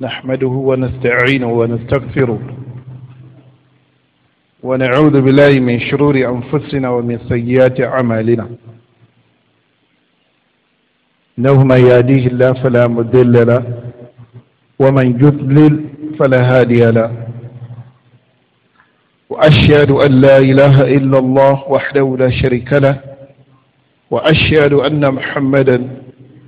نحمده ونستعينه ونستغفره ونعوذ بالله من شرور أنفسنا ومن سيئات أعمالنا إنه من يهديه الله فلا مضل له ومن يضلل فلا هادي له وأشهد أن لا إله إلا الله وحده لا شريك له وأشهد أن محمدا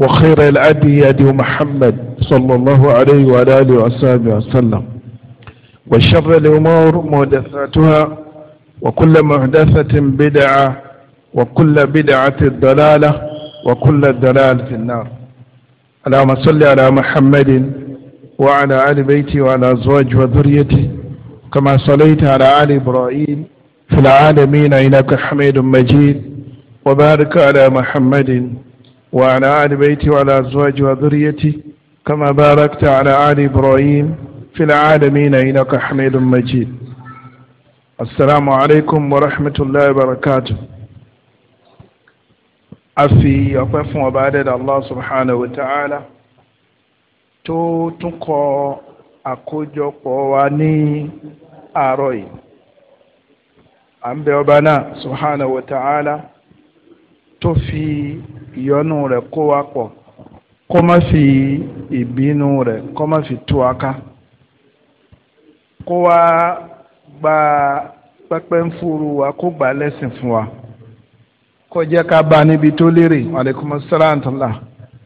وخير الأدي يدي محمد صلى الله عليه وعلى آله وصحبه وسلم وشر الأمور محدثاتها وكل محدثة بدعة وكل بدعة ضلالة وكل ضلالة في النار اللهم صل على محمد وعلى آل بيته وعلى أزواجه وذريته كما صليت على آل إبراهيم في العالمين إنك حميد مجيد وبارك على محمد وعلى آل بيتي وعلى أزواجي وذريتي كما باركت على آل إبراهيم في العالمين إنك حميد مجيد السلام عليكم ورحمة الله وبركاته أفي أفف وبعدد الله سبحانه وتعالى تو تقو جو قواني أروي أمبي سبحانه وتعالى تو في ìyọ́nú rẹ̀ kó wa pọ̀ kó má fi ìbínú rẹ̀ kó má fi tú wa ká kó wa gba pẹ́pẹ́ ń fúru wa kó gbà lẹ́sìn fún wa kó jẹ́ ká bá níbi tó lérè aleykum salaam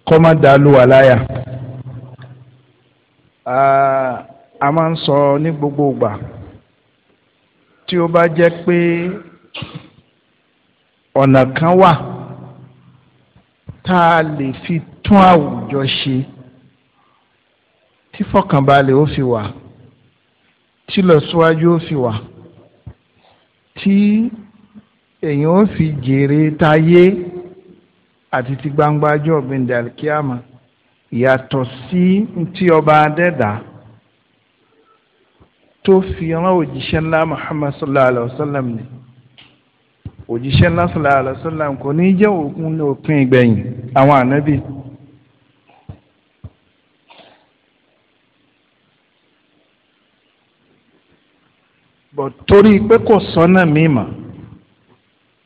kó má dàlú wa láyà. a máa ń sọ ní gbogbo ìgbà tí ó bá jẹ́ pé ọ̀nà kan wà tá a lè fi tún àwùjọ ṣe tí fọkànbalẹ̀ ó fi wà tí lọ́síwájú ó fi wà tí èyàn ó fi jèrè táyé àti ti gbangba ọjọ́ ọ̀gbìn dàlkíàmà yàtọ̀ sí tí ọba adẹ́dà tó fi rán òjíṣẹ́ ńlá Muhammad sallallahu alayhi wa sallam ni. òjíṣẹ́ lásìlá àlọ́sọ́lá kò ní jẹ́ òkun ní òpin ìgbẹ̀yìn àwọn ànábì. bọ̀ torí pé kò sọ́nà mímọ́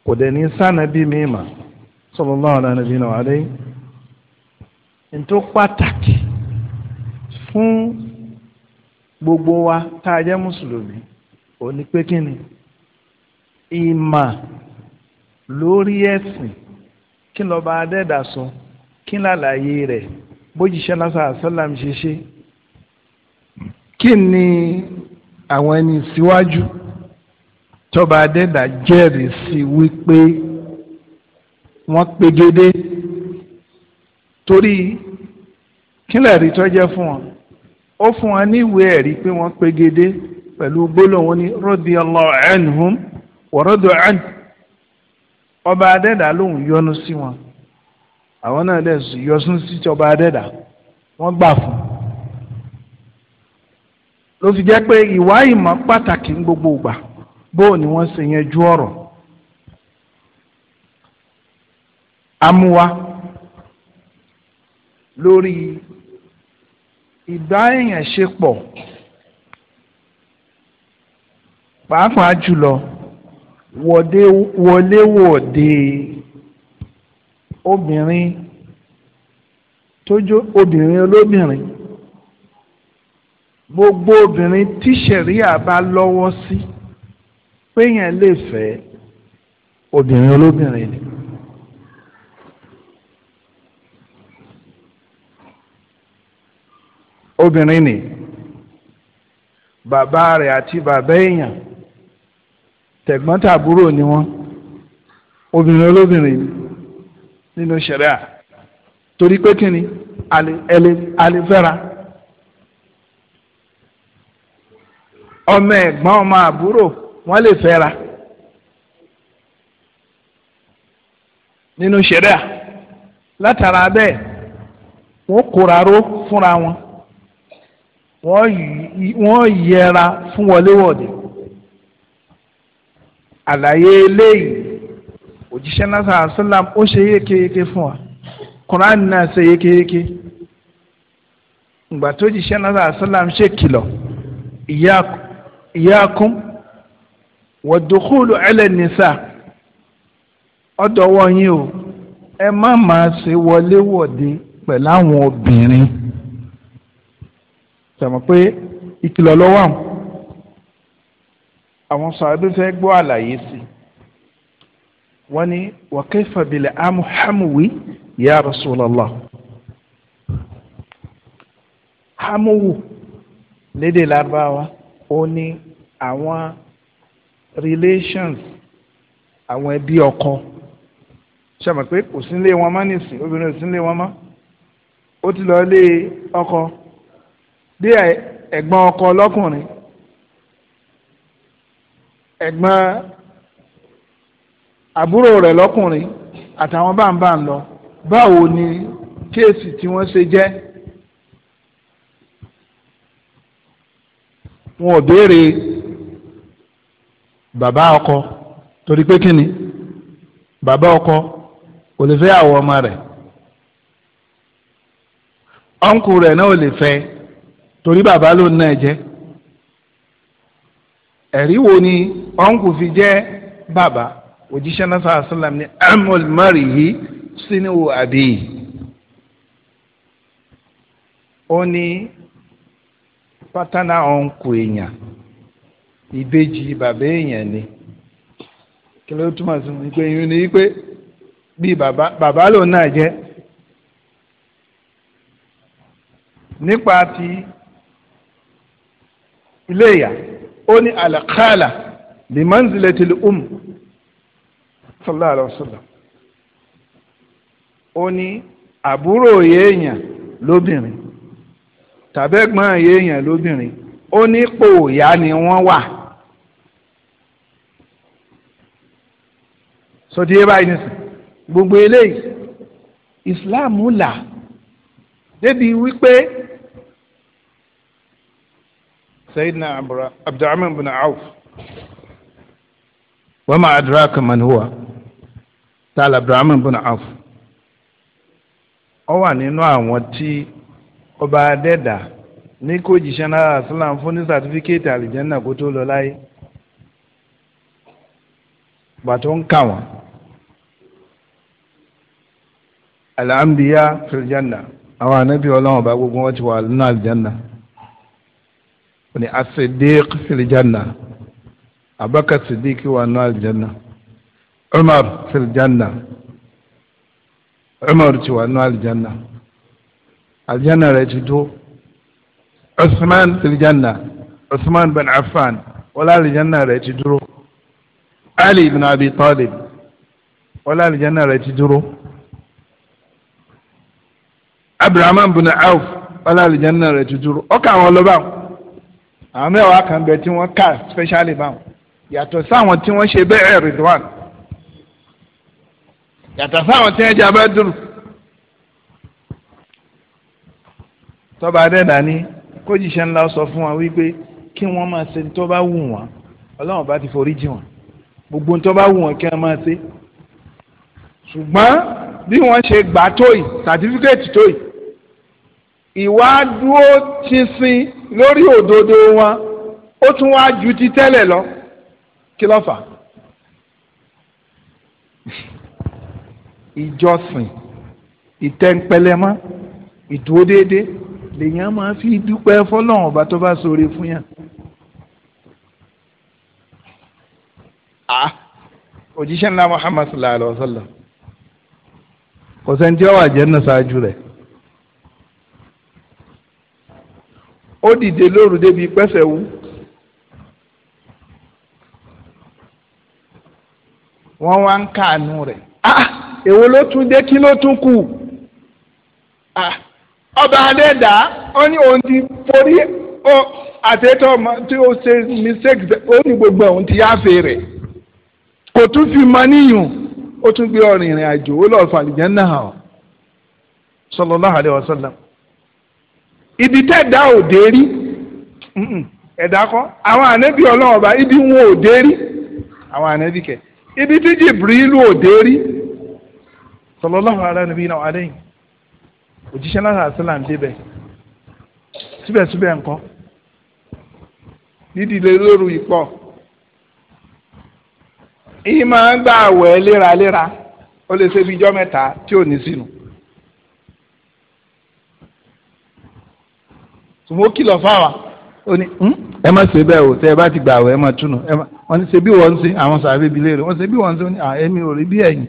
kò dẹ̀ ní sànàbí mímọ́ sallallahu ala nabina wa alayhi nítorí pàtàkì fún gbogbo wa tá a jẹ́ mùsùlùmí ò pé kí ni ìmọ̀. lórí ẹ̀sìn kí lọ́ba adẹ́dà sọ kí lálàyé rẹ̀ bójìṣẹ́ lásán àṣálàm ṣe ṣe kí ni àwọn ẹni síwájú tọ́ba adẹ́dà jẹ́rìí sí wípé wọ́n pegedé torí kí lẹ́rìí tó jẹ́ fún wọn ó fún wọn ní ìwé ẹ̀rí pé wọ́n pegedé pẹ̀lú gbólóhùn ní radiyallahu anhum wa radu anhu ọba adẹ́dà lòun yọ́nú sí wọn àwọn náà dẹ̀ yọ́sùn sí ti ọba adẹ́dà wọ́n gbà fún un ló fi jẹ́ pé ìwà ìmọ̀ pàtàkì ń gbogbo ìgbà bóò ni wọ́n ṣe yẹn ju ọ̀rọ̀ amúwa lórí ìgbà èèyàn ṣe pọ̀ pàápàá jùlọ wọléwọ̀de obìnrin tójó obìnrin olóbìnrin gbogbo obìnrin tí ṣẹ̀ríà bá lọ́wọ́ sí péyàn lè fẹ́ obìnrin olóbìnrin ni. obìnrin ni bàbá rẹ̀ àti bàbá èèyàn tẹ̀gbọ́n tàbúrò ni wọ́n obìnrin olóbìnrin ni nínú ṣẹ̀ríà torí pé kí ni àlefẹ́ra ọmọ ẹ̀gbọ́n ọmọ àbúrò wọ́n lè fẹ́ra nínú ṣẹ̀ríà látara bẹ́ẹ̀ wọ́n kóraró fúnra wọn wọ́n yẹra fún wọléwọ̀de. àlàyé eléyìí òjíṣẹ́ náà sàlám ó ṣe yékéyéké fún wa Quran náà ṣe yékéyéké ìgbà tó jíṣẹ́ náà sàlám ṣe kìlọ̀ ìyáàkún wàdúkúlù ẹlẹ́nìsà ọ̀dọ̀ wọ̀nyí o ẹ má máa ṣe wọléwọ̀de pẹ̀lú àwọn obìnrin pé ìkìlọ̀ lọ́wọ́ àwọn. àwọn sàbẹ̀ fẹ́ gbọ́ àlàyé sí wọ́n ní wa kayfa bil amuhamuwi ya rasulallah hamuwu lédè lárúbáwá ó ní àwọn relations àwọn ẹbí ọkọ sọmọ pé kò sí ilé wọn mọ́ nísìnyí obìnrin ò sí ilé wọn mọ́ ó ti lọ ilé ọkọ dé ẹ̀gbọ́n ọkọ lọ́kùnrin ẹ̀gbọ́n àbúrò rẹ̀ lọ́kùnrin àtàwọn báńbá ń lọ báwo ni kéèsì tí wọ́n ṣe jẹ́ wọn ò béèrè bàbá ọkọ torí pé kí ni bàbá ọkọ kò lè fẹ́ àwọn ọmọ rẹ̀ ọ̀nkù rẹ̀ náà ò lè fẹ́ torí bàbá ló ń náà jẹ́ eri wo ni ọ̀nkù fi jẹ́ bàbá òjíṣẹ́ náà sọ àṣàlám ní amul mari yìí sínú àbí ó ní pátánà ọ̀nkù èèyàn ìbejì bàbá èèyàn ni kí ló túmọ̀ sí mi pé ìyún ni pé bí bàbá bàbá lòun náà jẹ́ nípa ti ilé ìyá. ó ní àlàkàlà bí manzilatil um sallallahu alayhi wa sallam ó ní àbúrò yéèyàn lóbìnrin tàbẹ́gbọ́n yéèyàn lóbìnrin ó ní pòòyà ni wọ́n wà. sọdí ẹ báyìí gbogbo eléyìí Islam là débi wípé سيدنا عبد الرحمن بن عوف وما أدراك من هو تعالى عبد الرحمن بن عوف ó wà nínú àwọn tí ọba adẹ́dà ní kó jíṣẹ́ náírà sílám fún ní sàtífíkẹ́ẹ̀tì àlìjẹ́nà kó tó lọ láyé gbà tó ń kà wọ́n al-anbiya fil janna àwọn ànábì ọlọ́run ọba gbogbo wọn ti wà nínú àlìjẹ́nà ni asidik filijanna abaka sidiki wa nu aljanna umar filijanna umar ti wa nu aljanna aljanna rẹ̀ ti tó usman filijanna usman bin affan wala aljanna rẹ̀ ti dúró ali ibn abi talib wala aljanna rẹ̀ ti dúró abdulrahman bin auf wala aljanna rẹ̀ ti dúró ọkà àwọn lọ́ba àwọn mẹ́wàá kan bẹ tí wọ́n kà specially báwọn yàtọ̀ sáwọn tí wọ́n ṣe bẹ́ẹ̀ Ridwan yàtọ̀ sáwọn tí wọ́n jẹ́ abẹ́dùrù tọ́ba adẹ́dà ni kójìṣẹ́ ńlá sọ fún wa wípé kí wọ́n máa ṣe tó bá wù wọ́n ọlọ́run bá ti forí jì wọ́n gbogbo tó bá wù wọ́n kí wọ́n máa ṣe ṣùgbọ́n bí wọ́n ṣe gbà tóyì sàtífíkẹ́ẹ̀tì tóyì ìwádùú ti sin lórí òdodo wọn ó tún wá ju ti tẹ́lẹ̀ lọ kí ló fà ìjọsìn ìtẹ́ńpẹlẹmọ́ ìdúró déédéé lèyàn máa fi dúpẹ́ fọlọ́run ọba tó bá ṣoore fún yàn. Ah, òjíṣẹ́ ńlá Muhammad sallallahu alaihi wa sallam kò sẹ́ni tí ó wà nà ṣáájú rẹ̀. ó dìde lóru débi pẹ́sẹ̀ wú. wọ́n wá ń káànú rẹ̀ ah èwo ló tún dé kí ló tún kù ah ọba adẹ́dá ó ní òun ti forí àtẹ́tọ́ tí ó ṣe mistake ó ní gbogbo òun ti yáfe rẹ̀ kò tún fi mọ níyùn ó tún gbé ọrìn ìrìn àjò ó lọ́ọ́ fàlìjẹ́ náà sallallahu ibi tẹ́ẹ̀dá ò dé rí awọn kọ́ àwọn ọba ibi wọn ò awọn àwọn kẹ ibi tí ò ala nabiyina wa alayhi òjíṣẹ́ náà àṣìlá ń débẹ̀ síbẹ̀síbẹ̀ lóru ìpọ̀ ìmọ̀ ń gbà wẹ̀ léraléra ó lè ṣe mẹ́ta tí ò sùnmọ́ kìlọ̀ fáwa ó ní hmm? ẹ má ṣe bẹ́ẹ̀ o tẹ́ ẹ bá ti gbà wẹ́ ẹ má túnú ẹ má wọ́n ní ṣe bí wọ́n ń ṣe àwọn sàbẹ̀ ibi léèrè wọ́n ṣe bí wọ́n ń ṣe ó ní àmì ò rí bí ẹ̀yìn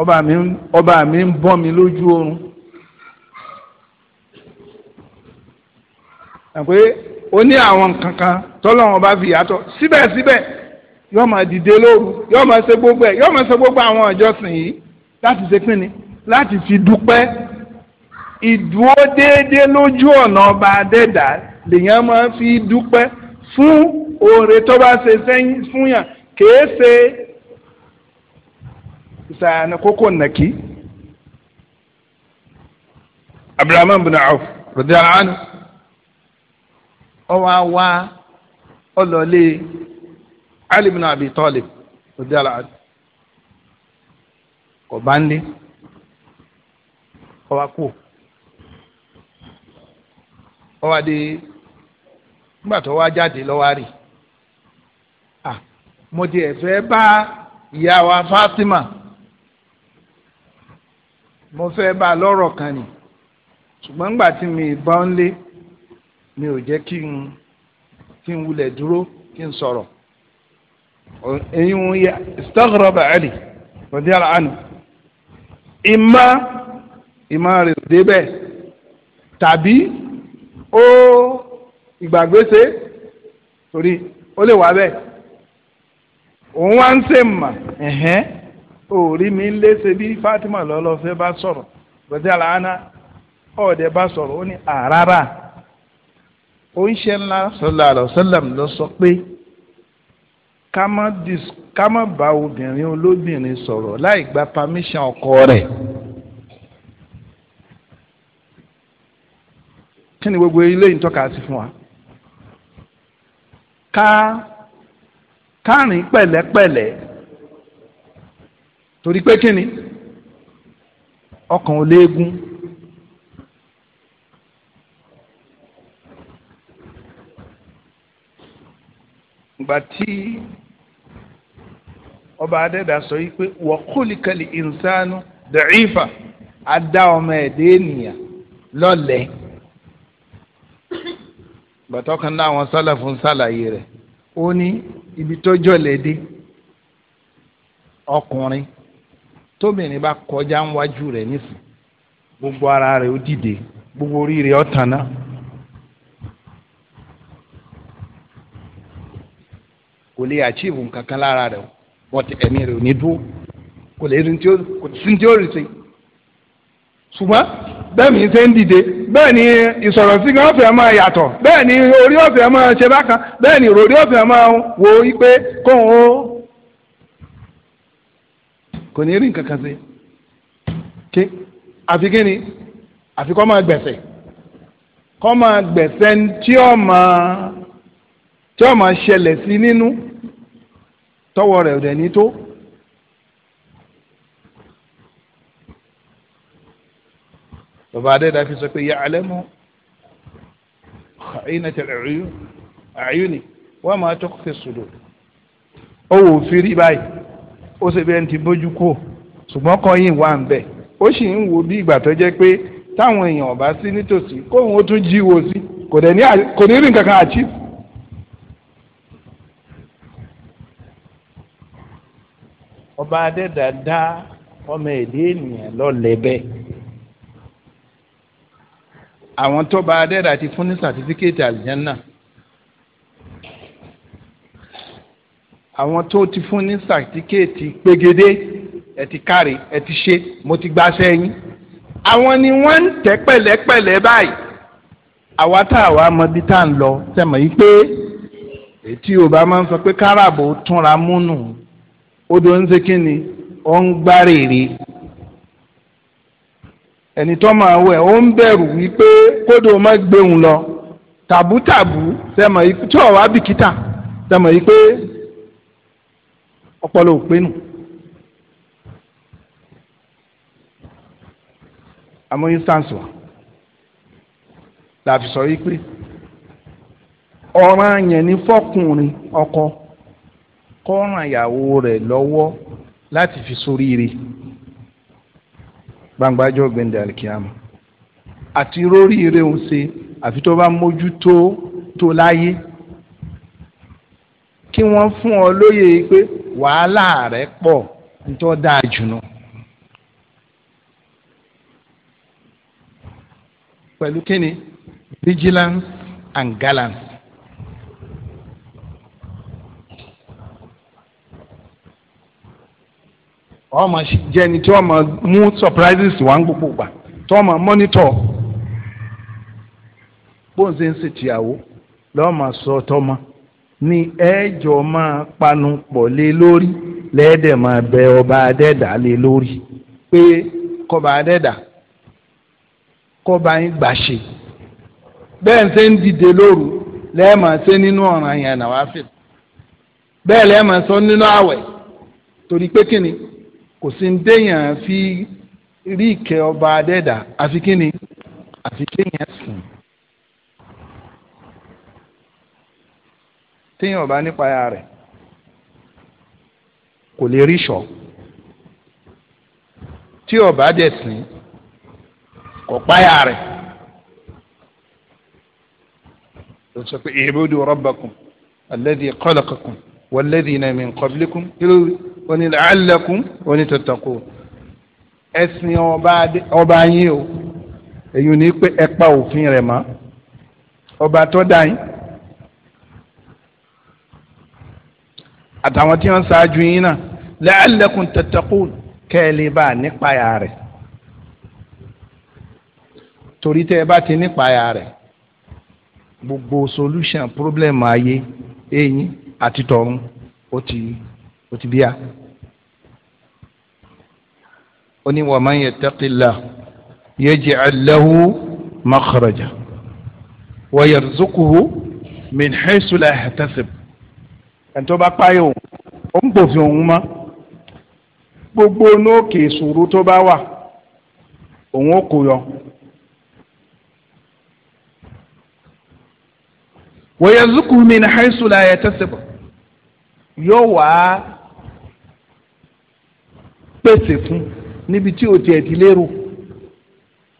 ọba mi ọba mi ń bọ́ mi lójú oorun pé ó ní àwọn nǹkan tọ́lọ́wọ́n bá fi yàtọ̀ síbẹ̀síbẹ̀ yóò máa dìde lóru yóò máa ṣe gbogbo ẹ̀ yóò máa ṣe gbogbo àwọn ìjọsìn yìí láti ṣe pínni ìdúró déédéé lójú ọ̀nà ọba adẹ́dà lèèyàn máa fi dúpẹ́ fún oore tó bá ṣe sẹ́yìn fún yàn kèé ṣe ìsàánà kókó nàkí. abdulrahman bin auf radiyallahu anhu ọwọ́ àwa ọlọ́lé ali bin abi talib radiyallahu anhu kò bá ń lé ọwọ́ kú wọ́n wá dé nígbà tó wá jáde lọ́wọ́ rí à mo ti ẹ̀fẹ́ bá ìyá wa Fatima mo fẹ́ bá a lọ́rọ̀ kan ni ṣùgbọ́n nígbà tí mi bá ń lé mi ò jẹ́ kí n kí n wulẹ̀ dúró kí n sọ̀rọ̀ ẹ̀yin wọn yẹ istaghraba Ali radiyallahu anhu ìmá ìmá rẹ̀ débẹ̀ tàbí ó ìgbàgbé ṣe torí ó lè wá bẹ́ẹ̀ òun wá ń ṣe mà ẹ̀hẹ́n òòrí mi ń léṣe bí Fatima lọ́lọ́fẹ́ bá sọ̀rọ̀ gbẹ̀dẹ́ àlàáná ọ̀ọ́dẹ bá sọ̀rọ̀ ó ní àràrà ó ń ṣe ńlá sallallahu alaihi wasallam ló sọ pé ká má bá obìnrin olóbìnrin sọ̀rọ̀ láì gba pàmíṣàn ọkọ rẹ̀. kí ni gbogbo ilé yìí tọ́ka sí fún wa ká kárìn pẹ̀lẹ́pẹ̀lẹ́ torí pé kí ni ọkàn ò léegun ìgbà tí ọba adẹ́dà sọ yìí pé wọ́kùlìkẹ́lì ìnsánú dẹ̀ẹ́fà á dá ọmọ ẹ̀dẹ́ ènìyàn lọ́lẹ̀ẹ́ bàtọ́ kan náà àwọn sálàfún sàlàyé rẹ̀ ó ní ibi tó jọ̀lẹ̀ dé ọkùnrin tóbìnrin bá kọjá ńwájú rẹ̀ nísìn gbogbo ara rẹ̀ ó dìde gbogbo orí rẹ̀ ó kò lè achieve nǹkan lára rẹ̀ wọ́n ẹ̀mí rẹ̀ ò ní dúró kò lè rí tí ó rí sí ṣùgbọ́n bẹ́ẹ̀ mi ṣe ń dìde bẹ́ẹ̀ ni ìsọ̀rọ̀ sí gan ọ̀fẹ́ máa yàtọ̀ bẹ́ẹ̀ ni orí ọ̀fẹ́ máa ṣe bákan bẹ́ẹ̀ ni ọ̀fẹ́ wo pé kóun ó kò ní rí nǹkan se. ké àfi kí ni àfi kọ́ máa gbẹ̀sẹ̀ kọ́ máa gbẹ̀sẹ̀ tí ó máa tí ó máa ṣẹlẹ̀ nínú rẹ̀ tó. bàbá adéda fi sọ pé ya'lamu kha'inata al-'uyun a'yuni wa ma tukhfi as-sudur ó wò ó fi rí báyìí ó ṣe bí ẹni tí bójú kú ṣùgbọ́n kọ́ yìí wà ń bẹ̀ ó sì ń wo bí ìgbà tó jẹ́ pé táwọn èèyàn ọba sí nítòsí kóun ó tún jí wo sí kò ní rí nǹkan kan ọba adéda dá ọmọ èdè ènìyàn lọ́lẹ̀ bẹ́ẹ̀ àwọn tó bá adẹ́rẹ́ àti fún ní sàtífíkẹ́tì àlìjánná àwọn tó ti fún ní sàtífíkẹ́tì pégédé ẹ ti kárí ẹ ti ṣe mo ti gbà sẹ́yìn àwọn ni wọ́n ń tẹ́ pẹ̀lẹ́pẹ̀lẹ́ báyìí àwa tá àwa mọ bí tá à ń lọ sẹ́mọ̀ yìí pé ètí yorùbá máa ń sọ pé káràbò túnra múnú odò ń ṣe kí ni ó ń gbá rèrè ẹni tó máa wẹ̀ ó ń bẹ̀rù wípé kódò má gbéhùn lọ tàbútàbú sẹ́mọ̀ yìí tí ọ̀wá bìkítà sẹ́mọ̀ yìí pé ọpọlọ ò pé nù. àmọ́ instance wa la fi sọ yìí pé ọ̀ràn yẹn ní fọ́kùnrin ọkọ kọ́ràn ìyàwó rẹ̀ lọ́wọ́ láti fi soríire. gbangbajọ́ gbẹ̀ndẹ̀ alikiyama àti rórí ire ń ṣe àfi tó bá mójútó tó láyé kí wọ́n fún ọ lóye pé wàhálà rẹ̀ pọ̀ nítọ́ dáa jùlọ. pẹ̀lú kíni vigilance and gallance wọ́n máa jẹ́ ẹni tí wọ́n máa mú surprises wá ń gbogbo gbà tí wọ́n máa monitor bóun ṣe ń ṣètìyàwó lọ́wọ́ máa sọ tọ́mọ ní ẹ̀ẹ́jọ́ máa panu pọ̀ lé lórí lẹ́ẹ̀dẹ̀ máa bẹ ọba adẹ́dà lé lórí pé kọba adẹ́dà kọba yín gbàṣe bẹ́ẹ̀ ń ṣe ń dìde lóru lẹ́ẹ̀mà ṣe nínú ọ̀ràn yẹn náà wá fìlà bẹ́ẹ̀ lẹ́ẹ̀mà sọ nínú àwẹ̀ torí pé kíni kò sí ní téèyàn fi rí ìkẹ́ ọba adẹ́dà àfi kí ni àfi kéèyàn sùn. téèyàn ọba nípa ya rẹ̀ kò lè rí sọ tí ọba dẹ̀ sìn kò páyà rẹ̀ ló sọ pé i'budu rabbakum alladhi khalaqakum walladhina min qablikum kí ló rí oni la'allakum oni tattaqun ẹ̀sìn ọba yín o èyí ni pé ẹ pa òfin rẹ̀ mọ́ ọba tó dá yín àtàwọn tí wọ́n ṣáájú yín náà la'allakum tattaqun kẹ́ẹ̀lẹ́ bá nípayà rẹ̀ torí tẹ́ ẹ bá ti nípayà rẹ̀ gbogbo solution problem ayé eyín àti tọ̀run ó ti ó ti bíyà ó ní wa man yattaqillah yaj'al lahu makhraja wa yarzuquhu min haythu la yahtasib ẹni tó bá páyọ̀ òun ó ń gbòfin òun mọ́ gbogbo nóòkè ìṣòro tó bá wà òun ó kó yọ. wa yarzuquhu min haythu la yahtasib yóò wá níbi tí o tiẹ̀ ti lérò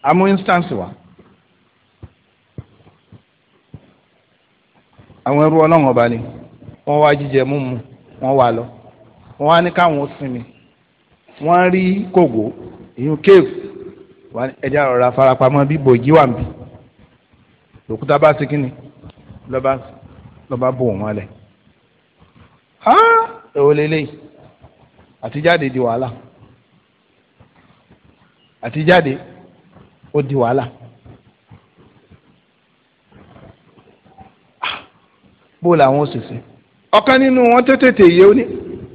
àmú instance wa àwọn ẹrú ọlọ́run ọba ni wọ́n wá jíjẹ múmu wọ́n wá lọ wọ́n á ní káwọn sinmi wọ́n rí kògó ìyún cave ẹja ọ̀rọ̀ àfarapamọ́ bí bòjí wà mí lòkúta bá sí kínni lọ́ba lọ́ba bò wọ́n lẹ̀ ha èwo lélẹ́yìí àtijáde di wàhálà àti jáde ó di wàhálà. Ah, bó làwọn òṣèṣe ọ̀kan nínú wọn tètè yé ó ní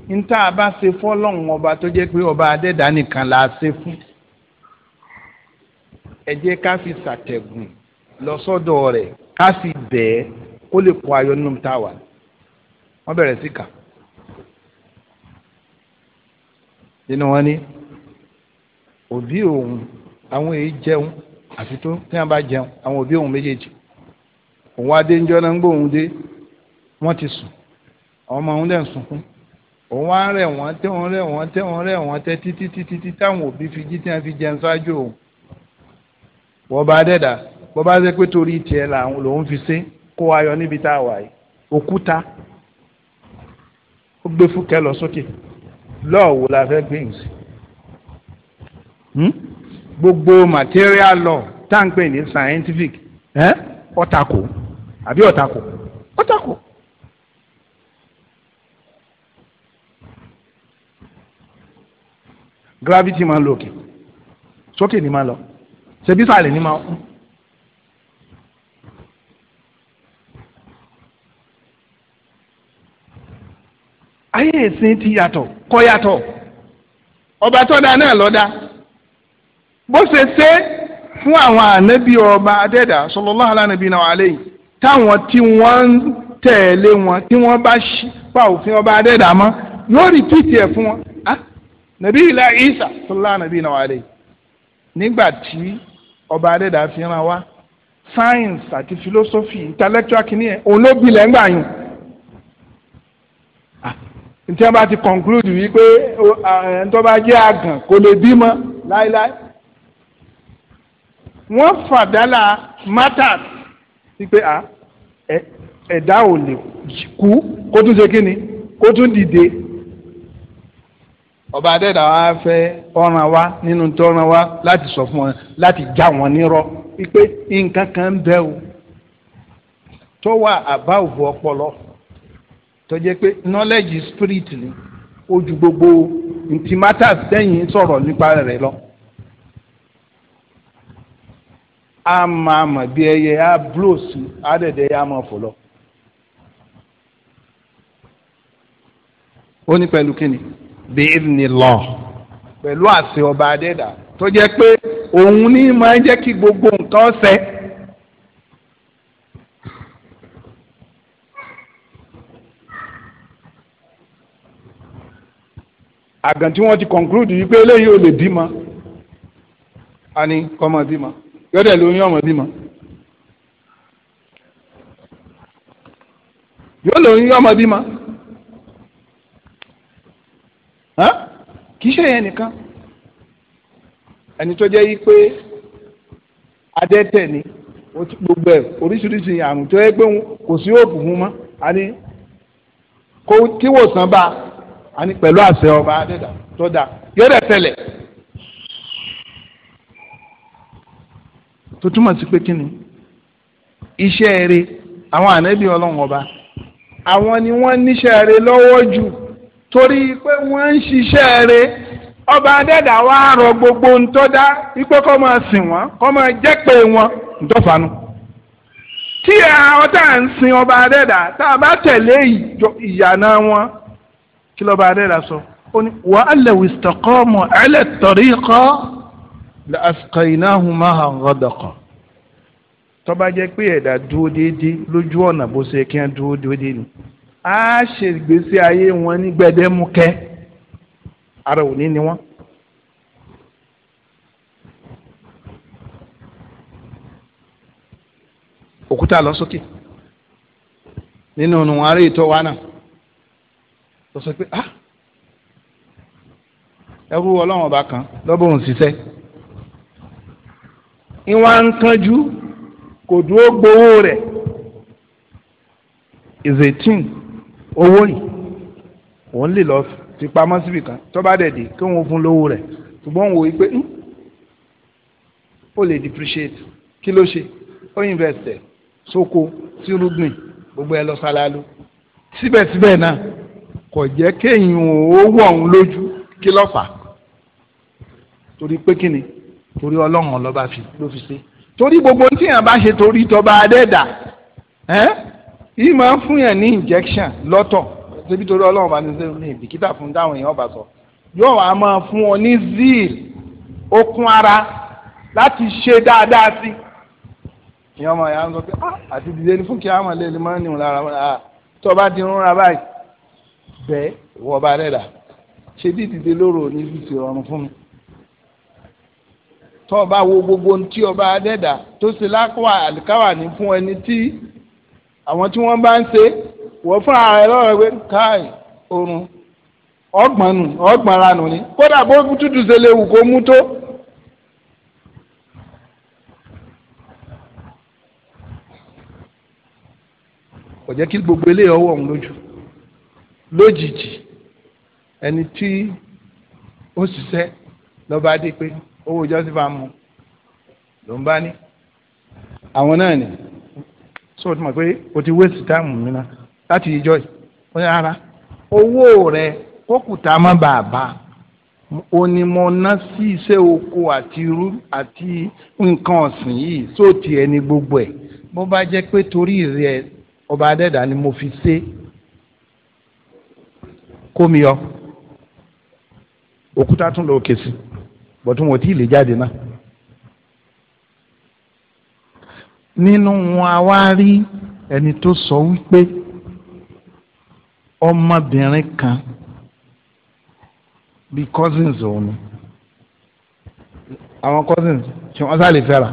níta bá ṣe fọ́lọ́hún ọba tó jẹ́ pé ọba adẹ́dá nìkan la ṣe fún ẹ jẹ́ ká fi ṣàtẹ̀gùn lọ sọ́dọ̀ rẹ̀ ká fi bẹ̀ẹ́ kó lè kó ayọ̀ nínú tá a wà wọ́n bẹ̀rẹ̀ sí kà nínú wọn ní òbí òun àwọn èyí jẹun àfi tó tí wọn bá jẹun àwọn òbí òun méjèèjì òun adéńjọ náà ń gbóhùn dé wọn ti sùn àwọn ọmọ òun dẹ̀ ń sunkún òun wá rẹ̀ wọ́n tẹ́ wọ́n rẹ̀ wọ́n tẹ́ wọ́n rẹ̀ wọ́n tẹ́ títí títí tí táwọn òbí fi jí tí wọ́n fi jẹun ṣáájú òun wọ́n bá dẹ́dà wọ́n bá jẹ́ pé torí tiẹ̀ lòun fi ṣe kó wa yọ níbi tá a wà yìí òkúta ó gbé fúkẹ́ lọ sókè lọ́ọ̀wù la fẹ́ gbé yìí sí. Hmm? gbogbo material law tá à ń pè ní scientific ọ̀tàkù àbí ọ̀tàkù ọ̀tàkù. gravity máa ń lo òkè sókè ni máa lọ ṣebí sàlẹ̀ ni máa kún. ayé ìsìn ti yàtọ̀ kọ́ yàtọ̀ ọba tọ́da náà lọ́dá. bó ṣe ṣe fún àwọn ànábì ọba adẹ́dà sallallahu ala nabina wa alayhi táwọn tí wọ́n ń wọn tí wọ́n bá pa òfin ọba adẹ́dà mọ́ yóò rí pìtì ẹ̀ fún wọn ah, nàbí ilá Isa sallallahu nabina nígbà tí ọba adẹ́dà fi ràn wá science àti philosophy intellectual kìíní ẹ̀ òun ló gbilẹ̀ ah, bá ti conclude wípé wọ́n fàdálà matters sí pé à ah, ẹ̀dá ò lè kú kó tún ṣe kíni kó tún dìde ọba adẹ́dàá wa fẹ́ ọ̀ràn wa nínú tọ́ràn wa láti sọ fún wọn láti já wọn nírọ́ wípé nǹkan kan ń bẹ o tó wà àbá òfò ọpọlọ tó jẹ́ pé knowledge spirit ni ojú gbogbo ntìmátà sẹ́yìn sọ̀rọ̀ nípa rẹ̀ lọ. a máa mọ̀ bí ẹyẹ á blow sí àdẹ̀dẹ̀ yá máa fò lọ. ó ní pẹ̀lú kíni bí ìdìní lọ pẹ̀lú àṣẹ ọba adẹ́dà tó jẹ́ pé òun ní máa jẹ́ kí gbogbo nǹkan ṣẹ. àgàn tí wọ́n ti conclude yìí pé eléyìí ò lè bímọ a ní kọ́mọ bímọ. yóò dẹ̀ lóyún ọmọ bímọ. yóò lóyún ọmọ bímọ. kì í ṣe yẹn nìkan ẹni tó jẹ́ yí pé adẹ́tẹ̀ ni gbogbo ẹ̀ oríṣiríṣi àrùn tó yẹ pé kò sí òògùn fún mọ́ a ní kó bá a ní pẹ̀lú àṣẹ ọba tó dáa tẹ̀lẹ̀. tó túmọ̀ sí pé kí ni iṣẹ́ àwọn ànábì ọlọ́run ọba àwọn ni wọ́n níṣẹ́ eré lọ́wọ́ jù torí pé wọ́n ń ṣiṣẹ́ eré ọba adẹ́dà wa rọ gbogbo ntọ́dá wípé kọ́ máa sìn wọ́n kọ́ máa jẹ́ pé wọ́n ntọ́fanu tí àwọn tá à ń sin ọba adẹ́dà tá a bá tẹ̀lé ìyànà wọn kí lọ́ba adẹ́dà sọ ó ní wàhálà wìsítọ́kọ́ mọ̀ ẹ́lẹ̀ kọ́. la asukayinahu maha ghadaqa tọ́ba jẹ́ pé ẹ̀dá dúró déédéé lójú ọ̀nà bó ṣe kí wọ́n dúró déédéé ni á ṣe ìgbésí ayé wọn ní gbẹdẹmukẹ ara òní ni wọn. òkúta lọ sókè nínú ọ̀nà ará ètò náà sọ ah! ìwà ń kánjú kò dúró gbowó rẹ̀ ìzẹ̀tìn owó yìí òun lè lọ fi pamọ́ síbi kan tó bá dẹ̀ kí wọ́n fún lówó rẹ̀ ṣùgbọ́n òun wò wípé hmm, ó lè depreciate kí ló ṣe ó invest ẹ̀ sóko sírúgbìn gbogbo ẹ lọ ṣàlàlú síbẹ̀síbẹ̀ náà kò jẹ́ kéèyàn ó wọ̀ ọ́n lójú kí ló torí pé kí ni torí ọlọ́run ọlọ́ba fi ló fi ṣe torí gbogbo tí yàn bá ṣe torí tọba adẹ́dà yìí máa ń fún yàn ní injection lọ́tọ̀ débi torí ọlọ́run bá ti ṣe ní ìbìkítà fún táwọn èèyàn bá sọ yóò wá máa fún ọ ní zeal okun ara láti ṣe dáadáa sí ìyá ọmọ ìyá ń sọ pé ah, àti dìde ní fún kí àwọn ilé ìlú máa ah, ń nìhun tó o bá ti rún báyìí bẹ́ẹ̀ ìwọ ọba adẹ́dà ṣe dídìde lóró ní fífi ọrùn fún mi tó o bá wo gbogbo tí o bá dẹ́dà tó ṣe lákàwà àlìkáwà ní fún ẹni tí àwọn tí wọ́n bá ń ṣe wọ́n fún ara rẹ lọ́rọ̀ pé káì oorun ọgbọ̀n nù ọgbọ̀n ara nù ni kódà bó tútù ṣe lè wù kó mú tó. kò jẹ́ kí gbogbo eléyìí ọwọ́ òun lójú lójijì ẹni tí ó ṣiṣẹ́ lọ́ba dé pé owó jọ́sífà mu ló ń bá ní àwọn náà ni so o ti mọ̀ pé o ti waste time mi náà láti ìjọ yìí ó ní ara owó rẹ kókùtà má bàa bá o ni mo ná sí iṣẹ́ oko àti irú àti nǹkan ọ̀sìn yìí so ti ní gbogbo ẹ̀ bó bá jẹ́ pé torí rẹ ọba adẹ́dà ni mo fi ṣe kó mi yọ òkúta tún lọ òkè sí i. bọ̀tún wọn ò tí ì lè jáde náà. nínú wọn a wá rí ẹni tó sọ wípé ọmọbìnrin kan bíi cousins òun àwọn cousins tí wọ́n sá fẹ́ra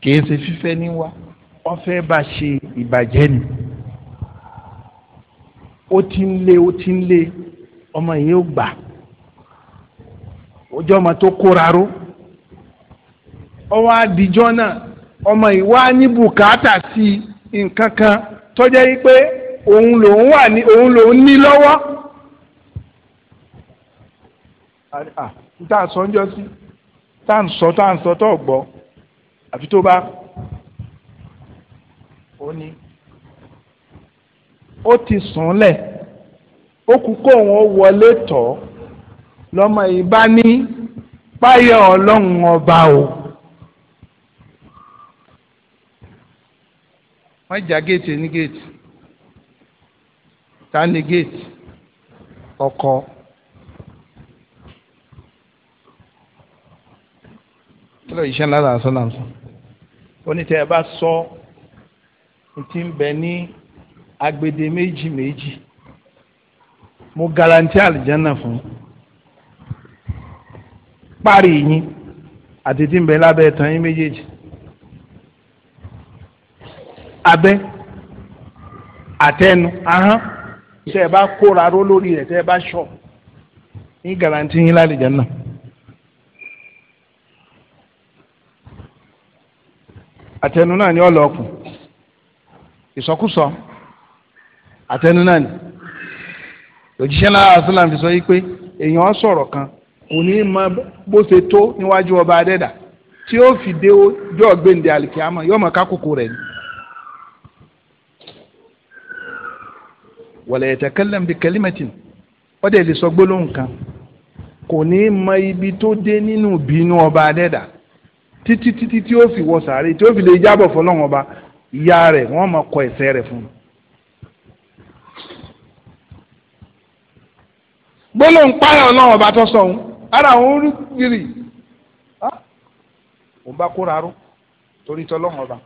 kì í ṣe fífẹ́ ní wọ́n fẹ́ bá ṣe ìbàjẹ́ ni ó ti ń lé ó ti ń lé ọmọ yìí ó gbà. ọjọ́ ọmọ tó kóra ró ọwọ́ adijọ́ náà ọmọ ìwá ní bùkátà sí nǹkan kan tó jẹ́ pé òun lòun wà ní òun lòun ní lọ́wọ́ sọ tó gbọ́ ti sùn lẹ̀ ó kú kóun ó lọ́mọ yìí bá ní páyọ̀ ọlọ́run ọba o. wọ́n jà géètì ní géètì ta ni géètì ọkọ. kílọ̀ iṣẹ́ ńlá là ń sọ náà sọ. onítẹ̀ ẹ bá sọ ti ń bẹ ní agbede méjì méjì mo garanti àlìjánà fún un. parí yín àti tí ń lábẹ́ ẹ̀tàn yín méjèèjì abẹ́ àtẹnu ahọ́n tẹ́ ẹ bá kóra ró lórí rẹ̀ tẹ́ ẹ bá sọ ní garanti yín lálejò náà. àtẹnu náà ni ọlọ́ọ̀kùn ìsọkúsọ àtẹnu náà òjíṣẹ́ náà sọ yí pé èèyàn kò ní mọ bó ṣe tó níwájú ọba adẹ́dà tí ó fi dé ojú ọ̀gbẹ́ndé àlìkíámọ̀ yọmọ kákòkò rẹ̀ ni. wala yatakallam bi kalimatin wọ́n dẹ̀ lè sọ gbólóhùn kan kò ní mọ ibi tó dé nínú bínú ọba adẹ́dà títí títí tí ó fi wọ sàárè tí ó fi lè jábọ̀ fọlọ́hún ọba ìyá rẹ̀ wọ́n mọ kọ ẹ̀ṣẹ̀ rẹ̀ fún un. gbólóhùn páyọ̀ ọlọ́run ọba tó sọ òun ara òun rí yìrì òun bá kóra ró torí tọlọ́mọ ọba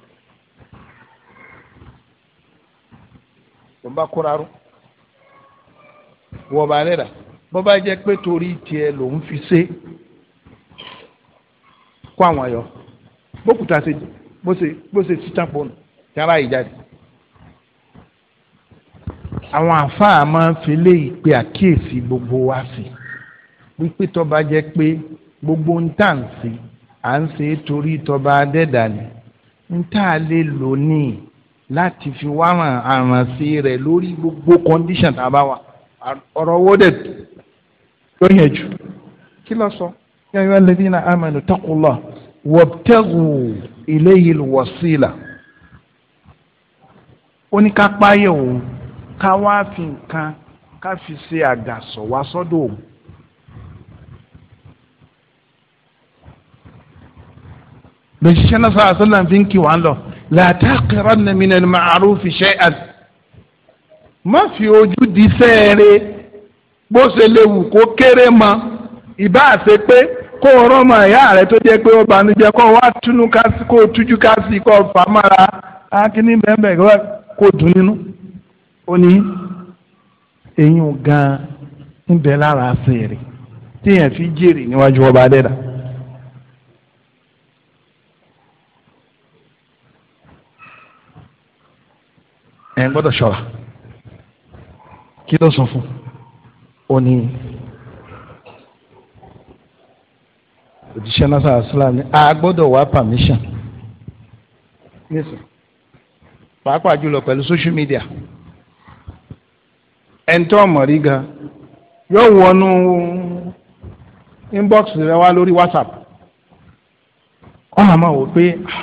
òun bá kóra ró wọ́n bá rẹ̀ rà bó bá jẹ́ pé torí tiẹ̀ lòun fi ṣe kó àwọn yọ bókùtà ṣe bó ṣe bó ṣe títàn pọ̀ nù yàrá ìjáde àwọn àfáà máa ń fi léyìí pé àkíyèsí gbogbo wa sí i wípé tọba jẹ́ pé gbogbo ń tà ń sí à ń ṣe é torí tọba adẹ́dà ni ń tà á lè lò ní láti fi wá ràn àrànṣe rẹ̀ lórí gbogbo condition tá a bá wà ọ̀rọ̀ owó dẹ̀ ló yẹ jù kí ló sọ yā ayyuhā alladhīna āmanū ittaqullāha wabtaghū ilayhi al-wasīla ó ní òun ká wá fi nǹkan ká fi ṣe àgàsọ̀ wá sọ́dọ̀ òun. lòṣìṣẹ́ náà sọ̀rọ̀ àṣọ náà fi ń kí wàá lọ la taqiranna minal ma'rufi shay'an má fi ojú di sẹ́ẹ̀rẹ́ bó ṣe léwu kó kéré mọ ìbá àṣẹ pé kó o rọ́mọ ìyá rẹ tó jẹ́ pé ó banújẹ́ kó o wá túnú ká sí kó o tújú ká sí kó o fà á mára akíní bẹ́ẹ̀ bẹ́ẹ̀ kó o dùn nínú ó ní eyín gan ń bẹ lára àṣẹ rẹ̀ fi jèrè níwájú ọba adẹ́dàá. ẹ̀ ń gbọ́dọ̀ ṣọ́ra kí ló sọ fún ó ní òjíṣẹ́ náà sàlá ní a gbọ́dọ̀ wá permission nísìn pàápàá jùlọ pẹ̀lú social media ẹ̀ńtọ́ ọ̀mọ̀rí gan yóò wọnú inbox rẹ wá lórí whatsapp ọ̀hún àmọ́ wò pé ah,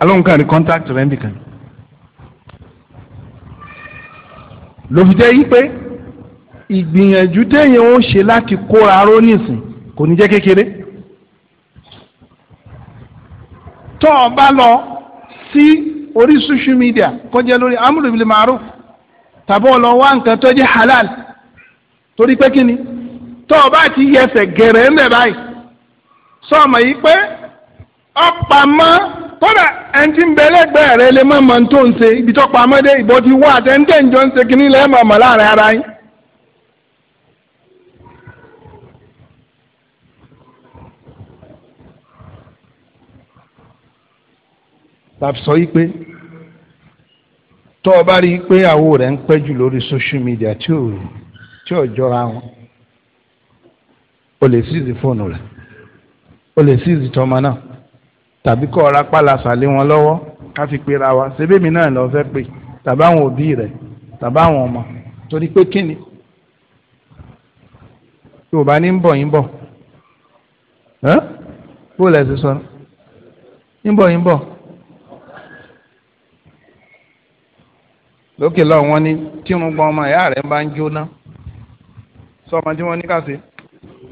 alóhùn kan contact rẹ̀ nìkan lòfìjẹ́ yí pé ìgbìyànjú téèyàn ó ṣe láti kó aró nìsín kò ní jẹ́ kékeré tó o bá lọ sí orí social media kọjá lórí amúlò ìbílẹ̀ tàbí o lọ wá nǹkan tó jẹ́ halal torí pé kí ni tó o bá ti yẹsẹ̀ gẹ̀rẹ́ ń bẹ̀ báyìí sọ ma yí pé ọ̀pá mọ́. ẹni tí ń bẹ lẹ́gbẹ̀ẹ́ rẹ lè má máa ń tó ń ṣe ibi tó pa amọ́dé ìbọn ti wá àtẹ̀ǹtẹ̀ ìjọ ń ṣe kínní lẹ́yìn láàrin ara yín. tàbí sọ yìí pé tó o bá rí i pé àwo rẹ̀ ń pẹ́ jù lórí social media tí ò tí ò jọra wọn o lè ṣíìsì fóònù rẹ̀ o lè ṣíìsì tọmọ náà tàbí kọ́ ọ̀rá pàlàsà lé wọn lọ́wọ́ ká fi pera wa ṣebémi náà lọ fẹ́ pé tàbí àwọn òbí rẹ̀ tàbí àwọn ọmọ torí pé kíni yorùbá ní ń bọ̀ yín bọ̀ bó lẹ̀ ṣe sọ ń bọ̀ yín bọ̀ lókè lọ́wọ́ wọn ni tí irun gbọ́n ọmọ ìyá rẹ̀ bá ń jóná sọ ọmọ tí wọ́n ní ká ṣe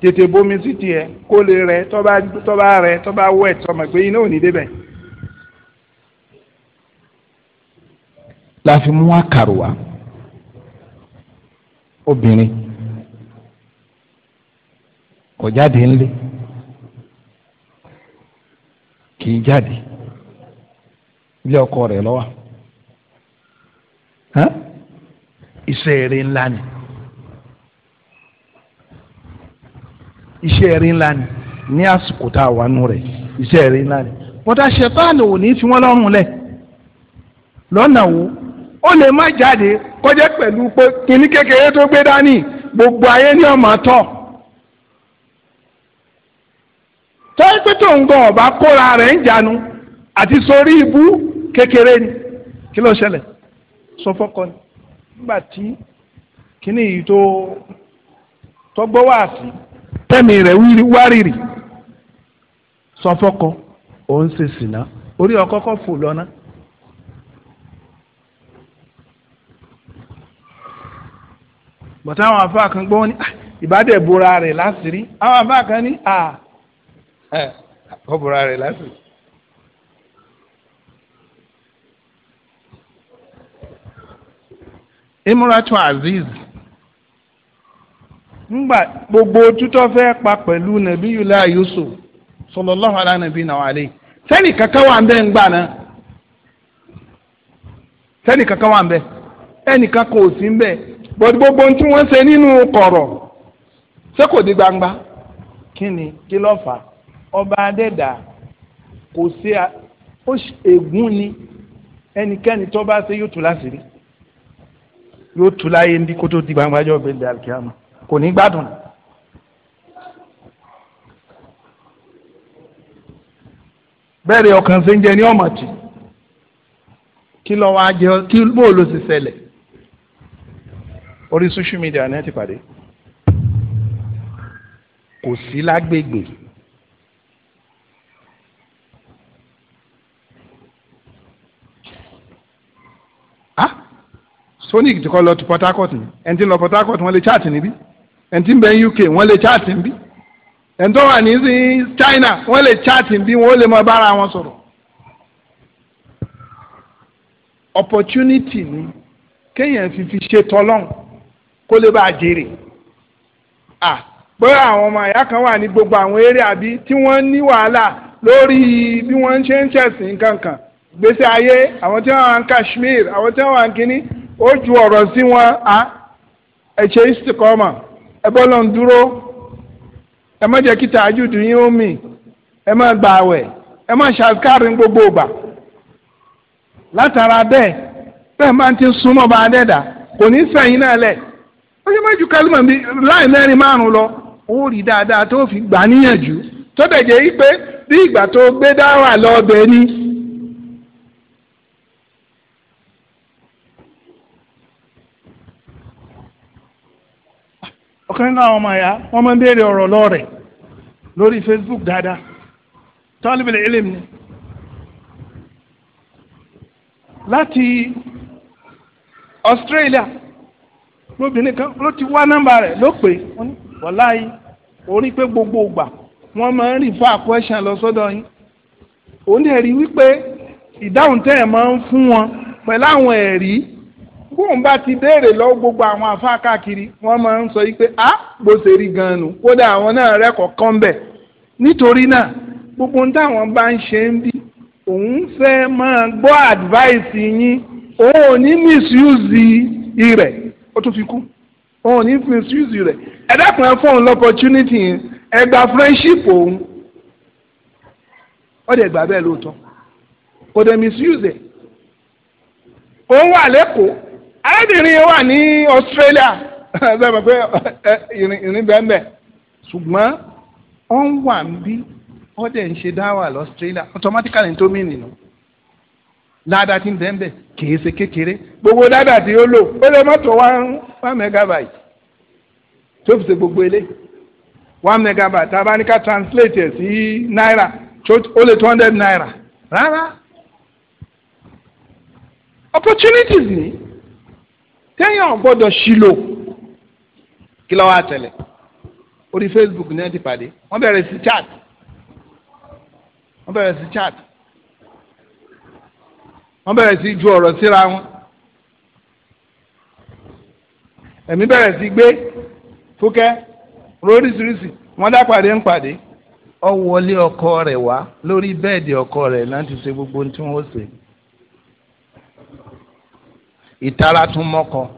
tètè bomi sí tiẹ̀ kó lè rẹ tọ́ba tọ́ba rẹ tọ́ba wẹ̀ tọ́mọ̀ pé iná ò ní la fi mú àkàrò wá obìnrin kò jáde ńlé kì í jáde ilé ọkọ rẹ̀ ló wà iṣẹ́ ńlá ni. iṣẹ́ rí ńlá ni ní àsìkò tá a wà nù rẹ̀ iṣẹ́ rí ńlá ni bọ́dà ṣẹ̀tàn ò ní fi wọ́n lọ́rùn lẹ lọ́nà wo ó lè má jáde kọjá pẹ̀lú pé kíní kékeré tó gbé dání gbogbo ayé ní ọmọ tọ̀ tọ́yí ń gan ọ̀bá kóra rẹ̀ ń jánu àti sórí ibú kékeré ni kí ló ṣẹlẹ̀ sọ fọ́kọ ni nígbà tí kíní yìí tó wá sí i. tẹ́mi rẹ̀ wárìrì sọ fọ́kọ òun ṣe sìnà orí ọkọ kọ́ fò lọ́nà. bọ̀tá àwọn afá kan gbọ́ ní ah, ìbádẹ́ bora rẹ̀ láṣìírí àwọn afá kan ní à ẹ̀ kọ́ bora rẹ̀ láṣìírí. imratu aziz ńgbà gbogbo tútọ́ fẹ́ pa pẹ̀lú nàbíyùlá Yusuf sallallahu ala nabina wa alayhi sẹ́ni kankan wà ń bẹ́ ń gbà náà sẹ́ni kankan wà ń bẹ́ ẹnì kan kò sí ń bẹ́ bọ́dí gbogbo tí wọ́n ṣe nínú kọ̀rọ̀ ṣé kò di gbangba kí ni kí ló fà ọba adẹ́dà kò sí ègún ni ẹnikẹ́ni tó bá ṣe yóò tú láṣìírí yóò tú láyé ndí kó tó di gbangba jọ́ bẹ́ẹ̀ dàlkíyàmá. kò ní gbádùn. bẹ́ẹ̀rẹ̀ ọkàn ṣe ń jẹ ní ọ̀mọ̀tì kí lọ́wọ́ á kí bó ló sì ṣẹlẹ̀ orí social media náà ti pàdé kò sí lágbègbè. ah sonic ti kọ́ lọ ti Port Harcourt ni ẹni tí ń lọ Port Harcourt wọ́n lè chat níbí ẹni tí ń bẹ UK wọ́n lè chaati ń bí ẹni tó wà ní China wọ́n lè chaati ń bí wọ́n lè mọ bára wọn sọ̀rọ̀ opportunity ni kéèyàn fi fi ṣe tọ́lọ́n kó lè bá jèrè ah bóyá àwọn ọmọ àyà kan wà ní gbogbo àwọn eré àbí tí wọ́n ní wàhálà lórí bí wọ́n ṣe ń ṣẹ̀sìn kankan gbèsè ayé àwọn tí wọ́n wà ní Kashmir àwọn tí wọ́n wà ní kínní ó ju ọ̀rọ̀ sí wọn a ẹ̀ṣẹ̀ istikọ́mà ẹ bọ́ lọ́n dúró ẹ má jẹ́ kí tàájúdù yín ó mì ẹ má gbà àwẹ̀ ẹ má ṣàkárìn gbogbo ìgbà látara bẹ́ẹ̀ bẹ́ẹ̀ máa ti súnmọ́ bá a dẹ́dà kò ní sẹ́yìn náà lẹ̀ ó ṣe má ju kálímọ̀ bíi láì mẹ́rin márùn lọ ó rí dáadáa tó fi gbà níyànjú tó dẹ̀ jẹ́ pé bí ìgbà tó gbé dáwà lọ́ọ́ bẹ́ẹ̀ ni. ọ̀kan nínú àwọn ọmọ ẹ̀yà wọ́n máa ń béèrè ọ̀rọ̀ lọ́ọ̀rẹ̀ lórí Facebook dáadáa tọ́lùbìlì ilim ni láti Australia lóbìnrin kan ló ti wá nọ́mbà rẹ̀ ló pè wọ́láyé orí pé gbogbo ìgbà wọ́n máa ń refer question lọ sọ́dọ̀ yín òun dẹ̀ rí wípé ìdáhùn tẹ́ ẹ̀ máa ń fún wọn pẹ̀lú àwọn ẹ̀rí bóun bá ti béèrè lọ́wọ́ gbogbo àwọn àfáà káàkiri wọ́n máa ń sọ yìí pé a ah, bó ṣe rí gan-an nù kódà àwọn náà rẹ́kọ̀ọ́ kan bẹ̀ nítorí náà gbogbo ohun táwọn bá ń ṣe ń bí òun fẹ́ máa gbọ́ advice yín òun ò ní misuse rẹ̀ ó tún fi kú òun ò ní misuse rẹ̀ ẹ dákun ẹ fóun lọ́pọ̀tunity yẹn ẹ gba friendship òun ó dẹ̀ gbà bẹ́ẹ̀ lóòótọ́ kò dẹ̀ misuse ẹ̀ òun wà lẹ́kọ̀ọ́ arábìnrin wà ní Australia bẹ́ẹ̀ mọ̀ pé ìrìn bẹ́ẹ̀ bẹ́ẹ̀ ṣùgbọ́n ó ń wà bí ó dẹ̀ ń ṣe dáwà lọ automatically tó mí nìyẹn dáadáa ti ń bẹ́ẹ̀ bẹ́ẹ̀ kìí ṣe kékeré gbogbo dáadáa tí ó lò ó lè má tó one megabyte tó fi ṣe gbogbo ilé one megabyte tá a bá ní ká sí náírà ó lè two hundred naira rárá opportunities ni. téèyàn ọgbọdọ ṣìlò kí ló wá ori orí Facebook ní ẹ ti pàdé wọ́n bẹ̀rẹ̀ sí chat sí chat sí ju ọrọ síra wọn bẹrẹ sí gbé ń pàdé ọ wọlé ọkọ rẹ̀ wá lórí ọkọ rẹ̀ láti ṣe gbogbo ohun ìtara tún mọ́kọ.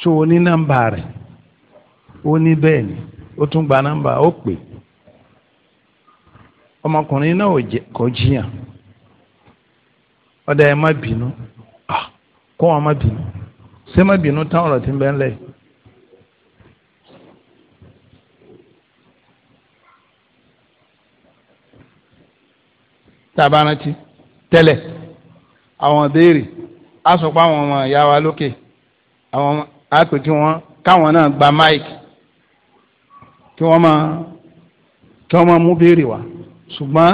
so o ní nọ́mbà rẹ̀ ó ní bẹ́ẹ̀ ni ó tún gba nọ́mbà ó pè ọmọkùnrin náà kò jiyàn ọ̀dà ẹ̀ má bínú kó wọn má bínú ṣé má bínú tán ọ̀rọ̀ tí ń bẹ́ẹ̀ lẹ́yìn. tá a bá àwọn béèrè á sọ pé àwọn ọmọ ìyá wa lókè àwọn ọmọ á pè kí wọ́n káwọn náà gba máìkì kí wọ́n máa kí wọ́n máa mú béèrè wá ṣùgbọ́n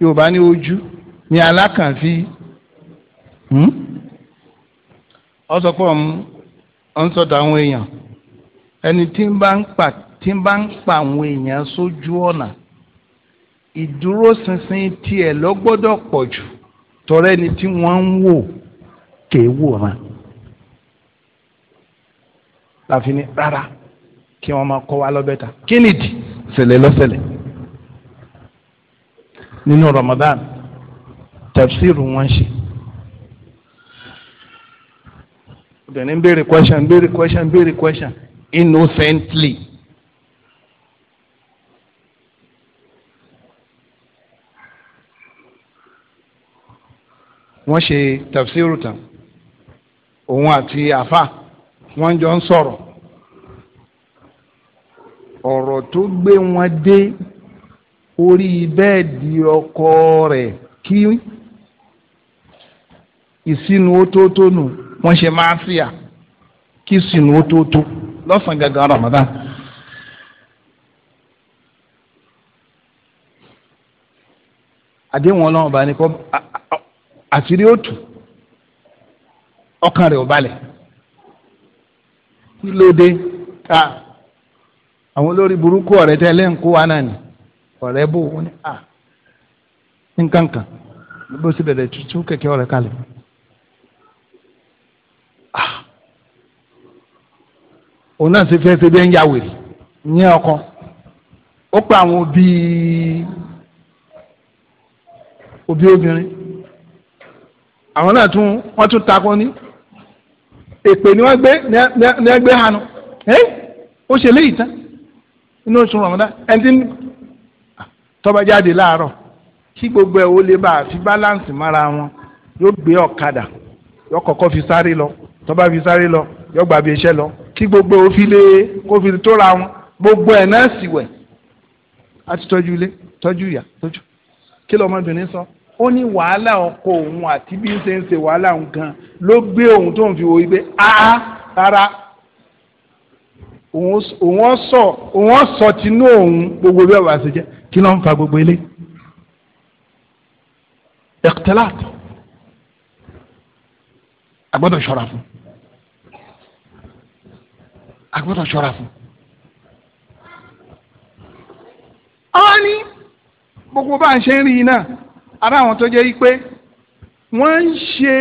yorùbá ní ojú ní alákànfí ọ hmm? sọ pé ọ ń sọdọ àwọn èèyàn ẹni tí ń bá ń pa tí ń bá ń pa àwọn èèyàn sójú ọ̀nà ìdúróṣinṣin tiẹ̀ ló pọ̀ jù tọrẹ ni tí wọ́n ń wò kèé wòran láfi ní rárá kí wọ́n máa kọ́ wa lọ́bẹ̀ ta kí ni dì ṣẹlẹ̀ lọ́sẹ̀lẹ̀ nínú Ramadan tafsir wọn ṣe obìnrin béèrè question béèrè question béèrè question innocently wọ́n ṣe tafsiru tán òun àti àfà wọ́n jọ ń sọ̀rọ̀ ọ̀rọ̀ tó gbé wọn dé orí bẹ́ẹ̀dì ọkọ rẹ̀ kí ìsinu ótótó nù wọ́n ṣe máa fìyà kí ìsinu ótótó lọ́sàn-án gangan Ramadan. àdéhùn ọlọ́run ọba ni kọ́ àṣírí otu ọkàn rẹ̀ ò balẹ̀ kí dé àwọn olórí burúkú ọ̀rẹ́ tẹ́ lẹ́yìn wa náà ni ọ̀rẹ́ bò wọ́n ní à nǹkankan bó bẹ̀rẹ̀ tuntun kẹ̀kẹ́ ọ̀rẹ́ kalẹ̀ òun náà sì fẹ́ẹ́ ya ọkọ ó pa àwọn òbí òbí àwọn náà tún wọ́n tún takò ní èpè ni wọ́n gbé ní ẹgbẹ́ hanu ẹ́ ó ṣe léyìí tán inú oṣù rọ̀mọ́dá ẹni tí tọ́ba jáde láàárọ̀ kí gbogbo ẹ̀ ó lè bá a fi báláǹsì mára wọn yóò gbé ọ̀kadà yóò kọ́kọ́ fi sáré lọ tọ́ba fi sáré lọ yóò gbà bí iṣẹ́ lọ kí gbogbo ó fi lé kó fi tóra wọn gbogbo ẹ̀ náà sì wẹ̀ á ti ilé tọ́jú ìyá tọ́jú kí lọ́mọbìnrin sọ. So ó ní wàhálà ọkọ òun àti bí ń ṣe ń ṣe wàhálà òun gan ló gbé òun tó ń fi wo ibẹ̀ áá rárá òun ó sọ òun ó sọ tinú òun gbogbo bí ọba ṣe jẹ kí ló ń fa gbogbo ilé ẹkùtẹláàtọ agbọ́dọ̀ ṣọ́ra fún agbọ́dọ̀ ṣọ́ra fún. àwọn ní gbogbo bá ń ṣe ń rí i ara àwọn tó jẹ́ pé wọ́n ń ṣe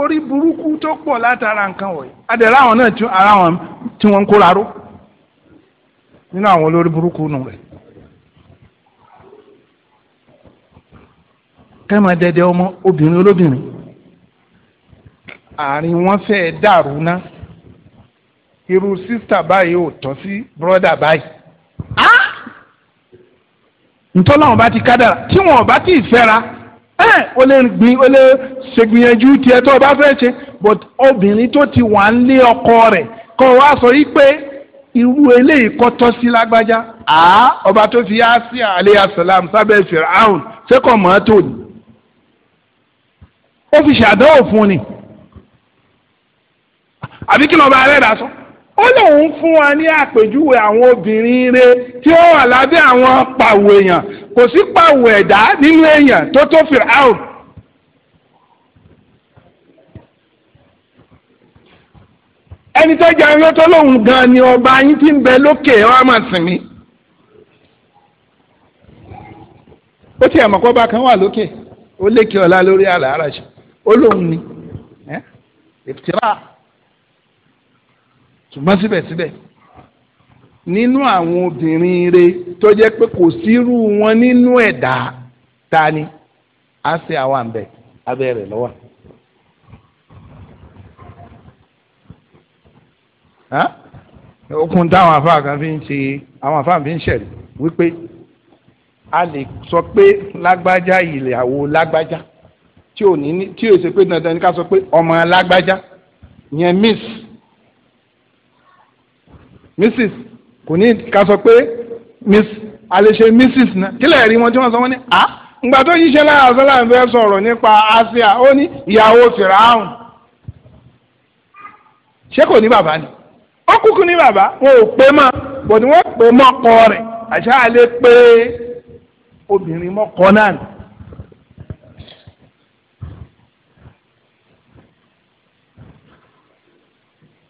orí burúkú tó pọ̀ látara nǹkan wọ̀nyí adẹ̀rẹ̀ àwọn náà tún ara àwọn tí wọ́n ń kóra ró nínú àwọn olórí burúkú nù rẹ̀. kẹ́mà dẹ́dẹ́ ọmọ obìnrin olóbìnrin àárín wọn fẹ́ẹ́ dàrú ná irú sísítà báyìí ò tọ́ sí bírọ́dà báyìí. ntọ́láwọn bá ti kádàrà tí wọn bá ti fẹ́ra ẹ o lè gbin o lè ṣègbìyànjú tiẹ̀ tó o bá fẹ́ ṣe but obìnrin tó ti wà ń lé ọkọ rẹ̀ kọ́ wa sọ yìí pé irú eléyìí kọ́ tọ́ sí lágbájá àá ọba tó fi yá sí asàlám sábẹ́ fìràhùn sẹ́kọ̀ mọ́tò ni ó fi ṣàdánwò fún ni àbí kí lọ́ba rẹ̀ dà sọ ó lóun fún wa ní àpèjúwe àwọn obìnrin rẹ tí ó wà lábẹ́ àwọn pàwọ̀ èèyàn kò sí pàwọ̀ ẹ̀dá nínú èèyàn tó tó Firaun. ẹni tó jẹun ló tó lóun gan ni ọba yín ti ń bẹ lókè ọ máa sìn ó tiẹ̀ mọ̀ kọ́ba kan wà lókè ó lékè ọ̀la lórí àlàáràṣà ó lóun ni. Eh? ìfìtìrà ṣùgbọ́n síbẹ̀síbẹ̀ nínú àwọn obìnrin rẹ̀ tó jẹ́ pé kò sírú wọn nínú ẹ̀dá ta ni á ṣe àwọn àǹbẹ abẹ́ rẹ̀ lọ́wọ́. okun táwọn afáà kan fi ń ṣe àwọn afáà fi ń ṣẹ̀rí wípé a lè sọ pé lágbájá ìyàwó lágbájá tí ò ní tí ò ṣe pé dandan ni ká sọ pé ọmọ lágbájá yẹn miss mrs kò ní ká sọ pé miss àlèṣe mrs náà kílẹ̀ rí wọn tí wọ́n sọ wọ́n ní à ah, ǹgbà tó yíṣẹ́ lára sọ́lá ń fẹ́ sọ̀rọ̀ nípa asia ó ní ìyàwó fìràhùn ṣé kò ní bàbá ni ó kúkú ní bàbá wọn ò pé mọ́ bò ní wọ́n pè mọ́kọ rẹ̀ àṣà àlè pé obìnrin mọ́kọ náà ni.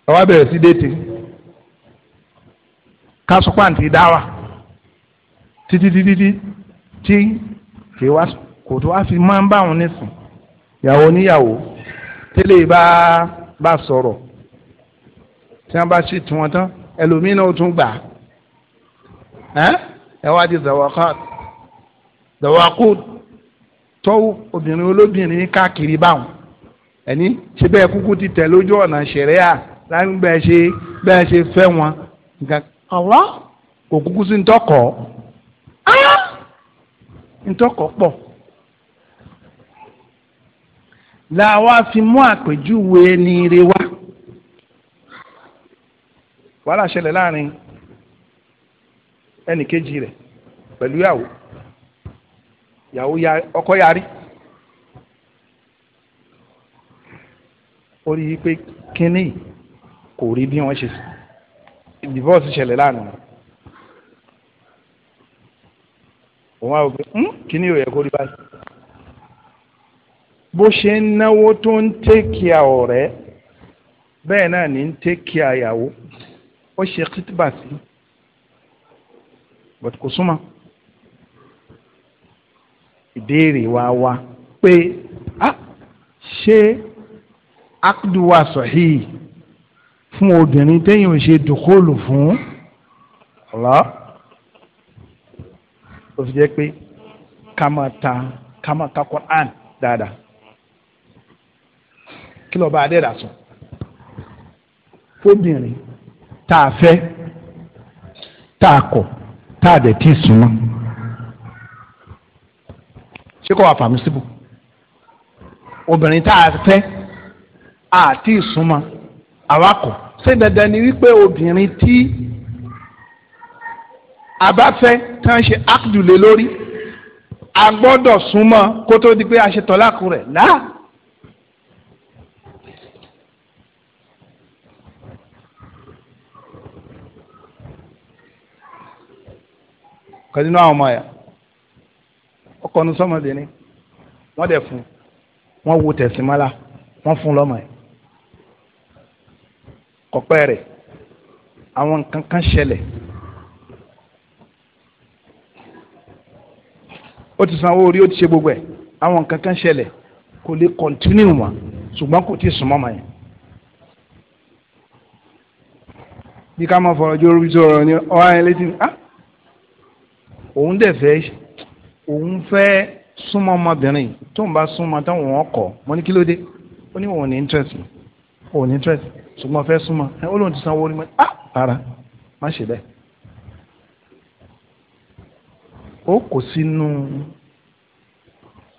àwa bẹ̀rẹ̀ sí déètì kásùpàǹtì dáwà dawa, títí tí kì í ti kò tó wá fi máa ń bá àwọn nísìn ìyàwó níyàwó tẹ́lẹ̀ bá bá sọ̀rọ̀ tí wọ́n bá ṣe tí wọ́n tán ẹlòmíín náà tún gbà ẹ wá di zawakú tọ́wọ́ obìnrin olóbìnrin káàkiri báwọn ẹni ṣe bẹ́ẹ̀ kúkú ti tẹ̀ lójú ọ̀nà ṣẹ̀rẹ́ à láńgbẹ́ ṣe bẹ́ẹ̀ ṣe fẹ́ wọn nǹkan Allah kò kúkú sí ntọ́kọ̀ ntọ́kọ̀ pọ̀ làwa fi mú àpèjúwe ní wa wàhálà ṣẹlẹ̀ láàrin ẹnì kejì rẹ̀ pẹ̀lú ìyàwó ìyàwó ọkọ yarí ó rí i pé kínní kò rí bí wọn ṣe sùn. divorce ṣẹlẹ̀ lánàá òun àwọn òbí kíní ò yẹ kó rí báyìí bó ṣe ń náwó tó ń tẹ́kíà ọ̀rẹ́ bẹ́ẹ̀ náà ní ń tẹ́kíà ìyàwó ó ṣe kìtìbà sí bọ̀t kò súnmọ́ ìbéèrè wa wá pé ah, ṣé akudu wa sọ̀híì fún obìnrin téèyàn ò ṣe dòkóòlù fún ọ̀la ó fi jẹ́ pé ká máa ta ká máa ka Quran dáadáa kí lọ́ọ́ bá adẹ́rà sọ fóbìnrin tá a fẹ́ tá a kọ̀ tá a dẹ̀ tí ì súnmọ́ ṣé kò wá fàmí síbò obìnrin tá a fẹ́ àti ìsúnmọ́ awakọ̀ ṣé dandan ni wípé obìnrin tí a bá fẹ́ tí wọ́n ṣe ákùdùlé lórí a gbọ́dọ̀ súnmọ́ kó tó di pé a ṣe tọ́lákùn rẹ̀ náà. kan nínú àwọn ọmọ yà ọkọ ní sọmọdé ni wọ́n dẹ̀ fún wọ́n wo tẹ̀símọ́lá wọ́n fún lọ́mọ yẹn kọ̀pẹ́ rẹ̀ àwọn nǹkan kan ṣẹlẹ̀ ó ti san owó orí ó ti ṣe gbogbo ẹ̀ àwọn nǹkan kan ṣẹlẹ̀ kò lè kọ̀ntínú wọn ṣùgbọ́n kò tí ì súnmọ́ yẹn. bí ká máa fọ̀rọ̀ jórí tó rọrùn ni ọ̀hán ẹ̀ létí ah òun dẹ̀ fẹ́ òun fẹ́ súnmọ́ ọmọbìnrin tóun bá súnmọ́ táwọn ọkọ̀ mọ́ ní kí ló dé ó ní òun ní interest òun ní interest ṣùgbọ́n fẹ́ súnmọ́ ẹ ó lóun ti sanwó orí mọ́ ah rárá má ṣe bẹ́ẹ̀ ó kò sínú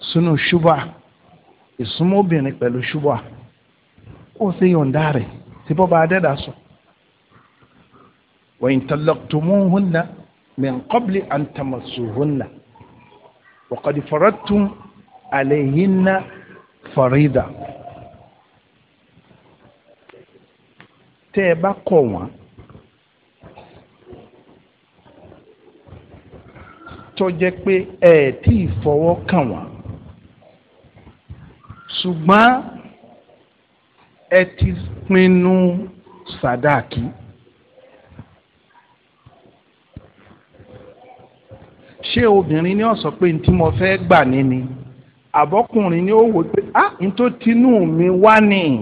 sínú ṣúbà ìsúnmọ́ obìnrin pẹ̀lú ṣúbà ó ṣe yọ̀ǹda rẹ̀ tí bọ́ba adẹ́dà sọ. wa in talaqtumuhunna min qabli an tamassuhunna wa qad faradtum alayhinna farida. tẹ́ ẹ bá kọ̀ wọ́n tó jẹ́ pé ẹ ẹ̀ tí ì fọwọ́ kàn wọ́n ṣùgbọ́n ẹ ti pinnu sàdáàkì. ṣé obìnrin ni ó sọ pé ntí mo fẹ́ gbà ní ni àbọ́kùnrin ni ó wò pé ah ntó tinú mi wá nìyí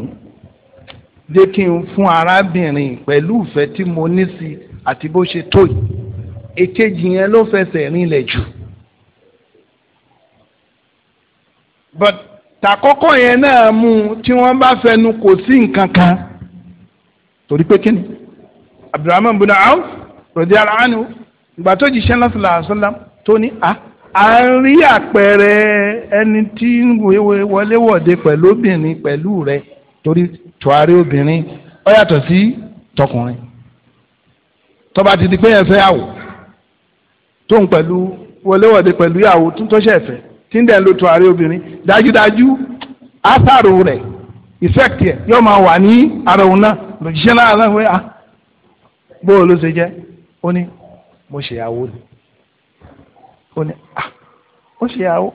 jẹ́ kí n fún arábìnrin pẹ̀lú ìfẹ́ tí mo ní sí i àti bó ṣe tó yìí èkejì yẹn ló fẹsẹ̀ rinlẹ̀ jù. but tàkọ́kọ́ yẹn náà mú un tí wọ́n bá fẹnu kò sí nǹkan kan torí pé kíni abdulrahman bin Awf radiyallahu anhu ìgbà tó jíṣẹ́ náà sallallahu alaihi wasallam tó ní a a ń rí àpẹẹrẹ ẹni tí ń wọléwọ̀de pẹ̀lú obìnrin pẹ̀lú rẹ̀ torí tùwárí obìnrin ó yàtọ̀ sí tọkùnrin tó bá ti di pé yẹn fẹ́ yàwó tóun pẹ̀lú wọléwọ̀de pẹ̀lú yàwó tó tó ṣẹ̀ fẹ́ tí ń dẹ̀ ń lo tùwárí obìnrin dájúdájú ásàrò rẹ̀ ìfẹ́kì ẹ̀ yóò máa wà ní ara òun náà lòjíṣẹ́ náà náà wẹ́ à ló ṣe jẹ́ ó ní mo ṣèyàwó ni ó ní à ah, ó ṣèyàwó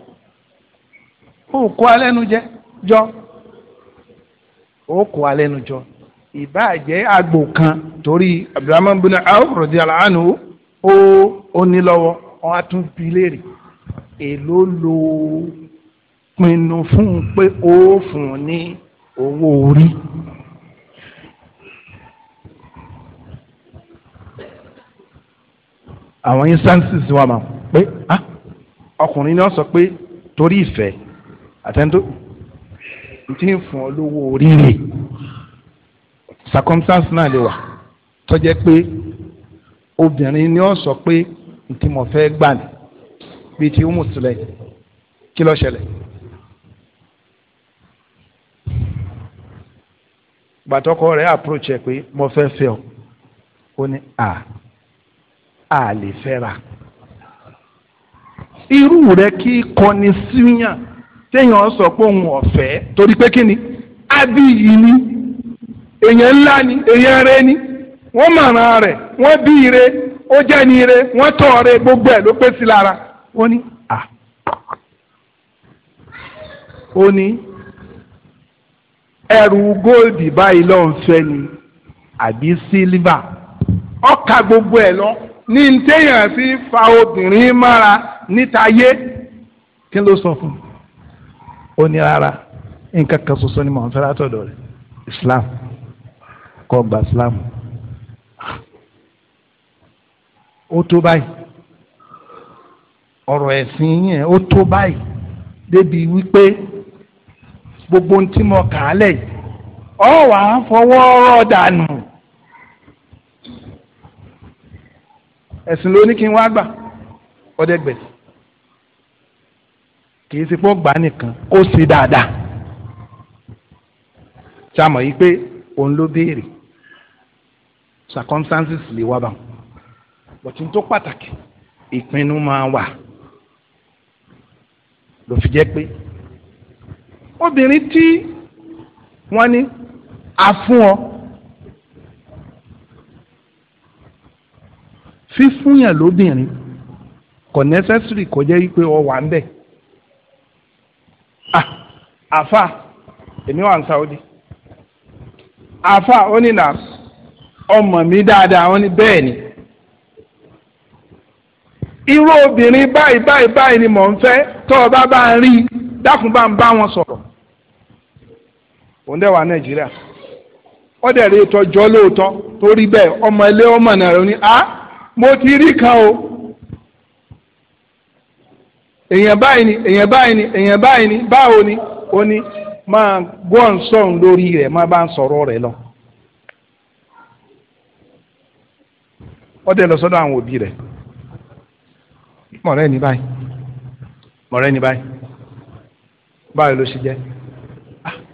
ó kó alẹ́nu jẹ́ jọ oko kó alẹ́ nu jọ ìbáàjẹ́ àgbò kan torí abdulrahman bin awf radiyallahu anhu ó ó ní lọ́wọ́ wọn á tún bi léèrè èló ló pinnu fún un pé ó fún un ní owó orí. àwọn instances wa mà pé ah, ọkùnrin náà sọ pé torí ìfẹ́ àtẹ́ńtò tí ń fún ọ lówó oríire circumstance náà lè wà tó jẹ́ pé obìnrin ni ó sọ pé ntí mo fẹ́ gbà ní bíi ti umu sulẹ̀ kí ló ṣẹlẹ̀. gbàtọ́kọ rẹ̀ approach pé mo fẹ́ fẹ́ ọ ó ní à à lè fẹ́ ra irú rẹ kí kọni síyàn téèyàn sọ pé òun ọ̀fẹ́ torí pé kí ni yìí ni èèyàn ńlá ni èèyàn rẹ ni wọ́n mọ̀ràn rẹ̀ wọ́n bí ire ó jẹ́ ni ire wọ́n tọ̀ rẹ̀ gbogbo ẹ̀ ló pé sí lára ó ní à ó ní ẹrù góòdì báyìí fẹ́ ni àbí sílíbà ọkà gbogbo ẹ̀ lọ ní fa obìnrin mára níta yé ó ní rárá nǹkan kan ṣoṣo ni mò ń fẹ́ látọ̀dọ̀ rẹ̀ islam kọ́ gba islam ó tó báyìí ọ̀rọ̀ ẹ̀sìn yẹn ó tó báyìí débi wípé gbogbo ohun tí mo kà á lẹ̀ ọ̀ wà á fọwọ́ ọ̀rọ̀ dànù ẹ̀sìn ló ní kí n wá gbà ọ̀dẹ́gbẹ̀sì kì í ṣe pọ́ gbà nìkan kó sí dáadáa sàmọ̀ yìí pé òun ló béèrè circumstances lè wá bá bọ̀tí tó pàtàkì ìpinnu máa wà ló fi jẹ́ pé obìnrin tí wọ́n ní a fún ọ fífúnyàn lóbìnrin kò necessary kò jẹ́ wípé ọ wà ń bẹ̀. Ah, Afa èmi wà ní Saudi ní ọmọ mi dáadáa ó bẹ́ẹ̀ ni irú obìnrin báyìí báyìí báyìí ni mò ń fẹ́ bá bá ń rí dákun bá ń bá wọn sọ̀rọ̀ òun dẹ̀ wà Nàìjíríà ó dẹ̀ rí ìtọ́jọ́ lóòótọ́ ọmọ ilé ọmọ náà rẹ ó a ah, mo ti rí o. èèyàn báyìí ni èèyàn báyìí ni èèyàn báyìí ni báwo ni ó ní máa gbọ́ ń sọ̀rọ̀ lórí rẹ̀ máa bá ń sọ̀rọ̀ rẹ̀ lọ. ó dẹ̀ lọ sọ́dọ̀ àwọn òbí rẹ̀ mọ̀rẹ́ ní báyìí mọ̀rẹ́ ní báyìí báyìí ló ṣe jẹ́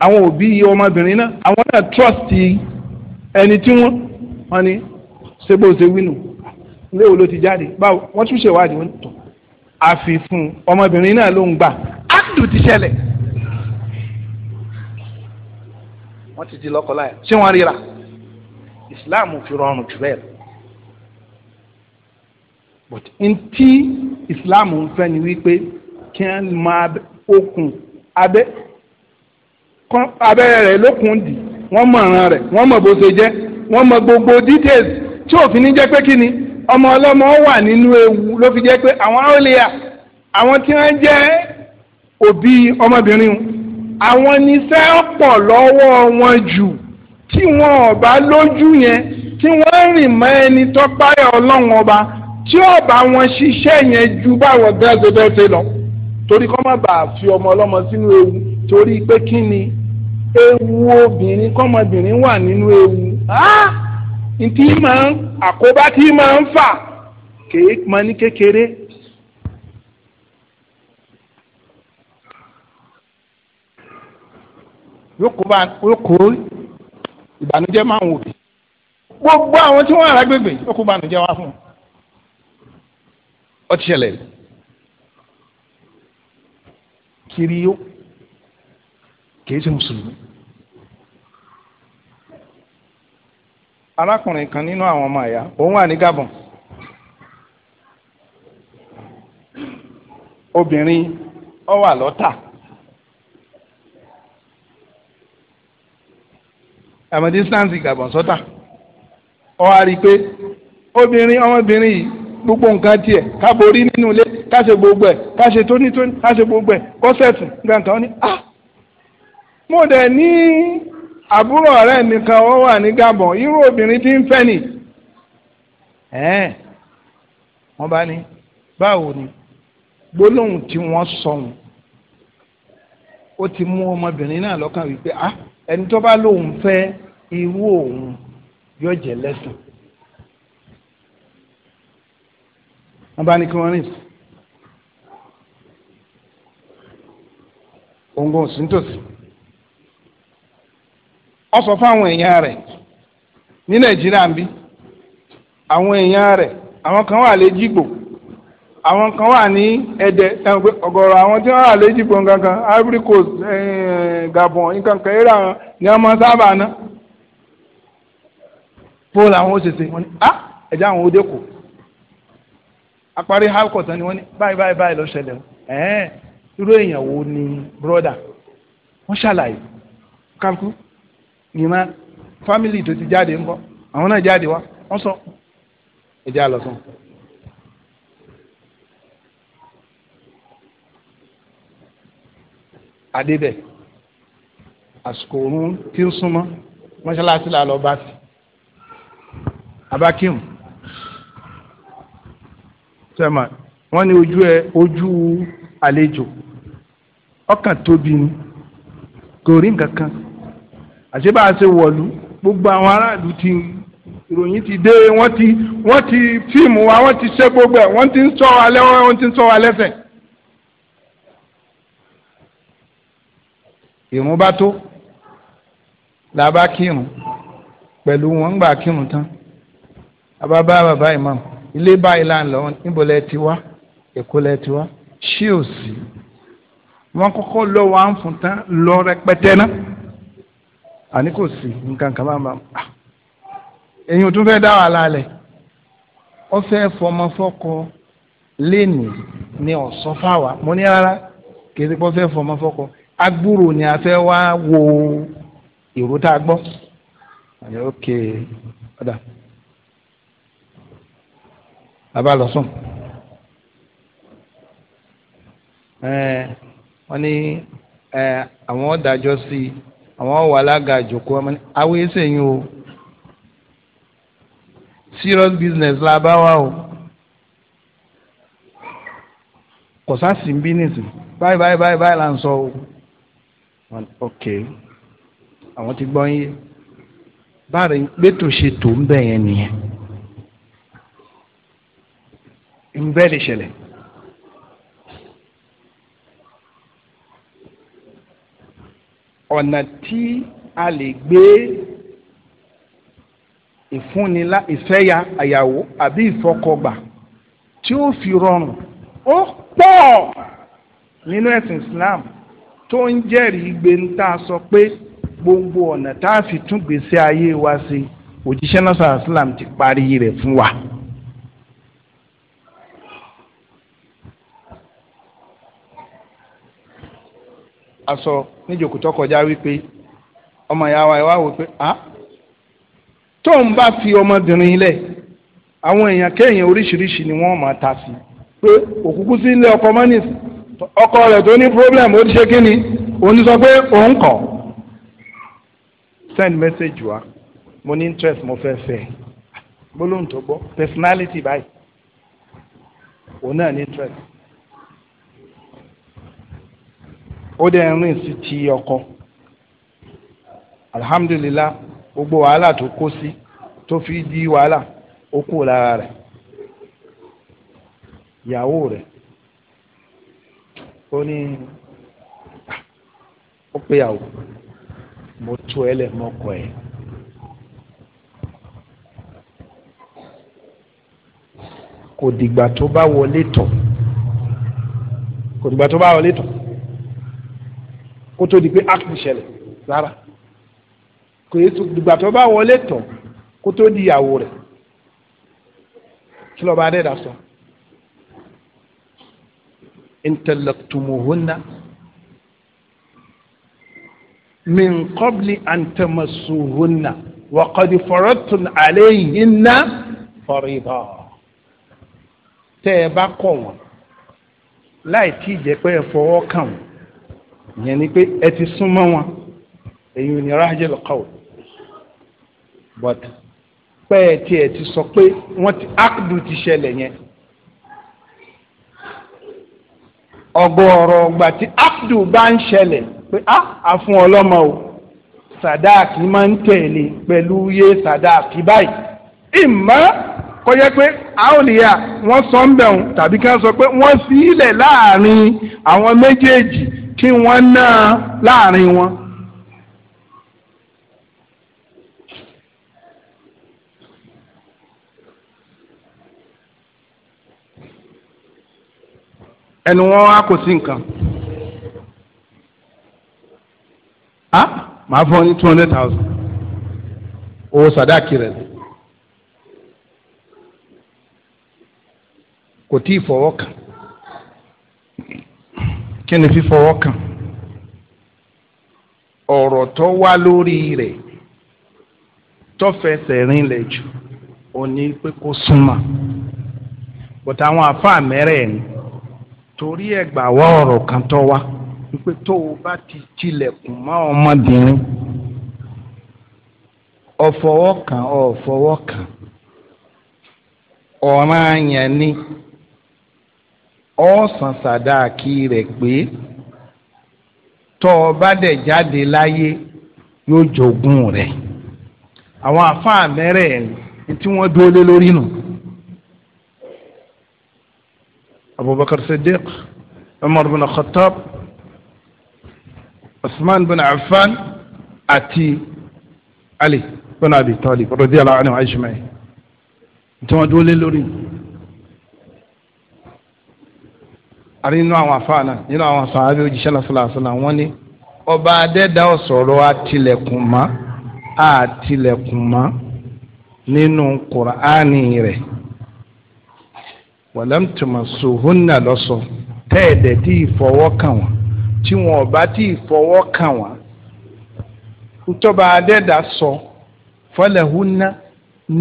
àwọn òbí ọmọbìnrin náà àwọn náà trust ẹni tí wọ́n wọ́n ní ṣé bó ṣe wí nù ilé wo ló ti jáde báwo wọ́n tún ṣèwádìí wọ́n tọ̀ àfi fún ọmọbìnrin náà ló ń gbà áàdù ti ṣẹlẹ̀ wọ́n ti di lọ́kọláya ṣé wọ́n ríra islam fi rọrùn jù bẹ́ẹ̀ lọ but ntí islam ń fẹ́ ni wípé kí wọ́n máa okùn abẹ́ abẹ́ rẹ̀ lókun dì wọ́n mọ̀ ọ̀ràn rẹ̀ wọ́n mọ̀ bó ṣe jẹ́ wọ́n mọ̀ gbogbo details tí òfin ní jẹ́ pé kí ni ọmọ ọlọ́mọ wà nínú ewu ló fi jẹ́ pé àwọn àwòlẹ́yà àwọn tí wọ́n jẹ́ òbí ọmọbìnrin àwọn níṣẹ́ pọ̀ lọ́wọ́ wọn jù tí wọn ò bá lójú yẹn tí wọ́n rìn mọ́ ẹni tó páyà ọlọ́run ọba tí ò bá wọn ṣiṣẹ́ yẹn ju báwọn bẹ́ẹ̀sẹ̀bẹ́ẹ̀sẹ̀ lọ torí kọ́ má bàa fi ọmọ ọlọ́mọ sínú ewu torí pé kí ni ewu obìnrin kọ́mọbìnrin wà nínú ewu. Ah! ntí máa ń àkóbá tí máa ń fà kéé máa ní kékeré. yóò kó máa ń wò gbogbo àwọn tí wọ́n rà gbègbè yóò wá fún un ó ti kiri yó arákùnrin kan nínú àwọn ọmọ àyà òun wà ní Gabon obìnrin ọ wà lọ́tà àmọ́ distance Gabon sọ́tà ọ wá rí i pé obìnrin ọmọbìnrin yìí gbogbo nǹkan tiẹ̀ ká borí nínú ilé ká ṣe gbogbo ẹ̀ ká ṣe tónítóní ká ṣe gbogbo ẹ̀ kọ́sẹ̀tì nǹkan kan ní. Ah! mo dẹ̀ ní. àbúrò ọ̀rẹ́ nìkan ó wà ní Gabon irú obìnrin tí ń fẹ́ nì ẹ̀ẹ́n wọ́n bá ní báwo ni gbólóhùn tí wọ́n sọ̀hún ó ti mú ọmọbìnrin náà lọ́kàn wípé ah ẹni tó bá lóun fẹ́ irú òun yóò jẹ́ lẹ́sìn wọ́n bá ní kí wọ́n rìn sí òun kò sí nítòsí ọ sọ fáwọn èèyàn rẹ̀ ní nàìjíríà ń bí àwọn èèyàn rẹ̀ àwọn kan wà lẹ́jìgbò àwọn kan wà ní ẹ̀dẹ̀ ọ̀gọ̀rọ̀ àwọn tí wọ́n wà lẹ́jìgbò nǹkankan ivory coast eh, gabon nǹkankan eré àwọn ni wọ́n máa sábà ná pole àwọn òṣèṣe wọ́n ní á ẹ̀jẹ̀ àwọn òde kò apárí halkot ni wọ́n ní báyìí báyìí báyìí ló ṣẹlẹ̀ ẹ̀ẹ́n irú èèyàn wo ni broda wọ́n ṣàlàyé kálukú ìran fámìlì tó ti jáde ń bọ̀ àwọn náà jáde wá wọ́n sọ ẹjẹ́ àlọ́sàn. adébẹ̀ àsìkò òun tí ń súnmọ́ mọ́ṣáláṣí là lọ́ọ́ bá sí abakim sẹ́mà wọ́n ní ojú ẹ ojú àlejò ọkàn tóbi ni kò rí nǹkan kan àṣebá ṣe wọ̀lú gbogbo àwọn aráàlú ti ìròyìn ti dé wọ́n ti wọ́n ti fíìmù wa wọ́n ti ṣe gbogbo ẹ̀ wọ́n ti ń sọ wa lẹ́wọ́ wọ́n ti ń sọ wa lẹ́sẹ̀. ìrun bá tó la bá kírun pẹ̀lú wọn ń gbà kírun tán a bá bàbá imam ilé báyìí là ń lọ níbo lẹ ti wá èkó lẹ ti wá ṣí ò sí wọn kọ́kọ́ lọ wà fún tán lọ rẹpẹtẹ náà àní kò sí nǹkan kan máa máa ah. ẹ̀yin ò tún fẹ́ dá wàhálà lẹ̀ ọ fẹ́ fọmọ fọkọ léènì ni ọ̀sán fáwa mo ní rárá kì í fẹ́ fọmọ fọkọ agbúrò ni a fẹ́ wá wo ìró tá a gbọ́ àyè òkè ọ̀dà bàbá lọ sùn ẹ wọ́n ní àwọn ọ̀dàjọ́ sí i àwọn wà lága àjòkó ọmọ ní àwọn èsè yín o serious business la bá wa o kò sá sí bí nìsín báyìí báyìí báyìí báyìí là ń sọ o ok àwọn ti gbọ́ yín báyìí gbẹ́tò ṣe tó ń bẹ̀ yẹn nìyẹn ń bẹ́ẹ̀ lè ṣẹlẹ̀. ọ̀nà tí a lè gbé ìfúnnilá ìfẹ́ya àyàwó àbí ìfọkọgbà tí ó fi rọrùn ó pọ̀ nínú ẹ̀sìn Islam tó ń jẹ́rìí gbẹ̀ntà sọ pé gbogbo ọ̀nà tá a fi tún gbèsè ayé wa ṣe òjíṣẹ́ náà sàrà ti parí rẹ̀ fún wa. aṣọ níjòkó tó kọjá wípé ọmọ ìyá wa ìwà wò pé ah tóun bá fi ọmọbìnrin lẹ̀ àwọn èèyàn kéèyàn oríṣiríṣi ni wọ́n máa ta sí pé òkùnkùn sí ilé ọkọ mọ́nìs ọkọ rẹ̀ tó ní problem ó ti ṣe kí ni òun sọ pé òun kọ̀ send message wa mo ní interest mo fẹ́ fẹ́ gbólóhùn tó gbọ́ personality báyìí òun náà ní interest ó dẹ̀ ń rìn sí ti ọkọ alhamdulillah gbogbo wàhálà tó kó sí tó fi di wàhálà ó kú lára rẹ̀ ìyàwó rẹ̀ ó ní ah, ó pé yàwó mo tú ẹ lẹ̀ mọ́kọ ẹ̀. kò dìgbà tó bá wọlé tọ̀ kò dìgbà tó bá wọlé tọ̀ kó tó di pé act ṣẹlẹ̀ rárá kò yẹ tó dìgbà tó bá wọlé tán kó tó di ìyàwó rẹ̀ kí lọ́ba adẹ́dà sọ. intalaqtumuhunna min qabli an wa qad faradtum alayhinna farida tẹ́ ẹ bá kọ̀ wọ́n láì tí ì jẹ́ pé ẹ fọwọ́ kàn wọ́n ìyẹn ni pé ẹ ti súnmọ́ wọn èyí ò rájẹ́ lọ́kọ̀ o but pé ẹ ti ẹ ti sọ pé wọ́n ti ákùdù ti ṣẹlẹ̀ yẹn ọgọ́rọ̀ ọgbà tí ákùdù bá ń ṣẹlẹ̀ pé á ah, àfún ọlọ́mọ o sàdáàkì máa ń tẹ̀lé pẹ̀lú iye sàdáàkì báyìí ìmọ̀ kọjá pé àwòlíyà wọ́n sọ ń bẹ̀rùn tàbí ká sọ pé wọ́n fi láàrin àwọn méjèèjì kí wọ́n ná láàrin wọn. ẹnu wọn á kò sí nǹkan a màá fọ ní two hundred thousand owó sàdáàkì rẹ̀ kò tí ì fọwọ́ kàn. kí fífọwọ́ kàn ọ̀rọ̀ tó wá lórí rẹ̀ tó rinlẹ̀ jù ó pé kó súnmọ́ bọ̀tà àwọn àfáà mẹ́rẹ̀ ni torí ẹ̀gbà wá ọ̀rọ̀ kan tó wá wípé tó o bá ti tilẹ̀kùn mọ́ ọmọbìnrin ọ̀fọwọ́ kan ọ̀fọwọ́ kan ọ̀ràn ọ̀sán sàdáàkì rẹ̀ pé tọ́ ọ bá dẹ̀ jáde láyé yóò jogún rẹ̀ àwọn àfáà mẹ́rẹ̀ẹ̀rin tí wọ́n dúró lé lórí nù. abubakar sadiq umar bin khattab usman bin affan àti ali bin abi talib radiyallahu anhu ajma'in tí wọ́n dúró lé lórí nù. Ari nínú àwọn afáànà nínú àwọn sàábì òjíṣẹ́ lásìlàsìlà wọ́n ní ọba adẹ́dá ọ̀sọ̀rọ̀ àtìlẹ̀kùn mọ́ àtìlẹ̀kùn mọ́ nínú kùránì rẹ̀ wàlámtùmọ̀ sòhónà lọ́sọ̀ tẹ́ẹ̀dẹ̀ tí ìfọwọ́ kàn wọ́n tí wọn ọba tí ìfọwọ́ kàn wọ́n ntọ́ba adẹ́dá sọ fọlẹ́húnà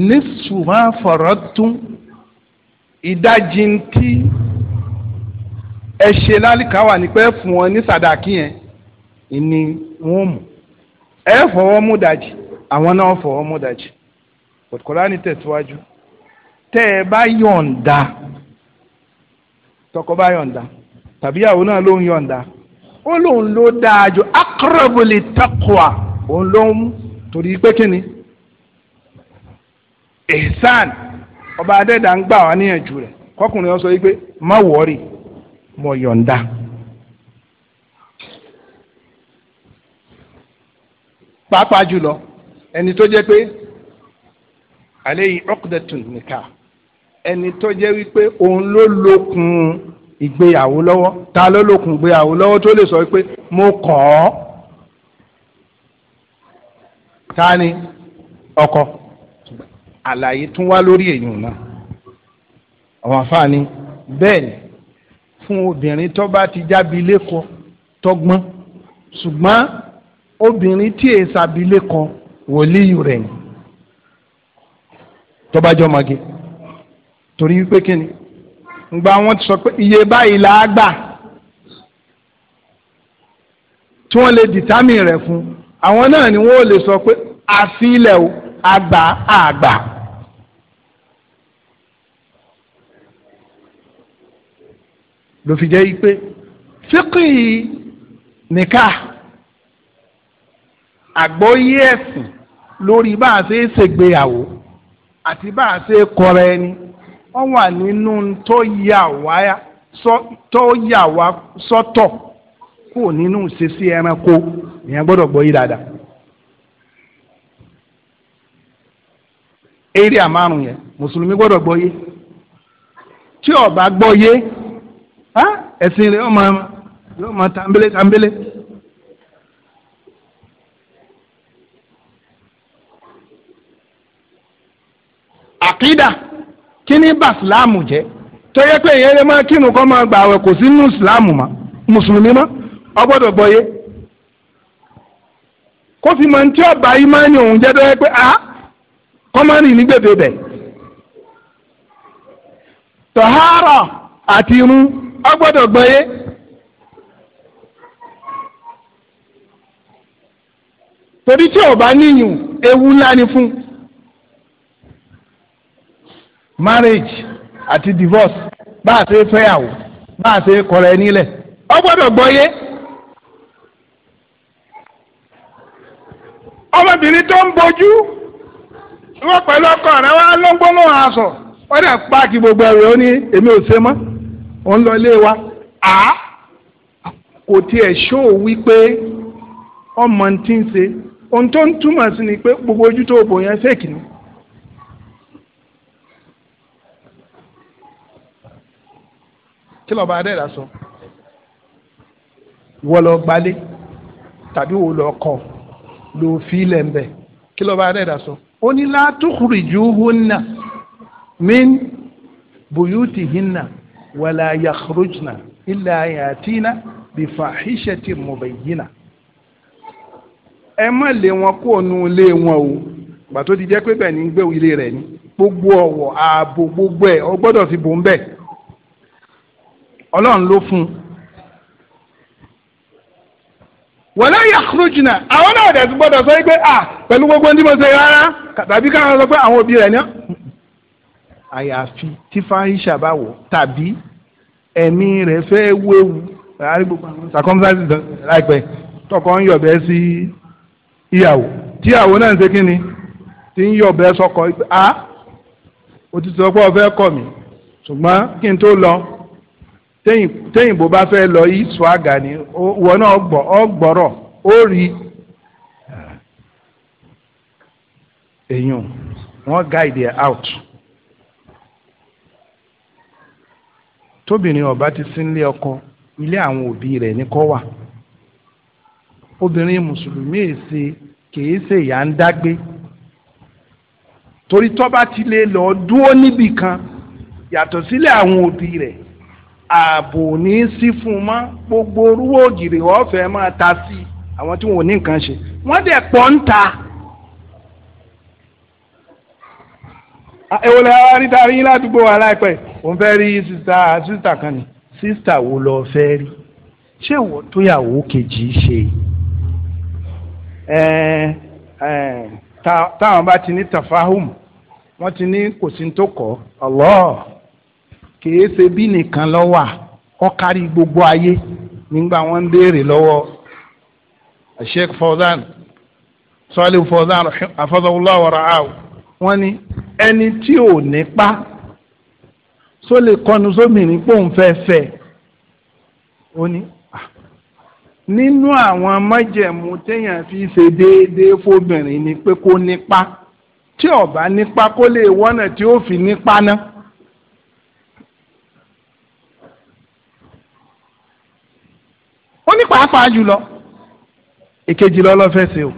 nísùmáfọ̀rọ̀tún ìdajì ntí ẹ ṣe lálìkáwà ní pẹ́ fún wọn ní sàdákì yẹn ìní wọn mú ẹ fọwọ́ mú dajì àwọn náà fọwọ́ mú dajì kòtòkòlá ní tẹ̀síwájú tẹ́ ẹ bá yọ̀ǹda tọkọ bá yọ̀ǹda tàbí ìyàwó náà ló ń yọ̀ǹda ó lóun ló dáa jù akọrọbùlì takwa òun ló ń torí pé kíni ihsan ọba adẹ́dàá ń gbà wá níyànjú rẹ̀ kọkùnrin ọ sọ yìí pé má wọ́ọ̀rì mo yọ̀ǹda. pàápàá jùlọ ẹni tó jẹ́ pé àléyìí ọ̀kùdẹ̀tùn nìka ẹni tó jẹ́ wípé òun ló lókun ìgbéyàwó lọ́wọ́ ta ló lókun ìgbéyàwó lọ́wọ́ tó lè sọ wípé mo kọ̀ ọ́ ta ni ọkọ àlàyé tún wá lórí èèyàn náà àwọn afáàní bẹ́ẹ̀ ni fún obìnrin tó bá ti jábí lẹ́kọ tọgbọ́n ṣùgbọ́n obìnrin tí èè sàbí lẹ́kọ wòlíì rẹ̀ ni tó bá torí wípé kíni ngbà wọn ti sọ pé iye báyìí là á gbà tí wọ́n lè dìtámì rẹ̀ fún àwọn náà ni wọ́n lè sọ pé àfilẹ̀ o àgbà àgbà. ló fi jẹ́ pé fíkì nìka àgbọ́yé ẹ̀sìn lórí bá a ṣe é ṣègbéyàwó àti bá a ṣe é kọra ẹni wọ́n wà nínú tó yà wá sọ́tọ̀ kò nínú ìṣesí ẹranko ìyẹn gbọ́dọ̀ gbọ́ yí dáadáa. area márùn yẹn mùsùlùmí gbọ́dọ̀ gbọ́ yé tí ó gbọ́ yé ẹ̀sìn yóò máa yóò máa tàǹbélé kí bá síláàmù jẹ tó pé èyí lè máa kírun kọ́ máa gbà àwẹ̀ kò sí nínú síláàmù mọ́ mùsùlùmí mọ́ ọ gbọ́dọ̀ kó fi mọ̀ tí ọba yìí máa a kọ máa rìn ní àti ọ gbọ́dọ̀ gbọ́yé. torí tí ò bá níyùn ewu ńlá ni fún marriage àti divorce bá a ṣe fẹ́yàwó bá a ṣe kọ̀rọ̀ ẹ nílẹ̀ ọ gbọ́dọ̀ gbọ́yé. ọmọbìnrin tó ń bojú wọn pẹ̀lú ọkọ rẹ̀ wá ló ń gbóná aṣọ wọ́n dẹ̀ páàkì gbogbo ẹ̀rọ ní èmi ò ṣe mọ́. ọ̀ ń lọ ilé wa à kò tiẹ̀ ṣó o wípé ọmọ tí ń ṣe ohun tó ń túmọ̀ sí ni pé gbogbo ojú tó bò yẹn fèkì ni. kí lọ́ba adẹ́rà sọ wọ́n lọ gbalé tàbí wọ́n lọ kọ́ lọ fi ń bẹ̀ kí lọ́ba adẹ́rà sọ ó ní látúkùrìjú hunna min bùyútì hinna wàlá yakhrujna ilà yàtínà bí fàhíṣẹ́tì mọ̀bẹ̀yìnà ẹ má lé wọn kó nu ilé wọn o gbàtó ti jẹ́ pé bẹ́ẹ̀ ni gbé ilé rẹ̀ ni gbogbo ọ̀wọ̀ ààbò gbogbo ẹ̀ ọ gbọ́dọ̀ fi bò ń bẹ̀ ọlọ́run ló fún un wọ́n yà àwọn náà dẹ̀ gbọ́dọ̀ sọ pé pẹ̀lú gbogbo ndí mo ṣe rárá tàbí káwọn sọ pé àwọn òbí rẹ̀ ni àyàfi tí fáyíṣà bá wọ̀ tàbí ẹ̀mí rẹ̀ fẹ́ wéwu àárín gbogbo àwọn circumstances láìpẹ́ tọkọ ń yọ̀bẹ sí ìyàwó tíyàwó náà ń ṣe kínni tí ń yọ̀bẹ sọkọ a òtítọ́ pé ọ̀fẹ́ kọ̀ mí ṣùgbọ́n kí n tó lọ tẹ́yìn bó bá fẹ́ lọ yìí sọ àgà ni wọn náà gbọ́ ọ gbọ́rọ̀ ó rí èèyàn wọ́n guide her out. tóbìnrin ọba ti sínlé ọkọ ilé àwọn òbí rẹ̀ ní kọ́ wà obìnrin mùsùlùmí èsè kìí ṣe ìyá ń dágbé torí tọ́ba ti lè lọ dúró níbì kan yàtọ̀ sílé àwọn òbí rẹ̀ ààbò ní sí fún un mọ́ gbogbo orúwó ògìrì ọ̀fẹ́ máa ta sí àwọn tí wọn ò ní nǹkan ṣe wọ́n dẹ̀ pọ̀ ń ta. Ah, èwo lè wá rí darí ládùúgbò wa láìpẹ́ yìí. òun fẹ́ rí sísá sísá kan ni sísá wo lọ fẹ́ rí ṣé ìwọ tó yàwó kejì ṣe táwọn bá ti ní tafahum wọ́n ti ní kò sí tó kọ́ Allah kìí ṣe bí nìkan lọ́wọ́ ọ kárí gbogbo ayé nígbà wọn ń béèrè lọ́wọ́ Sheikh Fawzan Salih Fawzan afọ́sọ́wọ́lá wàrà áwò wọ́n ní ẹni tí ò nípa só lè kọnu sóbìnrin pòun fẹ́ fẹ́ ó ní ah, nínú àwọn májẹ̀mú téèyàn fi ṣe déédéé fóbìnrin ni pé kó nípa tí ó bá nípa kó lè wọ́nà tí ó fi nípa ná. ó ní pàápàá jùlọ èkejì lọ́lọ́fẹ́ ṣe o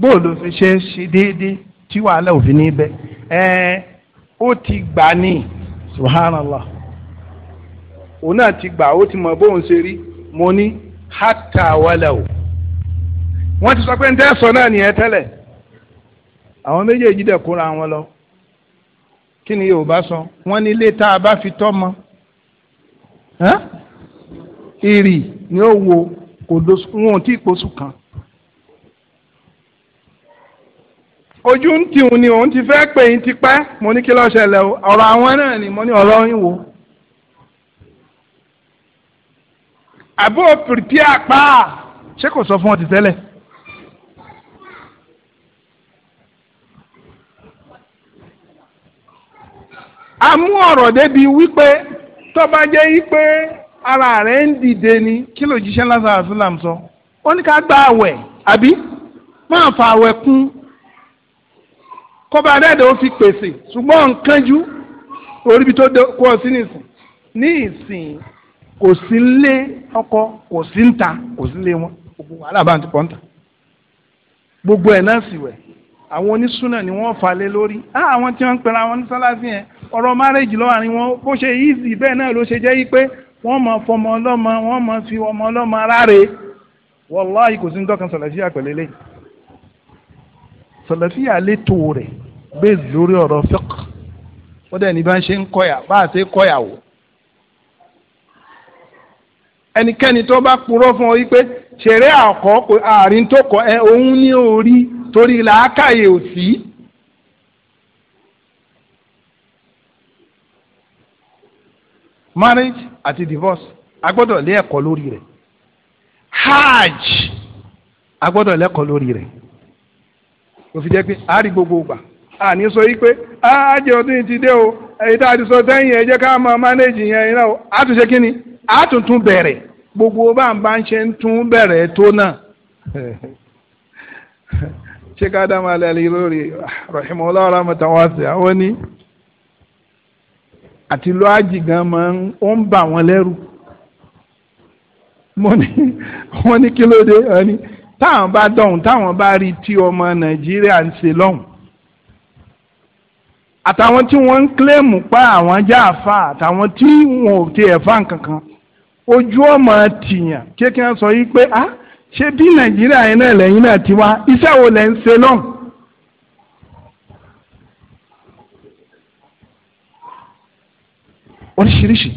bóò ló fi ṣe ṣe déédéé tí wàhálà òfin níbẹ̀ ẹ ó ti gbà níyì subhanallah òun náà ti gbà ó ti mọ bóun ṣe rí mo ní hátà wàlẹ̀ o wọ́n ti sọ pé ń tẹ́ sọ náà nìyẹn tẹ́lẹ̀ àwọn méjèèjì dẹ̀ kóra wọn lọ kí ni yorùbá sọ wọ́n ní ilé tá a bá fi tọ́ mọ ìrì ni ó wo kò dosùn wọn ò tí ì kóṣù kan. ojú ń tìhun ni òun ti fẹ́ pè yín tipẹ́ mo ní kí ló ṣẹlẹ̀ o ọ̀rọ̀ àwọn náà ni mo ní ọ̀rọ̀ yín wò. àbó pìrìpì àpá ṣé kò sọ fún ọ ti tẹ́lẹ̀. a mú ọ̀rọ̀ débi wípé tó bá jẹ́ wípé ara rẹ̀ ń dìde ni kí ló jíṣẹ́ lásán àfúlàm sọ ó ní ká gba àwẹ̀ àbí máa fa àwẹ̀ kún kọ́ba adẹ́dẹ́ ó fi pèsè ṣùgbọ́n nkánjú oríbi tó kó ọ sí nìsín ní ìsìn kò sí lé ọkọ kò sí ń ta kò sí lé wọn gbogbo wàhálà bá ń ti pọ̀ ń ta gbogbo ẹ̀ náà sì wẹ̀ àwọn onísúnà ni wọ́n falẹ̀ lórí àwọn tí wọ́n ń pera wọn ní sálásí yẹn ọ̀rọ̀ márẹ́jì lọ́wọ́ àárín wọn bó ṣe easy bẹ́ẹ̀ náà ló ṣe jẹ́ yí pé wọ́n máa fọmọ ọlọ́mọ wọ́n máa fi ọmọ ọlọ́mọ aráre wàláhì kò sí ní dọ́kan sọ̀lẹ́fíà pẹ̀lẹ́lẹ́ sọ̀lẹ́fíà lẹ́tọ̀ọ́ rẹ̀ bẹ́ẹ̀ lórí ọ̀rọ̀ fiqh wọ́n dẹ̀ ní bá ń ṣe ń kọ́yà bá a ṣe kọ́yà wò. ẹnikẹ́ni tó bá purọ́ fún ọ wípé ṣeré àkọ́ àárín tó kọ ẹ òun ní orí torí làákàyè ò sí. marriage àti divorce a gbọ́dọ̀ lé ẹ̀kọ́ lórí rẹ̀ hajj a gbọ́dọ̀ lẹ́kọ̀ọ́ lórí rẹ̀ òfin jẹ́ pé àárín gbogbo gbà àní sọ yìí pé ájẹ ọdún ti dé o èyí tá a ti sọ sẹ́yìn ẹ jẹ́ ká máa mánéjì yẹn iná o á kí ni á tún tún bẹ̀rẹ̀ gbogbo bá ń bá ń ṣe ń tún bẹ̀rẹ̀ tó náà ṣé ká dá máa lẹ́lẹ́ lórí rahimahullah rahmatan wasi'a àwọn ní àti lọ́ àjì gan máa ń ó ń bà wọ́n lẹ́rù mo ní wọ́n ní kí ló dé wọ́n ní táwọn bá dọ̀hún táwọn bá rí tí ọmọ nàìjíríà ń ṣe lọ́hùn àtàwọn tí wọ́n ń kílẹ̀mù pa àwọn jáfa àtàwọn tí wọn ò tiẹ̀ fa nkankan ojú ọmọ tìyàn kékeré sọ yìí pé ah ṣé bí nàìjíríà yẹn náà lẹ́yìn náà ti wá iṣẹ́ wo lẹ́ ń ṣe náà. oríṣiríṣi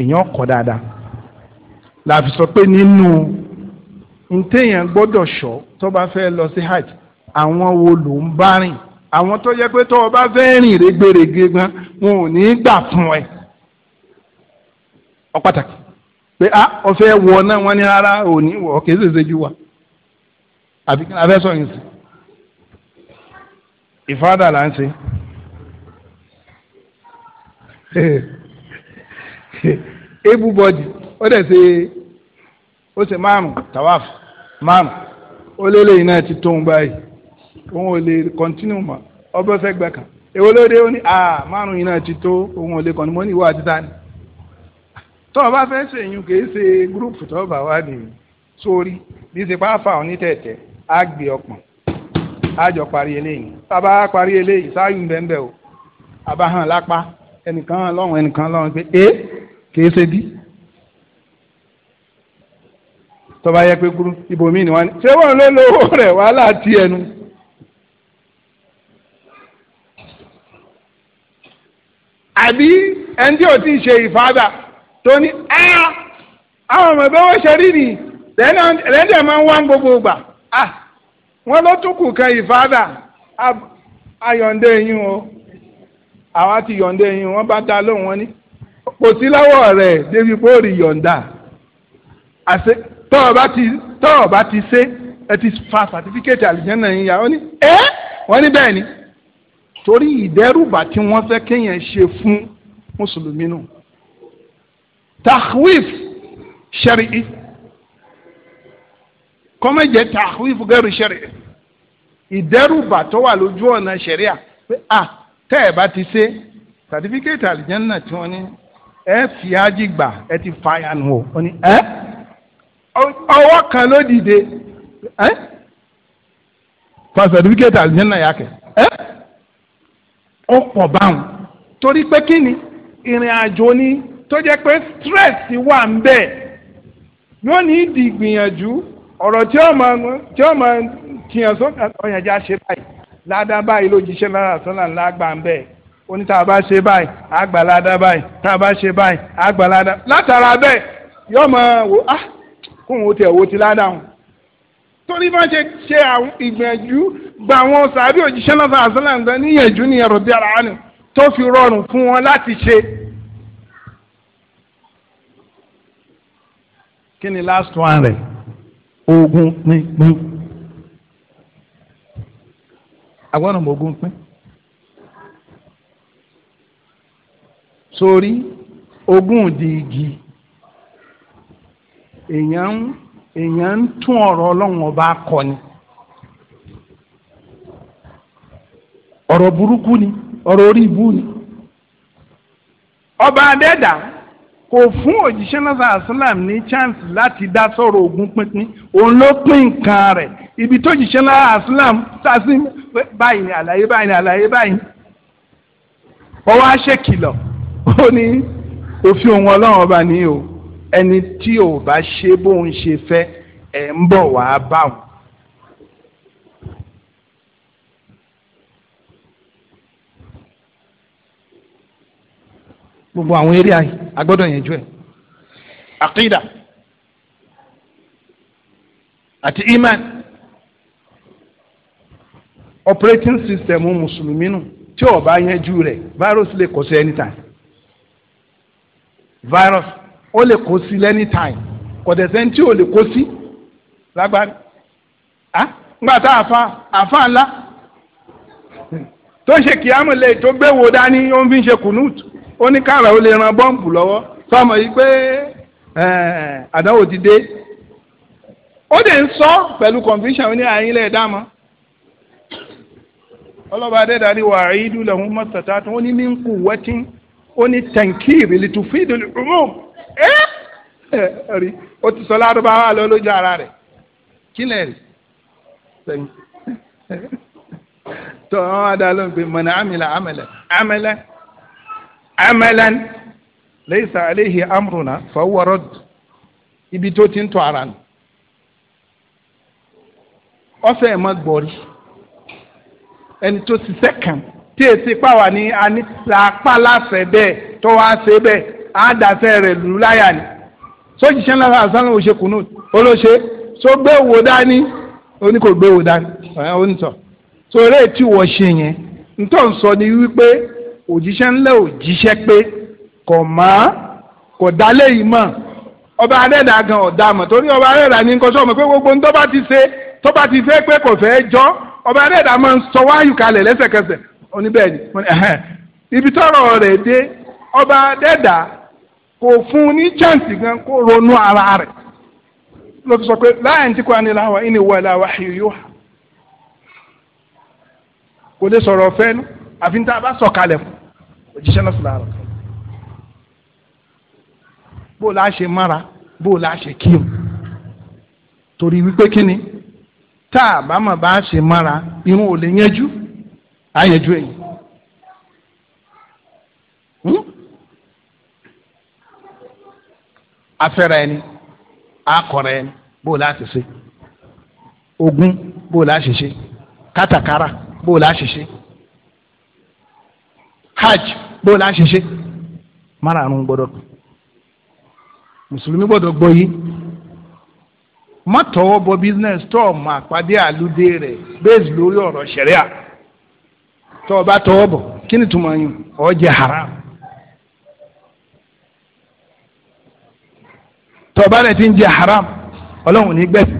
èèyàn kọ dáadáa la fi sọ pé nínú ntẹ̀yàn gbọ́dọ̀ ṣọ́ tó bá fẹ́ lọ sí hajj àwọn wo ló ń bá rìn àwọn tó yẹ pé tó o bá fẹ́ rìn rẹ́gbẹ̀rẹ́gbẹ̀ gan wọn ò ní í gbà fún ẹ ọ pàtàkì pé a ah, ọfẹ wọ náà wọn ní rárá ò ní wọ kì í ṣèṣe ju wa àbí kí ni abẹ́ sọ yìí sí ìfádà là ń ṣe ebu bọ́dì ó dẹ̀ ṣe ó ṣe márùn-ún tawaf márùn-ún ó lélẹ́yìn náà ti tóun báyìí òun ò lè kọ́ntínú mọ́ ọbẹ̀ fẹ́ gbẹ kan èwo ló dé ó ní à márùn yìí náà ti tó òun ò lè kàn ní mo ní ìwọ àti tani tó o bá fẹ́ ṣèyún kì í ṣe gúrúùpù tó o bá wà nìyí sórí bí ṣe bá fà ọ́ ní tẹ̀tẹ̀ á gbé ọpọ̀n á jọ parí eléyìí tábà á parí eléyìí sáyùn bẹ́ẹ̀ o àbá hàn lápá ẹnìkan hàn ẹnìkan lọ́rùn pé é kì ṣe bí tó bá yẹ pé gúrú ibòmíì ni wọ́n ṣé wọ́n ló lówó rẹ̀ wàhálà tiẹ̀ nu. àbí ẹni tí ò tí ì ṣe ìfàdà tó ní ẹ àwọn ọmọ ẹgbẹ́ wọ́n ṣe rí ni lẹ́dẹ̀ máa ń wá gbogbo gbà wọ́n ló tún kù kan ìfàdà ayọ̀ǹdẹ̀ yín o àwa ti yọ̀ǹdẹ̀ yín wọ́n bá dá lóhùn wọn ní kò sí lọ́wọ́ rẹ̀ débi pé ó rí yọ̀ǹda àṣẹ tọ́ọ̀ bá ti ṣe ẹ ti fa sàtífíkẹ́tì àlùjànnà yín yá ó ní ẹ́ wọ́n ní bẹ́ẹ̀ ni torí ìdẹ́rùbà tí wọ́n fẹ́ kéèyàn ṣe fún mùsùlùmí nù tahwif ṣẹ̀rìí kọ́mẹ́jẹ tahwif gẹ́rù ṣẹ̀rìí ìdẹ́rùbà tó wà lójú ọ̀nà ṣẹ̀ríà pé à tẹ́ ẹ̀ bá ti ṣe sàtífíkẹ́tì àlìjẹ́nà tí wọ́n ní ẹ fi ájì gbà ẹ ti fa àyànù wọ́n ní ẹ ọwọ́ kan ló dìde ẹ fa sàtífíkẹ́tì àlìjẹ́nà yà kẹ́ ẹ. ó pọ̀ báwọn torí pé kí ni ìrìn àjò ni tó jẹ́ pé stress wà ń bẹ̀ yóò ní ìdí ìgbìyànjú ọ̀rọ̀ tí ó máa tí ó máa tìyàn sókè ọ̀yàn já ṣe báyìí ládàá báyìí ló jíṣẹ́ lára sọ́là ńlá gbà ń bẹ̀ ó tá a bá ṣe báyìí àgbà ládàá báyìí tá a bá ṣe báyìí àgbà ládàá látara bẹ́ẹ̀ yóò máa wò á ah, kóun ó tiẹ̀ wo ti ládàá hàn torí bá ṣe ṣe àwọn ìgbìyànjú gba àwọn sàárì òjíṣẹ́ náà sàásánà nǹkan níyànjú ní ẹ̀rọ bí ara nù tó fi rọrùn fún wọn láti ṣe. kí ni last one rẹ̀ ogún pínpín agbọ́dọ̀ mọ ogún pín sórí ogún di igi èèyàn ń èèyàn ń tún ọ̀rọ̀ ọlọ́run ọba kọ ni ọ̀rọ̀ burúkú ni ọ̀rọ̀ orí ibú ni ọba adẹ́dà kò fún òjíṣẹ́ náà asálàm ní chance láti dá sọ̀rọ̀ ogún pínpín òun ló pín nǹkan rẹ̀ ibi tó jíṣẹ́ náà asálàm sásí báyìí àlàyé báyìí àlàyé báyìí ọwọ́ aṣèkìlọ̀ ó ní òfin òun ọlọ́run ọba nìyí o ẹni tí ò bá ṣe bóun ṣe fẹ́ ẹ̀ ń bọ̀ wá bá wọn. gbogbo àwọn eré agbọ́dọ̀ yẹn ju ẹ̀ àkídà àti iman operating system mùsùlùmí nù tí ó bá yẹn ju rẹ̀ virus lè kọ́ sí anytime virus ó lè kó sí lẹ́ni time kọ̀dẹ̀sẹ̀ tí ò lè kó sí lágbára ah ńgbà tá àfa àfa ńlá tó ṣe kìámù lè tó gbé wo dání ó ń fi ṣe kùnúùtù ó ní káàrà ó lè ran bọ́ǹbù lọ́wọ́ sọmọ yìí pé àdánwò ti dé ó dẹ̀ ń sọ pẹ̀lú conviction ní àyín lẹ̀ ọlọ́ba adédarí wà áyídú lẹ́hún mọ́tàtà tó ní mí ń kú wẹ́tí ó ní tẹ̀ǹkì ìrìlì tó fi ìdòlù rúmọ́. Eh, ẹ́ rí o ti sọ lárúbáwá lọ lójú ara rẹ̀ kí lẹ̀ rí sẹ́yìn tó àwọn adalọ́ pé mọ̀nà àmìlà àmìlà àmìlà àmìlà lẹ́yìn àléhì amruna fọwọ́rọ́ ibi tó ti ń tọ́ ara nù ọ̀fẹ́ ẹ̀ má gbọ́rí ẹni tó ti sẹ́kàn tí èsì pàwà ní anípa pàlàfẹ́ bẹ́ẹ̀ tó wá ṣe bẹ́ẹ̀ àádàfẹ́ rẹ̀ lù láyà ni sójìṣẹ́ ńlá àṣàlù òṣè kùnú olóṣè tó gbé wò dání oní kò gbé wò dání ó ń sọ tó eré tí wọ́n ṣe yẹn ntọ́ ń sọ ni wípé òjíṣẹ́ ńlá òjíṣẹ́ pé kò mọ́ kò dá léyìí mọ́ ọba adẹ́dà gan ọ̀dà mọ̀ torí ọba adẹ́dà ní nǹkan sọ́mọ pé gbogbo ntọ́ bá ti ṣe tó bá ti fẹ́ pé kò fẹ́ jọ́ ọba adẹ́dà máa ń sọ wáyù kalẹ̀ lẹ́sẹ̀kẹsẹ̀ oníbẹ̀ẹ́ni ibi tọ́rọ̀ rẹ̀ dé ọba adẹ́dà kò fún un ní chance gan kó ronú ara rẹ̀ ló fi sọ pé láàyè tí kò á ní láwa ìní wà láwa yóò hà kò lè sọ̀rọ̀ fẹ́ nu àfi ní tá a bá sọ̀ kalẹ̀ fún òjíṣẹ́ náà sọ̀rọ̀ àrà bó la ṣe mára bó la ṣe kírun torí wípé a bá mà irun ò lè afẹ́ra ẹni akọ̀rọ̀ ẹni bó la ṣe ṣe ogún bó la ṣe kátàkárà bó la ṣe hajj bó la ṣe márààrún gbọ́dọ̀ mùsùlùmí gbọ́dọ̀ gbọ́ yìí má tọwọ́ bọ business tó o àpàdé àlùdé lórí ọ̀rọ̀ ọ bá tọwọ́ bọ̀ kí ni túmọ̀ yín haram. tọba rẹ ti ń jẹ haram ọlọ́run ní gbẹ̀sẹ̀.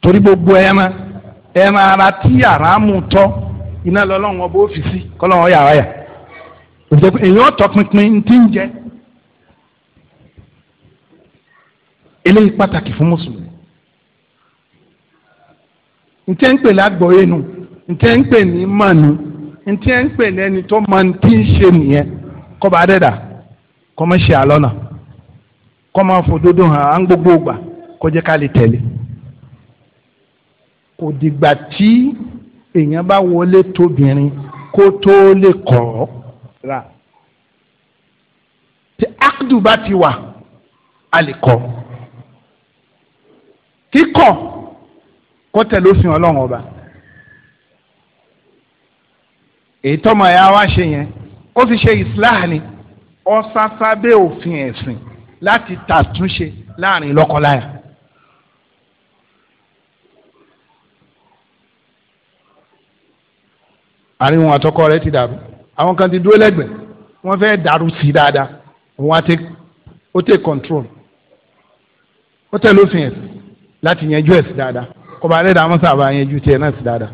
torí gbogbo ara tí haramu tọ́ iná lọ́lọ́run ọba òfìsí kọ́lọ́run ọ̀yà ọ̀yà èèyàn tọpinpin ti ń jẹ eléyìí pàtàkì fún mùsùlùmí ntẹ́ ń pè lágbọ̀ọ́ nke ntẹ́ ń pè ní ntí ẹ ń pè lẹ́ni tó máa ń tí ń ṣe nìyẹn kọ́ bá dẹ́dà kọ́ máa ṣe àlọ́nà kọ́ máa fòdodo hàn án gbogbo ògbà kó jẹ́ ká lè tẹ̀lé kò dìgbà tí èèyàn bá wọlé tóbìnrin kó tó lè kọ́ ọ́ rà tí ákùdù bá ti wà a lè kọ́ kíkọ́ kó tẹ̀lé òfin ọlọ́run ọba. èyí tọ́mọ ẹ̀yà wa ṣe yẹn ó ti ṣe islah ni ó sáfá bẹ́ òfin ẹ̀sìn láti tàtúnṣe láàrin lọ́kọláya. àárín wọn àtọkọ rẹ̀ ti dàrú àwọn kan ti dúró lẹ́gbẹ̀ẹ́ wọ́n fẹ́ẹ́ dàrú sí i dáadáa òun àti ó tẹ control ó tẹ lófin ẹ̀sìn láti yanjú ẹ̀sìn dáadáa kọba alẹ́ dàá mọ́sàbà yanjú tiẹ̀ náà sí dáadáa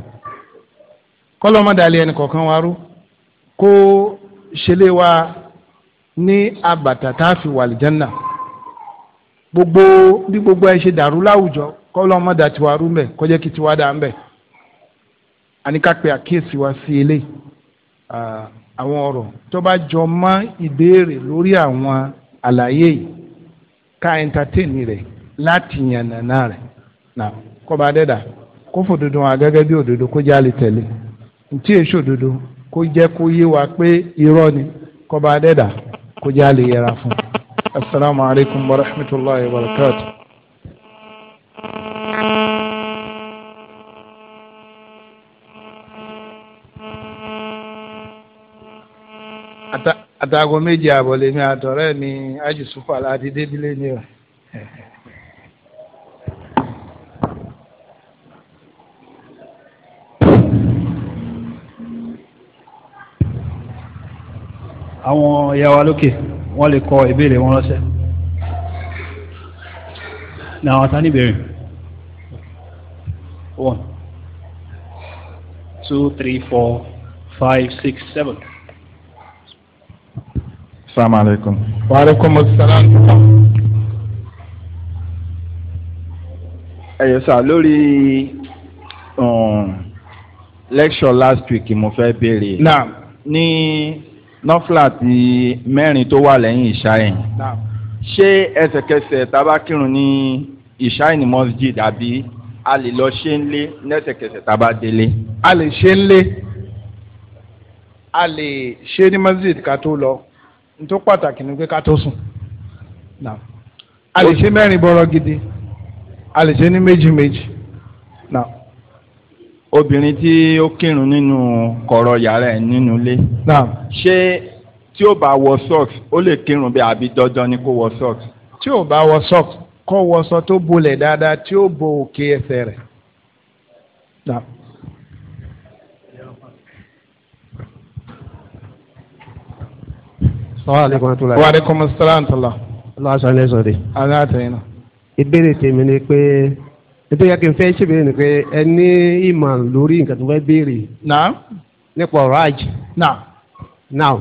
kọ́lọ́mọdàlẹ́ ẹnì kọ̀ọ̀kan wa rú kó ṣẹlẹ̀ wa ní abàtà tá a fi wà lìjánà gbogbo bí gbogbo ẹ ṣe dàrú láwùjọ kọ́lọ́mọdà tiwa rú mbẹ kọjá kí tiwa dà mbẹ àníkàpẹ́ àkíyèsí wa sí eléyìí àwọn ọ̀rọ̀ tó bá jọ mọ́ ìbéèrè lórí àwọn àlàyé yìí ká ẹ̀ńtátẹ́ẹ̀nì rẹ̀ láti yànnàná rẹ̀ nà kọ́ba dẹ́dà kó fòdodo hàn gẹ́gẹ́ bí òdodo kó jáde tẹ̀lé. ntí èso òdodo kó jẹ́ kó yé wa pé irọ́ ni kọba adẹ́dà kó jẹ́ àlè yẹra fún un. asalaamu alaykum wa rahmatulahi wa barakatu. àtàgọ́ méjì àbọ̀ lèmi àtọ̀rẹ́ mi ajísùfà láti débílé ni o. àwọn ìyá wa lókè wọ́n lè kọ ìbéèrè wọn lọ́sẹ̀ ní àwọn ta ní ìbéèrè one two three four five six seven. Assalamu alaikum. Wa alaikum assalam. ẹyọ sá lórí um, lecture last week mo fẹ́ béèrè. Naam. ní nọ́fìlà ti mẹ́rin tó wà lẹ́yìn ìṣáì ṣé ẹsẹ̀kẹsẹ̀ tábà kírun ní ìṣáì ní mosjid àbí a lè lọ ṣe ń lé lẹ́sẹ̀kẹsẹ̀ tábà a lè ṣe ń lé a lè ṣe ní mosjid ká tó lọ nítorí pàtàkì ni pé ká tó sùn a lè ṣe mẹ́rin bọ́rọ̀ gidi a lè ṣe ní méjì méjì. Now. obìnrin tí ó kírun nínú kọ̀rọ̀ yàrá ẹ̀ nínú ilé. ṣé tí ó bá wọ socks ó lè kírun bí àbí dandan ni kó wọ socks. tí ò bá wọ socks kó wọṣọ tó bolẹ̀ dáadáa tí ó bo òkè ẹsẹ̀ rẹ̀. wa aleykum salaam tala. aláṣà ilé sọ̀rọ̀ de. aláṣà yìí nà. ìbéèrè tèmi ni pé. nítorí akin fẹ́ ṣèbéèrè ni ẹ ní ìmọ̀ lórí nǹkan tó fẹ́ béèrè. náà. nípa ọ̀rọ̀ àjì. now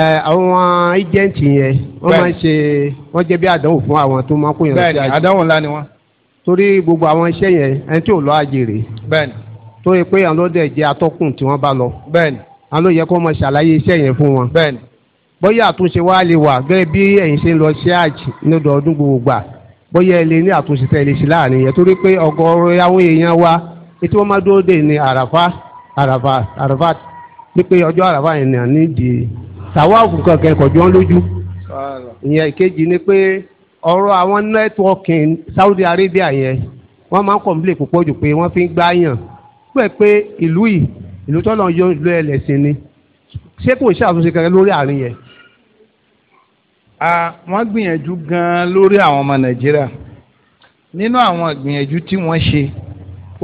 ẹ àwọn ẹjẹǹtì yẹn wọ́n máa ń ṣe wọ́n jẹ́ bí àdánwò fún àwọn tó máa kó yẹn lọ sí torí gbogbo àwọn iṣẹ́ yẹn ẹni tí ò lọ bẹ́ẹ̀ni. torí pé àwọn ọlọ́dẹ jẹ́ atọ́kùn tí wọ́n bá lọ. bẹ́ẹ̀ni. àwọn ló yẹ kó yẹn fún wọn. wa bóyá ẹ lè ní àtúnṣe tẹ́ ẹ lè ṣe láàrin yẹn torí pé ọgọ́rùn àwọn èèyàn wa etí wọ́n máa dúró dè ní àràfà àràfà àràfà pípé ọjọ́ àràfà yẹn nà nídìí tàwáàfù kankan kò jọ lójú ìyẹn ìkejì ni pé ọ̀rọ̀ àwọn nẹ́tíwọ́kì Saudi Arabia yẹn wọ́n máa ń kọ̀m̀pìlẹ̀ púpọ̀ jù pé wọ́n fi ń gbáyàn pẹ́ pé ìlú yìí ìlú tọ́lọ́ yọ ìlú ẹlẹ́sìn ni ṣé kò ṣàtúnṣe kankan lórí àárín yẹn wọ́n gbìyànjú gan-an lórí àwọn ọmọ nàìjíríà nínú àwọn gbìyànjú tí wọ́n ṣe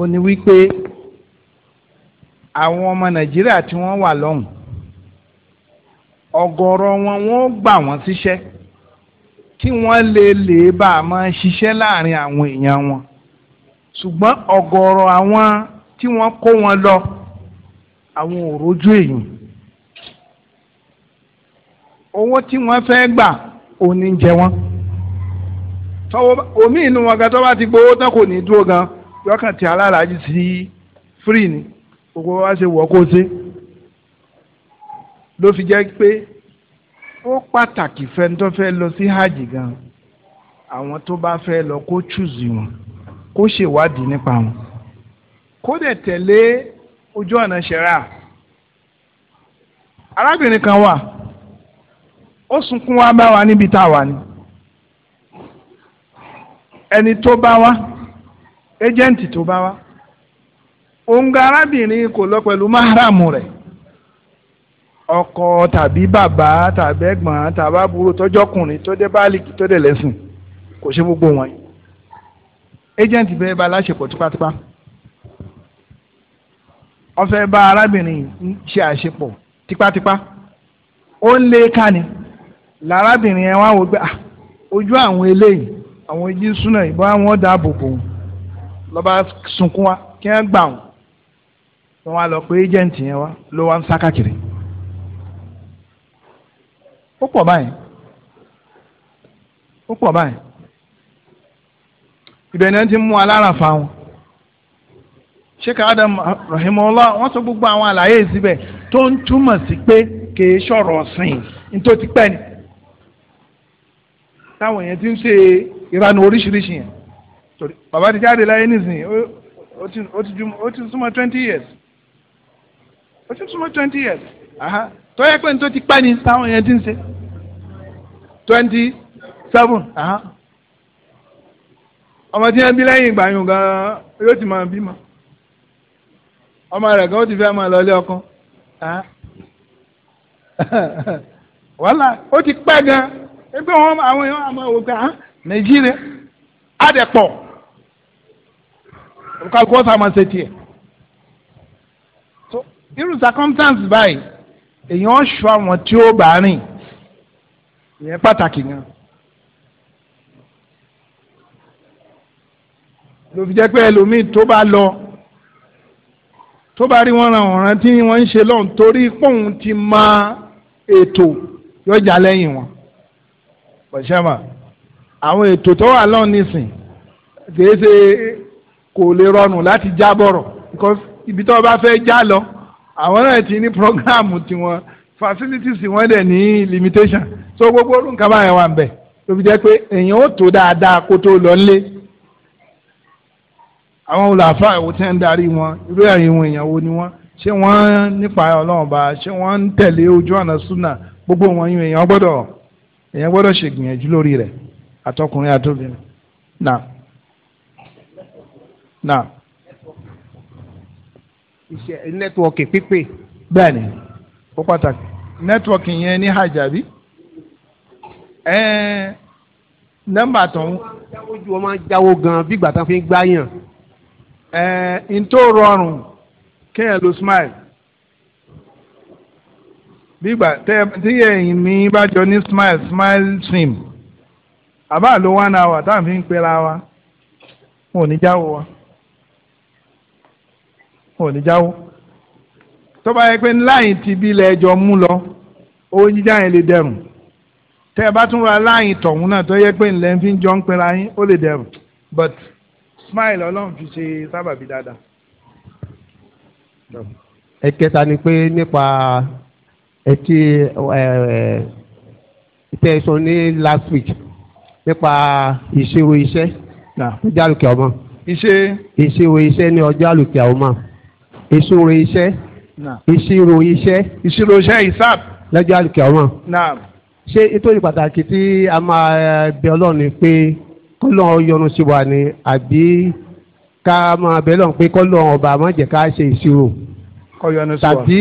ó ní wípé àwọn ọmọ nàìjíríà tí wọ́n wà lọ́hùn ọ̀gọ̀rọ̀ wọn wọ́n gbà wọ́n síṣẹ́ kí wọ́n lè lè bá a máa ṣiṣẹ́ láàrin àwọn èèyàn wọn ṣùgbọ́n ọ̀gọ̀rọ̀ àwọn tí wọ́n kó wọn lọ àwọn òrójú èèyàn owó tí wọ́n fẹ́ gbà òun ní jẹ wọ́n tọwọ́ omi inú wọn gan tó bá ti gbowó tán kò ní dúró gan yọkàn tí aláràájì sí free ni gbogbo wa ṣe wọ́ kó ṣe ló fi jẹ́ pé ó pàtàkì fẹ́ni tó fẹ́ lọ sí hajj gan àwọn tó bá fẹ́ lọ kó chùzì wọn kó ṣèwádìí nípa wọn kó dẹ̀ tẹ̀lé ojú ọ̀nà ṣẹ̀rà arábìnrin kan wà ó sunkún wá bá wa níbi tá a wà ní ẹni tó bá wa ẹjẹǹtì tó bá wa òǹga arábìnrin kò lọ pẹ̀lú máhàrámù rẹ̀ ọkọ tàbí bàbá tàbí ẹ̀gbọ́n tàbí àbúrò tọjọkùnrin tó dé báàlìkì tó dé lẹ́sìn kò ṣe gbogbo wọn ẹjẹǹtì bẹ́ẹ̀ bá láṣepọ̀ tipátipá ó bá arábìnrin ṣe àṣepọ̀ tipátipá ó ń lé ká ni lárábìnrin yẹn wá wò pé ah, ojú àwọn eléyìí àwọn ojú súnà ìbọn àwọn dáàbò bò wọn lọ́ba sunkún wa kí wọ́n gbà wọn wọn wá lọ pé ẹ́jẹ̀ǹtì yẹn wá ló wá ń sá káàkiri ó pọ̀ báyìí ó pọ̀ báyìí ibẹ̀ ni wọ́n ti mú alára fa wọn sheikh adam rahimahullah wọ́n sọ gbogbo àwọn àlàyé síbẹ̀ tó ń túmọ̀ sí pé kì í ṣọ̀rọ̀ sìn ní tó ti pẹ́ ni táwọn yẹn ti ń ṣe ìranu oríṣiríṣi yẹn torí bàbá ti jáde láyé nísìnyí ó ti ó ti súnmọ́ twenty years ó ti súnmọ́ twenty years tó yẹ pé ní tó ti pẹ́ ni táwọn yẹn ti ń ṣe twenty seven ọmọ tí wọn bí lẹ́yìn ìgbà yùn gan yóò ti máa bímọ ọmọ rẹ̀ gan ó ti fẹ́ máa lọ ilé ọkọ wàhálà ó ti pẹ́ gan ẹgbẹ́ wọn àwọn èèyàn àmọ́ òògùn à nàìjíríà àdẹ̀pọ̀ kálukú ọ̀sán máa ṣe tiẹ̀ so irú circumstance báyìí èèyàn ṣọ àwọn tí ó bá rìn ìyẹn pàtàkì gan. ló fi jẹ́ pé ẹlòmíì tó bá lọ tó bá rí wọn ràn ọ̀ràn tí wọ́n ń ṣe lọ́hùn torí pòun ti mọ ètò yọjà lẹ́yìn wọn pàṣẹmà àwọn ètò tó wà lọ́wọ́ nísìn kìí ṣe kò lè rọrùn láti já bọ̀rọ̀ because ibi tó bá fẹ́ já lọ àwọn náà ti ní programu tiwọn facilities wọn dẹ̀ ní limitation so gbogbo orun kan báyẹn wà ń bẹ̀ tó fi jẹ́ pé èèyàn ó tó dáadáa kó tó lọ ńlé àwọn olùhàfà ìwò tí ń darí wọn irú ẹ̀yìn wọn èèyàn wo ni wọ́n ṣé wọ́n nípa ọlọ́run bá ṣé wọ́n ń tẹ̀lé ojú ọ̀nà súnà gbogbo wọn yìí èèyàn gbọ́dọ̀ èèyàn gbọ́dọ̀ ṣègbìyànjú lórí rẹ̀ àtọkùnrin àtobìnrin náà náà. iṣẹ́ nẹ́tíwọ́ọ̀kì pípé. bẹ́ẹ̀ni ó pàtàkì nẹ́tíwọ́ọ̀kì yẹn ní hajjabi ẹ̀ẹ́n nọ́mbà tó ń. wọ́n máa ń jáwó gan-an bí ìgbà fi ń gbáyàn. ẹ̀ẹ́n tó rọrùn kéèyàn lo smile bígbà tí ẹ̀yìn mi bá ní smile smile sim àbá ló one hour táwọn fi ń pera wa wọn ò ní jáwọ́ wa wọn ò ní jáwọ́ tó bá yẹ pé láyìn ti bí ilẹ̀ ẹjọ́ mú lọ owó jíjà yẹn lè dẹrùn tẹ́ ẹ bá tún ra láyìn tọ̀hún náà tó yẹ pé ńlẹ́ fi ń jọ ń pera yín ó lè dẹrùn but smile ọlọ́run fi ṣe sábàbí dáadáa. ẹ̀kẹta ni pé nípa ẹtí ìtẹ́ sọ ní last week nípa ìṣirò iṣẹ́ ọjọ́ àlùkè ọmọ. iṣẹ́. ìṣirò iṣẹ́ ní ọjọ́ àlùkè ọmọ. ìṣirò iṣẹ́. ìṣirò iṣẹ́. ìṣirò iṣẹ́ isap. lọ́jọ́ àlùkè ọmọ. ṣé nítorí pàtàkì tí a máa bẹ ọlọ́run ni pé kọ́lọ́run yọ́nú sí wa ni àbí ká máa bẹ ọlọ́run pé kọ́lọ́run ọba má jẹ́ ká ṣe ìṣirò. kọ́ yọ́nú sí wa. tàbí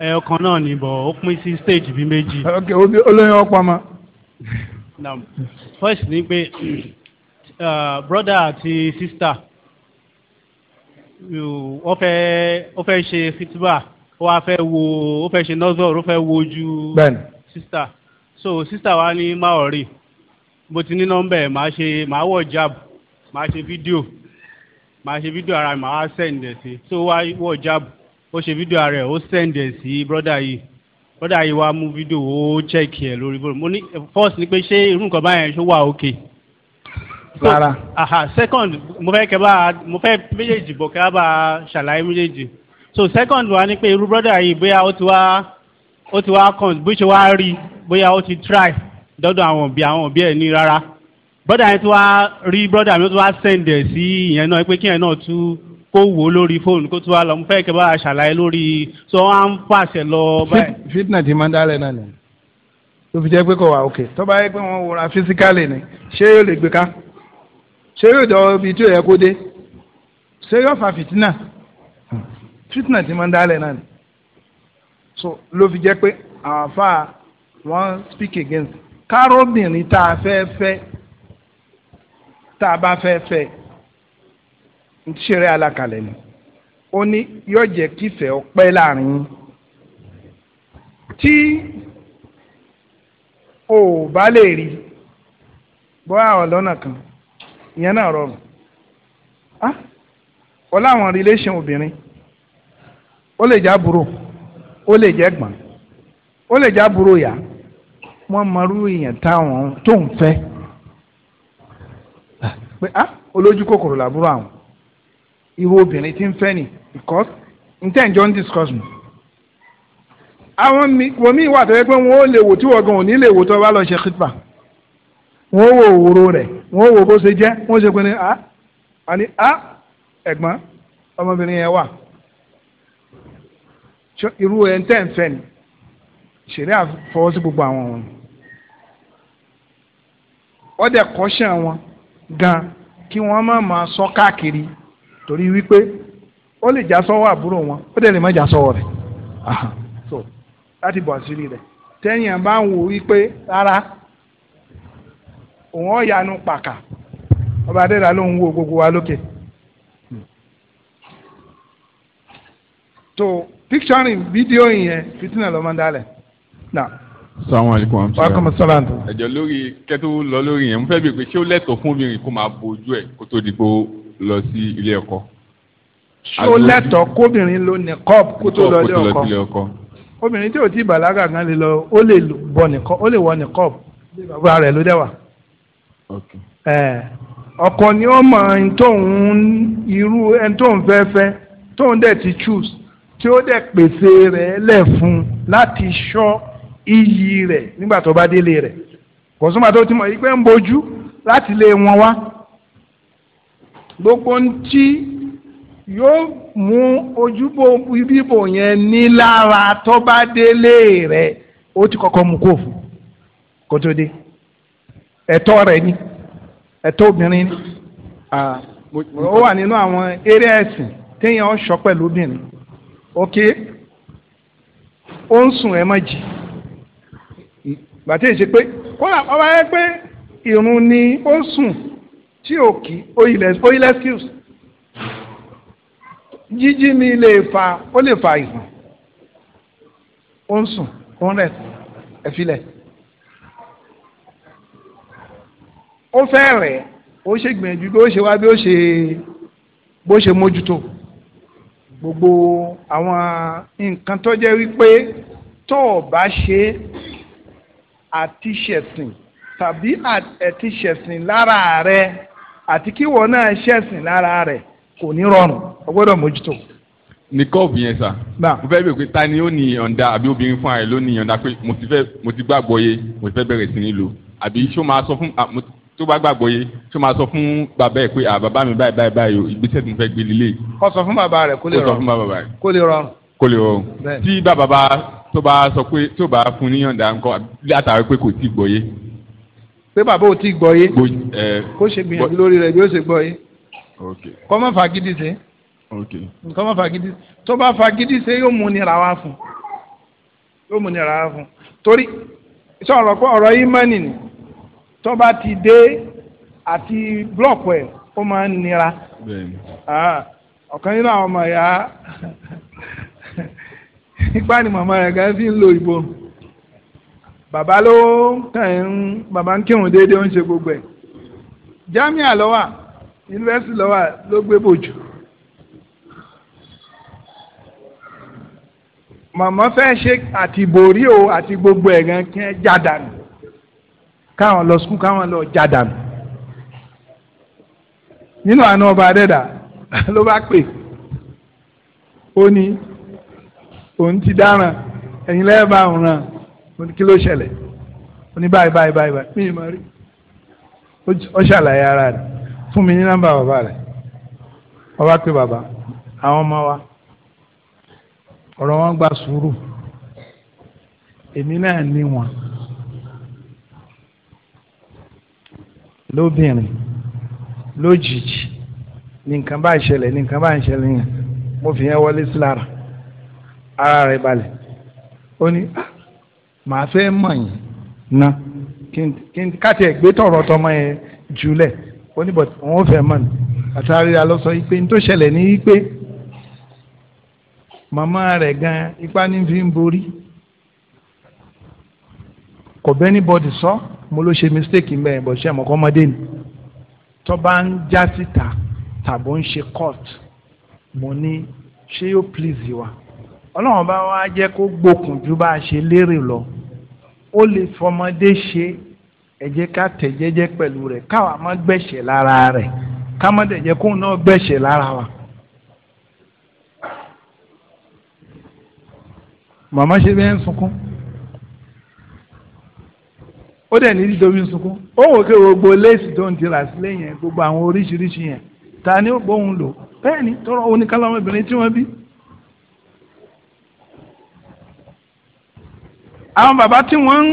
ẹyọ kan náà ni bọ̀ ó pín sí stage bíi méjì. ok olóyún ọ̀pọ̀ ma. now first ni pé uh, brother àti sister ó fẹ́ ó fẹ́ ṣe fitiba ó wá fẹ́ wo ó fẹ́ ṣe nọ́sọ̀r ó fẹ́ wojú sister so sister wa ní maori mo ti ní nọ́mbà ẹ̀ máa ṣe máa wọ̀ jab máa ṣe fídíò máa ṣe fídíò ara mi máa wá sẹ́ǹdẹ̀ sí so wá wọ̀ jab ó ṣe fídíò rẹ̀ ó sẹ́ǹdẹ̀ sí brọ́dà yìí brọ́dà yìí wá mú fídíò ó chẹ́ẹ̀kì ẹ̀ lórí bọ́ọ̀lù mo ní first ni pé ṣé irú nǹkan báyẹn ṣó wà okay. rárá. aha second mo fẹ́ kẹ́ bá mo fẹ́ méjèèjì bọ̀ kẹ́ bá ṣàlàyé méjèèjì so second wa ni pé irú brọ́dà yìí bóyá ó ti wá ó ti wá kàn bó ṣe wá rí bóyá ó ti try dọ́dọ̀ àwọn òbí àwọn òbí ẹ̀ ní rárá brọ́dà yẹn ti wá rí brọ́dà mi ó ti wá sẹ́ǹdẹ̀ sí ìyẹn náà pé kí ẹ̀ náà tún kó wò ó lórí fóònù kó tún wá lọ mo fẹ́ kẹ́ bá a ṣàlàyé lórí sọ wá ń pàṣẹ lọ fitna ti máa ń dálẹ̀ náà ni tó fi jẹ́ pé kò wá òkè tó bá yẹ pé wọ́n wòra fisikálì ni ṣé yóò lè gbé ká ṣé yóò dọ̀ ibi tí ò yẹ kó dé ṣé yóò fa fitna fitna ti máa ń dálẹ̀ náà ni so ló fi jẹ́ pé àwọn afa wọ́n speak against kárọ́bìnrin tá a fẹ́ fẹ́ tá a bá fẹ́ fẹ́ ntíṣẹ́rẹ́ alákalẹ̀ ni ó ní yóò jẹ́ kífẹ́ ọpẹ́ láàrin yín tí o ò bá lè rí bọ́ àwọn lọ́nà kan ìyẹn náà rọrùn ah ó láwọn relation obìnrin ó lè jẹ́ àbúrò ó lè jẹ́ gbọ̀n ó lè jẹ́ àbúrò yá wọ́n mọrú èèyàn táwọn tó ń fẹ́ ah! pé ah olójú kòkòrò làbúrò àwọn irú obìnrin tí ń fẹ́ ni because ntẹ́njọ́ ń discuss mu. àwọn wòmí wà tó yẹ pé wọn ò lè wò tí wọ́n gan ò ní lè wò tó bá lọ ṣe kípa wọn ò wo òwòrò rẹ̀ wọn ò wo bó ṣe jẹ́ wọn ò ṣe pé ní ah, a àní a ah, ẹ̀gbọ́n ọmọbìnrin yẹn wà irú ẹ̀ ń tẹ́ ń fẹ́ ni ṣeré àfọwọ́ sí gbogbo àwọn wọn wọ́n dẹ̀ kọ́ṣẹ́ wọn gan kí wọ́n má máa sọ káàkiri torí wípé ó lè já sọ́wọ́ àbúrò wọn ó dẹ̀ lè má já sọ́wọ́ rẹ̀ so láti bọ̀ àṣírí rẹ̀ tẹ́yìn ẹ̀ bá ń wò wípé rárá òun ọ̀yanu pàkà ọba adẹ́rà ló ń wo gbogbo wa lókè. tó hmm. picturing fídíò yẹn fitinẹ lọ́mọ dálẹ̀ náà sàwọn àlìkò àmì sọlá wàkàmù sọlá ntọ. ẹjọ lórí kẹtù lọ lórí yẹn mo fẹ́ bi pé ṣé ó lẹ́tọ̀ọ́ fún obìnrin kó máa bo ojú kó tó di pé lọ sí ilé ẹ̀kọ́. ṣó lẹ́tọ̀ọ́ kóbìnrin ló ní kọ́ọ̀bù kó tó lọ ilé ọkọ obìnrin tí ò tí bàlágà gan lè lọ ó lè bọ nìkan ó lè wọ nìkan bàbá rẹ̀ ló dẹwà. ọkọ ni ó mọ ẹni tóun irú ẹni tóun fẹ́ fẹ́ tóun dẹ̀ ti choose tí ó dẹ̀ pèsè rẹ̀ lẹ̀ fún láti ṣọ́ iyì rẹ̀ nígbà tó bá délé rẹ̀ kòsùnmọ́ tó ti mọ̀ yìí pé ń bojú láti lé wọn wá gbogbo ntí yóò mú ojúbọ bíbò yẹn nílára tó bá délé rẹ̀ ó ti kọ́kọ́ mú kó fún ẹ̀tọ́ rẹ̀ ni ẹ̀tọ́ obìnrin ni ah, ó wà nínú àwọn eré ẹ̀sìn téèyàn ọ̀ṣọ́ pẹ̀lú obìnrin ok ó ń sùn ẹ̀ má jì gbàtẹ́ ìṣe pé kó làwọn bá pé ìrun ni ó sùn tí ò kí oil excuse jíjí ni lè fa ó lè fa ìsàn ó ń sùn ó ń rẹ̀ ẹ̀fílẹ̀ ó fẹ́ rẹ̀ ó ṣe gbìyànjú bí ó ṣe wá bí ó ṣe bó ṣe mójútó gbogbo àwọn nǹkan tó jẹ́ wípé tó o bá ṣe àti ṣẹ̀sìn tàbí àti lára rẹ̀ àti kí wọn náà ṣẹ̀sìn lára rẹ̀ kò ní rọrùn o gbọ́dọ̀ mójútó. ní kọ́ọ̀bù yẹn sà mo fẹ́ bẹ̀rẹ̀ pé ta ni ó ní ìyọ̀ǹda àbí obìnrin fún ààrẹ ló ní ìyọ̀ǹda pé mo ti fẹ́ mo ti gbàgbọ́ yé mo ti fẹ́ bẹ̀rẹ̀ sí ní lò àbí ṣó máa sọ fún tó bá gbàgbọ́ yé ṣó máa sọ fún bàbá ẹ̀ pé à bàbá mi báyìí báyìí báyìí o ìgbésẹ̀ tí mo fẹ́ gbé lílé. kó sọ fún bàbá rẹ̀ kó lè rọrùn kó lè rọrùn. kó lè rọrùn tí bàbá bá tó bá sọ pé tó bá fún níyànjú à ń kọ́ látàrí pé kò tí gbọ́ yé pé bàbá ò tí gbọ́ yé kó ṣe gbìyànjú lórí rẹ̀ bí ó ṣe gbọ́ yé kọ́ mọ́ fagídí ṣe kọ́ mọ́ fagídí tó bá fagídí ṣe yóò mú ni ra wá fún yóò mú ni ra wá fún torí iṣẹ́ ọ̀rọ̀ pé ọ̀rọ̀ yìí mọ́ nìyí tó bá ti dé àti blọ́ọ̀kù ẹ̀ ó máa ń nira ọ̀kan nínú àwọn ọmọ ẹ̀yà ipá ni màmá rẹ̀ gan fi ń lo ìbò bàbá ló kàn ń bàbá ń kírun déédéé ó ń ṣe gbogbo ẹ̀ jamiu lọ́wà yunifásitì lọ́wà ló gbé bòjú. màmá fẹ́ ṣe àti borí o àti gbogbo ẹ̀ gan kí ẹ jádànù káwọn lọ sukùl káwọn lọ jádànù nínú àná ọba adẹ́dà ló bá pè ó ní òun ti dáràn ẹ̀yin lẹ́ẹ̀bà òun ràn mo ní kí ló ṣẹlẹ̀ ó ní báyìí báyìí báyìí báyìí mi ì máa rí ó ṣàlàyé ara rẹ̀ fún mi ní nọ́mbà bàbá rẹ̀ bàbá pé bàbá àwọn ọmọ wa ọ̀rọ̀ wọn gba sùúrù èmi náà ní wọn lóbìnrin lójijì ní nǹkan bá ṣẹlẹ̀ ní nǹkan bá ń ṣẹlẹ̀ yẹn mo fi yẹn wọlé sí lára ara rẹ̀ balẹ̀ ó ní á ah, màá fẹ́ mọ̀ yín ná kí n káti ẹ̀ gbé tọ̀rọ̀ tọmọ yẹn jùlẹ̀ ó ní bọ̀tí wọn ò fẹ́ mọ̀ ní àtàrí alọ́sọ yìí pé n tó ṣẹlẹ̀ ní pé màmá rẹ̀ gan ipá ní fi ń borí kò bẹ́ni bọ́dì sọ mo ló ṣe mistake ń bẹ̀rẹ̀ bọ̀ ṣe mọ̀ kọ́mọdé ni tó bá ń já síta tàbó ń ṣe court mo ní ṣé yóò please wa ọlọ́run bá wá jẹ́ kó gbókùn ju bá a ṣe lérè lọ ó lè fọmọdé ṣe ẹ jẹ́ ká tẹ̀ jẹ́jẹ́ pẹ̀lú rẹ̀ káwa má gbẹ̀ṣẹ̀ lára rẹ̀ ká má dẹ̀ jẹ́ kóun náà gbẹ̀ṣẹ̀ lára wa. màmá ṣe bẹ́ẹ̀ ń sunkún ó dẹ̀ ní dídómi sunkún ó wò ké gbogbo léèsì tó ń tira sílẹ̀ yẹn gbogbo àwọn oríṣiríṣi yẹn ta ni ó gbóhùn lò bẹ́ẹ̀ ni tọrọ oníkálọ́mọbìnrin tí wọ́n bí. àwọn bàbá tí wọ́n ń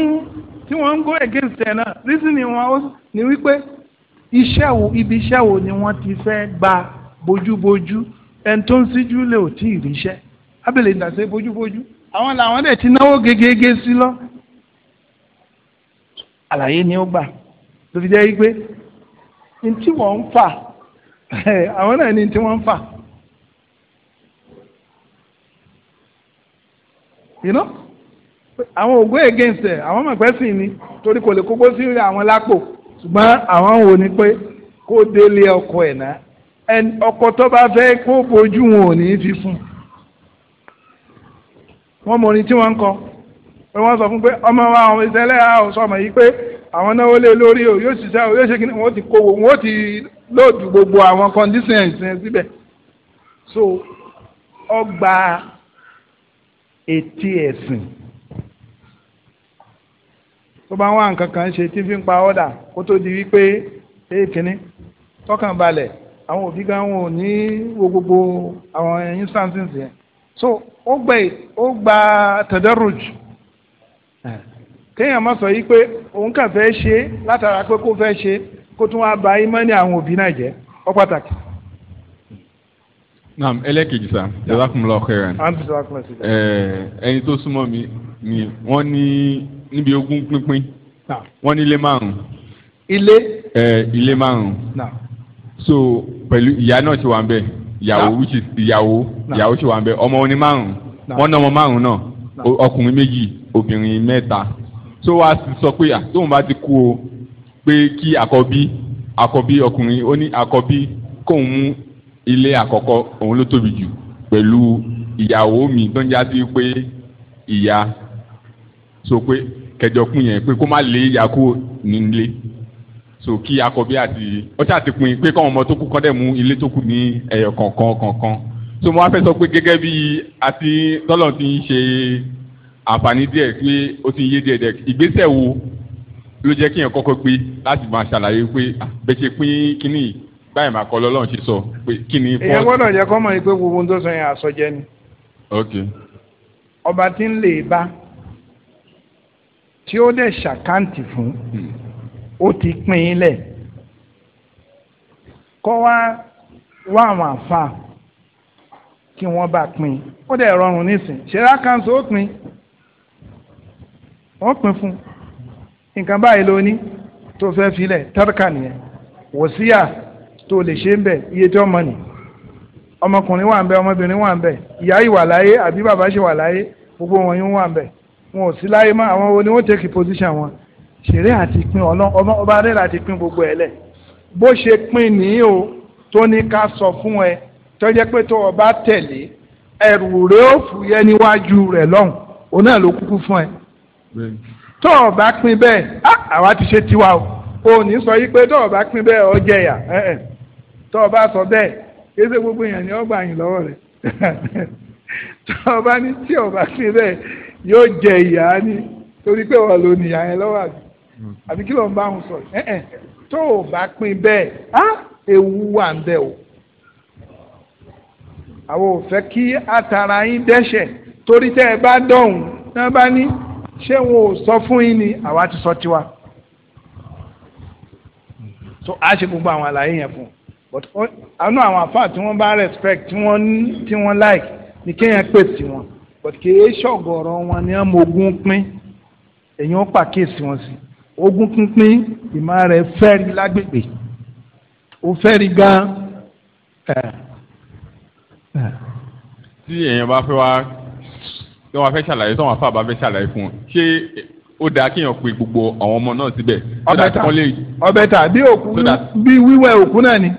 tí wọ́n ń go against ẹ̀ náà reason wọn ni wípé iṣẹ́ wo ibi iṣẹ́ wo ni wọ́n ti fẹ́ gba bójúbójú ẹni tó ń síjú lè ò tí ì ríṣẹ́ abẹ́lẹ̀ ìdàsẹ́ bójúbójú àwọn làwọn dẹ̀ ti náwó gegege sí lọ. àlàyé ni ó gbà tó fi jẹ́ wípé ní tí wọ́n ń fà àwọn náà ní tí wọ́n ń fà. You know? àwọn ògo against ẹ̀ àwọn ọmọ ìpẹ́ sì ni torí kò lè kókó sí àwọn lápò ṣùgbọ́n àwọn wò ni pé kó délé ọkọ ẹ̀ náà ẹni ọkọ tó bá fẹ́ kó bojú wọn ò ní fi fún wọn mọ orin tí wọ́n ń kọ pé wọ́n sọ fún pé ọmọ wa àwọn ìṣẹ̀lẹ̀ àwọn sọmọ yìí pé àwọn náwó lé lórí o yóò ṣiṣẹ́ o yóò ṣe kí wọ́n ti kó wọ́n ti lóòdù gbogbo àwọn conditions yẹn síbẹ̀ so ọgbà etí ẹ̀sìn tó bá ń wá nǹkan kan ṣe tí fi ń pa ọ́dà kó tó di wípé ṣé kínní tọkàn balẹ̀ àwọn òbí gan wọn ní wo gbogbo àwọn instances yẹn so ó gbẹ ó gba tẹ̀dọ́rùj kéèyàn má sọ yìí pé òun kàn fẹ́ ṣe látara pé kó fẹ́ ṣe kó tún wá ba ìmánì àwọn òbí náà jẹ́ ó pàtàkì. naam ẹlẹ́kejì sá jazakumullahu khairan ẹni tó súnmọ́ mi ni wọ́n ní níbi ogún pínpín wọ́n ní ilé márùn. ilé. ẹ ilé márùn. so pẹ̀lú ìyá náà ti wà ń bẹ̀ ìyàwó ìyàwó ìyàwó ti wà ń bẹ̀ ọmọ oní márùn wọ́n ná ọmọ márùn náà ọkùnrin méjì obìnrin mẹ́ta so wá sọ pé tóun bá ti kú o pé kí àkọ́bí àkọ́bí ọkùnrin ó ní àkọ́bí kóun mú ilé àkọ́kọ́ òun ló tóbi jù pẹ̀lú ìyàwó mi tó ń já pé ìyá so pé kẹjọ pín yẹn pé kó má lé yakó nílé so kí akọbí àti ọtí àti pin pé káwọn ọmọ tó kú kọ́ndẹ̀ mú ilé tó kù ní ẹ̀yọ̀ kọ̀ọ̀kan kọ̀ọ̀kan so mo wá fẹ́ sọ pé gẹ́gẹ́ bí àti tọ́lọ̀ ti ń ṣe àǹfààní díẹ̀ pé ó ti ń yé díẹ̀ díẹ̀ ìgbésẹ̀ wo ló jẹ́ kí yẹn kọ́kọ́ gbé láti máa ṣàlàyé pé bẹ́ẹ̀ báyìí máa kọ́ lọ́lọ́run ṣe sọ pé kínní. èèyàn gbọ́dọ̀ jẹ́ kọ́mọ̀ yìí pé gbogbo ohun tó sọ yẹn àsọjẹ ni. ọba tí ń lè bá tí ó dẹ̀ ṣàkáǹtì fún hmm. ó ti pín in lẹ̀ kọ́ wá wá àwọn àfa kí wọ́n bá pín in ó dẹ̀ rọrùn nísìn ṣẹlá kanṣu ó pín wọ́n pín fún nǹkan báyìí ló ní tó fẹ́ filẹ̀ tárkà nìyẹn wòsíà tó lè ṣe ń bẹ̀ iye tí ọmọ nì ọmọkùnrin wà ń bẹ̀ ọmọbìnrin wà ń bẹ̀ ìyá ìwà láyé àbí bàbá ṣe wà láyé gbogbo wọn yóò wà ń bẹ̀ wọn ò sí láyé mọ́ àwọn wo ni wọ́n take position wọn ṣeré àti pín ọlọ́run ọba rẹ̀ láti pín gbogbo ẹ̀ lẹ̀ bó ṣe pín nìyí o tó ní ká sọ fún ẹ tó jẹ́ pé tó o bá tẹ̀lé ẹrù rẹ̀ ó fúyẹ́ níwájú rẹ̀ lọ́hùn òun náà ló kúkú fún ẹ tó o bá pín bẹ́ẹ̀ àwa ti ṣe tiwa o o ní sọ yí pé tó o bá pín bẹ́ẹ̀ ọ jẹ̀yà tó o bá sọ bẹ́ẹ̀ kéde gbogbo èèyàn ni ó gbà yín lọ́wọ́ tó o bá ní tí o bá pín bẹ́ẹ̀ yóò jẹ ìyá ni torí pé wọ́n lò ní ìyá yẹn lọ́wọ́ àbí hmm. àbí kí ló ń bá wọn sọ ẹ̀ẹ́n tó o bá pín bẹ́ẹ̀ á ewu wà ń bẹ o àwọn ò fẹ́ kí atara yín dẹ́ṣẹ̀ torí tẹ́ ẹ bá dọ̀hún náà bá ní ṣé wọn ò sọ fún yín ni àwa ti sọ tiwa so a ṣe gbogbo àwọn àlàyé yẹn fún but àánú àwọn àfáà tí wọ́n bá respect tí wọ́n like ni kéèyàn pèsè wọn but kì í ṣọ̀gọ̀rọ̀ wọn ni wọ́n mogún pín èyàn pàkíyèsí wọn sí ogún pínpín ìmọ̀ rẹ̀ fẹ́ẹ́rí lágbègbè ó fẹ́ẹ́rí gan-an. tí èèyàn bá fẹ́ wá tí wọ́n fẹ́ ṣàlàyé tí wọ́n fà bá fẹ́ ṣàlàyé fún un ṣé ó dáa kéèyàn pe gbogbo àwọn ọmọ náà síbẹ̀. ọbẹ̀ tà bí òkú bí wíwẹ̀ òkú náà ni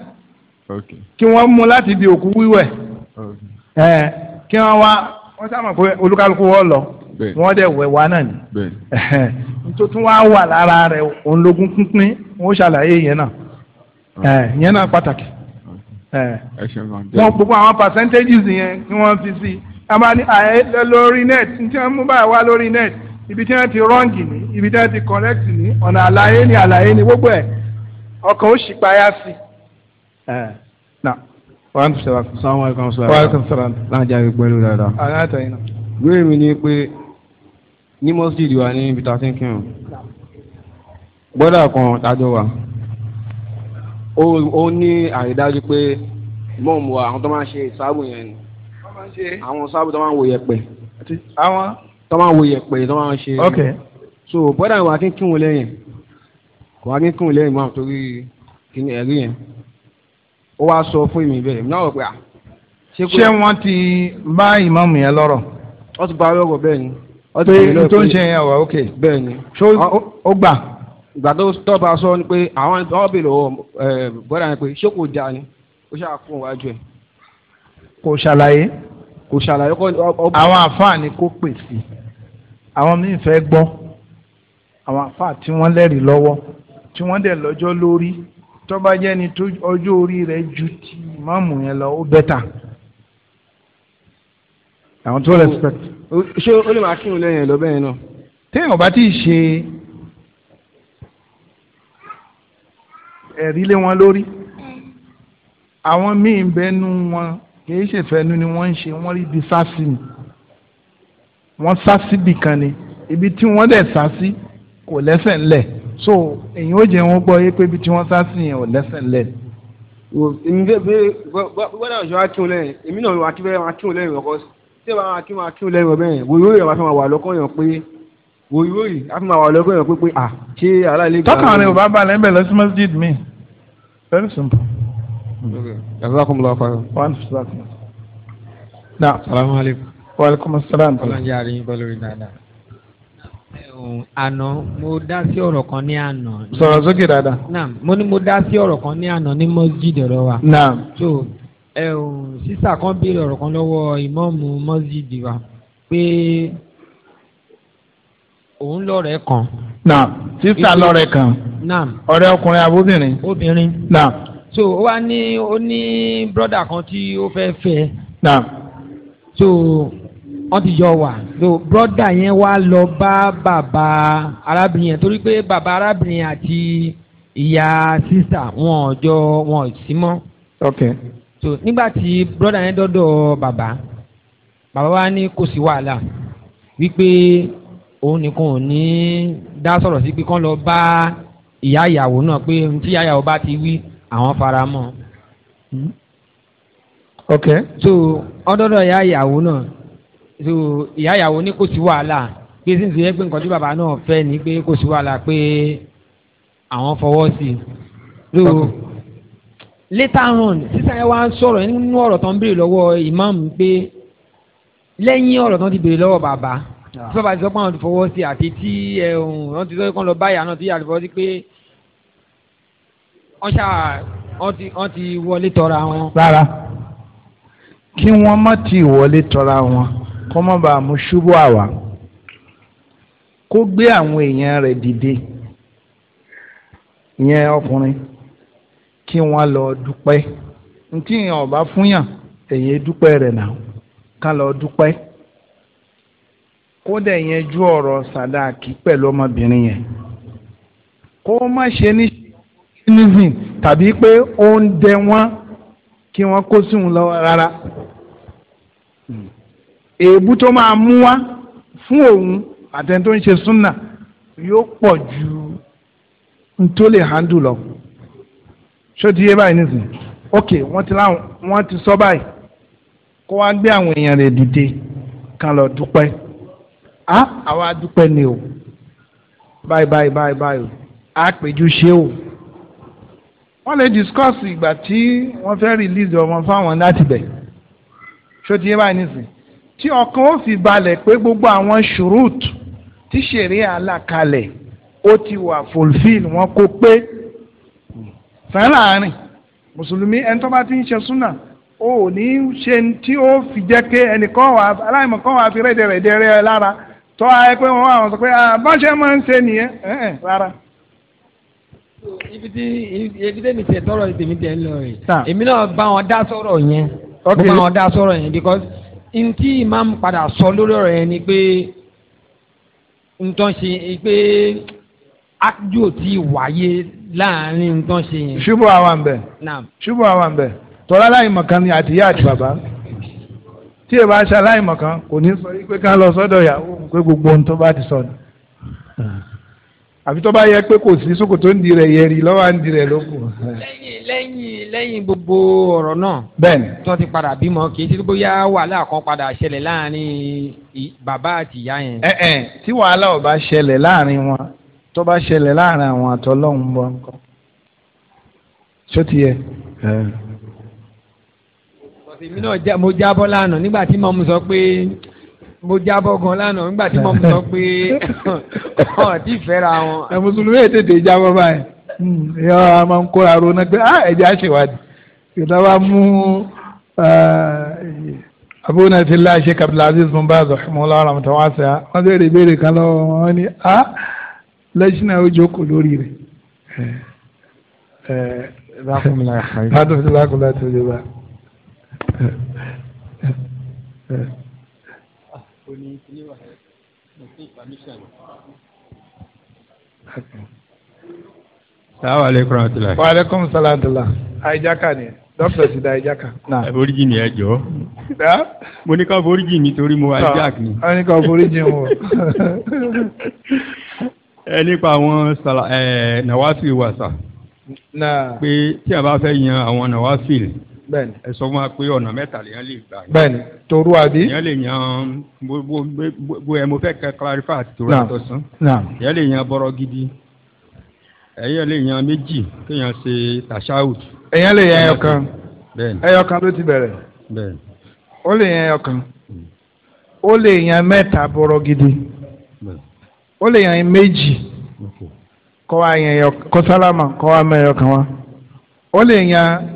kí wọ́n mú láti bí òkú wíwẹ̀ kí wọ́n wá wọ́n sábà pé olúkálukú wọ́n lọ wọ́n dẹ̀ wẹ̀ wá náà ni tó tún wá wà lára rẹ̀ òun lógún pínpín wọ́n ṣàlàyé yẹn náà ah. yẹn náà pàtàkì ah. wọ́n gbogbo àwọn percentages yẹn ni wọ́n fi sí abani àyè lórí net tí wọ́n mú báyìí wá lórí net ibi tí wọ́n ti wrong ni ibi tí wọ́n ti correct ni ọ̀nà àlàyé ni àlàyé ni gbogbo ẹ̀ ọkàn ó ṣì payá sí wa n tẹsẹ wa. sàmú alaykum salaam. wa alaykum salaam. láwọn jaabi gbé mi ni pé ní mọ́sídìí wa ní ibi tá a ti ń kírun gbọ́dọ̀ kan dájọ́ wa ó ní àrídájú pé mọ́ọ̀mù wa àwọn tó máa ń ṣe ìsáàbù yẹn ni àwọn sáàbù tó máa ń wo yẹ̀pẹ̀ tó máa ń wo yẹ̀pẹ̀ tó máa ń ṣe so gbọ́dọ̀ wa kí n kírun lẹ́yìn kò wá kí n kírun lẹ́yìn mọ́ àtòrí ẹ̀rí yẹn ó wá sọ fún mi bẹ́ẹ̀ náà wọ pé à. Ah, ṣé wọ́n ti bá ìmáàmù yẹn lọ́rọ̀. wọ́n ti bá lọ́rọ̀ bẹ́ẹ̀ ni. pé tó ń ṣe yẹn wà ok. bẹ́ẹ̀ ni. ṣó ó gbà. ìgbà tó tọ́ba sọ ni pé àwọn ọmọ bèèrè lọ́wọ́ bọ́dà yẹn pé ṣé kò dáa ni ó ṣáà fún wájú ẹ̀. kò ṣàlàyé. kò ṣàlàyé kọ́ ni. àwọn àǹfààní kò pè sí àwọn míì fẹ́ gbọ́ àwọn àǹfààní tí wọ́n lẹ́rìí lọ́wọ́ tí wọ́n dẹ̀ lọ́jọ́ lórí tó bá jẹ́ ni ọjọ́ orí rẹ̀ ju ti ìmáàmù yẹn lọ ó bẹ́tà àwọn tó respect. ṣé ó lè máa kírun lẹ́yìn ẹ̀ lọ bẹ́ẹ̀ náà. téèyàn bá ti ṣe ẹ̀rí lé wọn lórí àwọn míì bẹnu wọn kìí ṣèfẹ́nu ni wọ́n ń ṣe wọ́n rí ibi sásì ni wọ́n sásì bìkan ni ibi tí wọ́n dẹ̀ sásì kò lẹ́sẹ̀ ńlẹ̀ so èyí ó jẹ wọn gbọ́ yé pé ibi tí wọ́n sá sí yẹn ò lẹ́sẹ̀ lẹ̀. èmi bẹ́ẹ̀ bẹ́ẹ̀ gbọ́dọ̀ ọ̀ṣọ́ akíhun lẹ́yìn èmi náà wà kíbẹ̀ akíhun lẹ́yìn ọkọ tí wọ́n akíhun akíhun lẹ́yìn ọbẹ̀ yẹn wòye wòye àfihàn wà lọ́kọ́ yẹn pé wòye wòye àfihàn wà lọ́kọ́ yẹn pé pé à ṣé aláìlẹ́ gbà. tọkàn rẹ ò bá balẹ̀ ń bẹ̀ lọ sí masjid mi very simple. Assalamu alaikum. Wa alaikum assalam. Ọlọ́run jẹ́ àríyìn bọ́ lórí dáadáa àná mo dá sí ọ̀rọ̀ kan ní àná. sọ̀rọ̀ sókè dáadáa. naam mo ní mo dá sí ọ̀rọ̀ kan ní àná ní mọ́sídìí ọ̀rọ̀ wa. naam. so ẹ ò sísà kan béèrè ọ̀rọ̀ kan lọ́wọ́ ìmọ̀ọ́mù mọ́sídìí wa pé òun lọ́rẹ̀ẹ́ kan. naam sísà lọ́rẹ̀ẹ́ kan. naam ọ̀rẹ́ ọkùnrin abóbìnrin. obìnrin. naam. so ó wá ní ó ní brọ́dà kan tí ó fẹ́ fẹ́. naam. so wọ́n ti jọ wà so brọ́dà yẹn wá lọ bá bàbá arábìnrin yẹn torí pé bàbá arábìnrin àti ìyá sísà wọn ò jọ wọn ò sí mọ́. ok so nígbà tí brọ́dà yẹn dọ́dọ̀ bàbá bàbá wa ní kò sí wàhálà wípé òun nìkan ò ní dá sọ̀rọ̀ sí pé kán lọ bá ìyá ìyàwó náà pé tí ìyá ìyàwó bá ti wí àwọn fara mọ́. ok so ọdọdọ ìyá ìyàwó náà so ìyá ìyàwó ní kò sí wàhálà pé sí nítorí pé nǹkan tí bàbá náà fẹ́ ni pé kò sí wàhálà pé àwọn fọwọ́ sí i so later on sísan yẹn wá ń sọ̀rọ̀ nínú ọ̀rọ̀ tó ń béèrè lọ́wọ́ ìmáàmù pé lẹ́yìn ọ̀rọ̀ tó ń ti béèrè lọ́wọ́ bàbá ah. tí bàbá ti sọ pé àwọn ti fọwọ́ sí i àti tí ẹ̀ eh, ọ̀hún wọ́n ti sọ pé kán lọ báyà náà tí yàrá ti sí pé wọ́n ṣáà wọ́n ti wọlé tọ́ra wọn. rárá kí wọ́n má ti wọlé tọ́ra wọn kọ́mọ́ bá mú ṣubú àwa kó gbé àwọn èèyàn rẹ̀ dìde yẹn ọkùnrin kí wọ́n lọ dúpẹ́ ntí ọba fúnyàn èyí dúpẹ́ rẹ̀ náà ká lọ dúpẹ́ kódà yẹn ju ọ̀rọ̀ sàdáàkì pẹ̀lú ọmọbìnrin yẹn kó má ṣe ní ṣe ní tàbí pé èébú tó máa mú wá fún òun àtẹni tó ń ṣe súnà yóò pọ̀ ju tó lè handle lọ ṣó ti yé báyìí nísìn ok wọ́n ti láwọn wọ́n ti sọ báyìí kó wá gbé àwọn èèyàn rẹ̀ dìde kan lọ dúpẹ́ á àwa dúpẹ́ ni o báyìí báyìí báyìí báyìí á péjú ṣé o wọ́n lè discuss ìgbà tí wọ́n fẹ́ release ọmọ fáwọn láti bẹ̀ ṣó ti yé báyìí nísìn tí ọkàn ó fi balẹ̀ pé gbogbo àwọn ṣùrùt tí ṣeré alákalẹ̀ ó ti wà fulfil wọn kó pé fẹ́ràn àárín mùsùlùmí ẹni tó bá ti ń ṣe súnà ó ò ní ṣe tí ó fi jẹ́ pé ẹnìkan wà aláìmọ̀ kan wà fi rẹ́dẹ̀rẹ́dẹ̀ rẹ́ lára tọ́ ayé pé wọ́n àwọn sọ pé àbáṣe máa ń ṣe nìyẹn ẹ̀ẹ́n rárá. ibi tí ibi tẹ́mi tẹ̀ tọrọ tèmi ń lọ rè èmi náà bá wọn dá sọ̀rọ̀ yẹn bá wọn dá sọ̀rọ̀ yẹn because ntí imam padà sọ lórí ọ̀rọ̀ yẹn ni pé ntọ́n ṣe pé ájú ò tí ì wáyé láàrin ntọ́n ṣe yẹn. ṣubú àwa ń bẹ̀. naam. ṣubú àwa ń bẹ̀. tọ́lá láì mọ̀kan ni àtìyá àti bàbá tí ẹ bá ṣe aláìmọ̀kan kò ní sọ pé ká lọ sọ́dọ̀ ìyàwó pé gbogbo ohun tó bá ti sọ ni àfi tó bá yẹ pé kò sí ṣòkòtò ń di rẹ̀ yẹri lọ́wọ́ à ń di rẹ̀ lókù. lẹ́yìn lẹ́yìn lẹ́yìn gbogbo ọ̀rọ̀ náà. bẹ́ẹ̀ni. tó ti padà bímọ kì í ṣe bóyá wàhálà kan padà ṣẹlẹ̀ láàrin bàbá àti ìyá yẹn. ẹ ẹ tí wàhálà ò bá ṣẹlẹ̀ láàrin wọn tó bá ṣẹlẹ̀ láàrin àwọn àtọ́lọ́hún bọ́ nǹkan. ṣó ti yẹ. ọ̀sẹ̀ mi náà mo jábọ́ lánàá nígbà tí mọ́mú sọ pé mo jábọ́ gan lánàá nígbà tí mo sọ pé ọ̀ tí fẹ́ra wọn. ẹ mùsùlùmí ètè tè jábọ́ báyìí hmm, yọ a máa ń kóra ronú pé ah ẹ̀jẹ̀ á ṣèwádìí ìdá wa mú eh, abúlé ti láṣẹ Abdulaziz bin Baz rahimahullah rahmatan wasi'a wọ́n ti rí ìbéèrè wọn ni ah lẹ́sìn náà ó jókòó lórí rẹ̀. Bàtò fi lákòó láti ọjọ́ bá. Eh, eh, Assalamu alaikum warahmatullahi. Wa alaikum salam tula. Àìjáka ni dókítà ti da àìjáka. Àforíjì ni ẹ jọ. Mo ní ká foríjì mi torí mo àìjàk ni. A ní ká foríjì wọn. Ẹ nípa àwọn nàwáfíì wàsà. Pé tí a bá fẹ́ yan àwọn nàwáfíì bẹ́ẹ̀ni. ẹ sọ fún wa pé ọ̀nà mẹ́ta lèèyàn lè gbà. bẹ́ẹ̀ni toru àbí. èèyàn lè yan gbogbo ẹ mo fẹ́ kẹ́ clarify àti toru àtọ̀sán. èèyàn lè yan bọrọ gidi èèyàn lè yan méjì kéèyàn ṣe tashahud. èèyàn lè yan ẹyọkan ẹyọkan ló ti bẹrẹ bẹ́ẹ̀ni. ó lè yan ẹyọkan hmm. ó lè yan mẹ́ta bọrọ gidi ó lè yan méjì kọ́ wa yan ẹyọkan kọ́ sálámà kọ́ wa wa ó lè yan.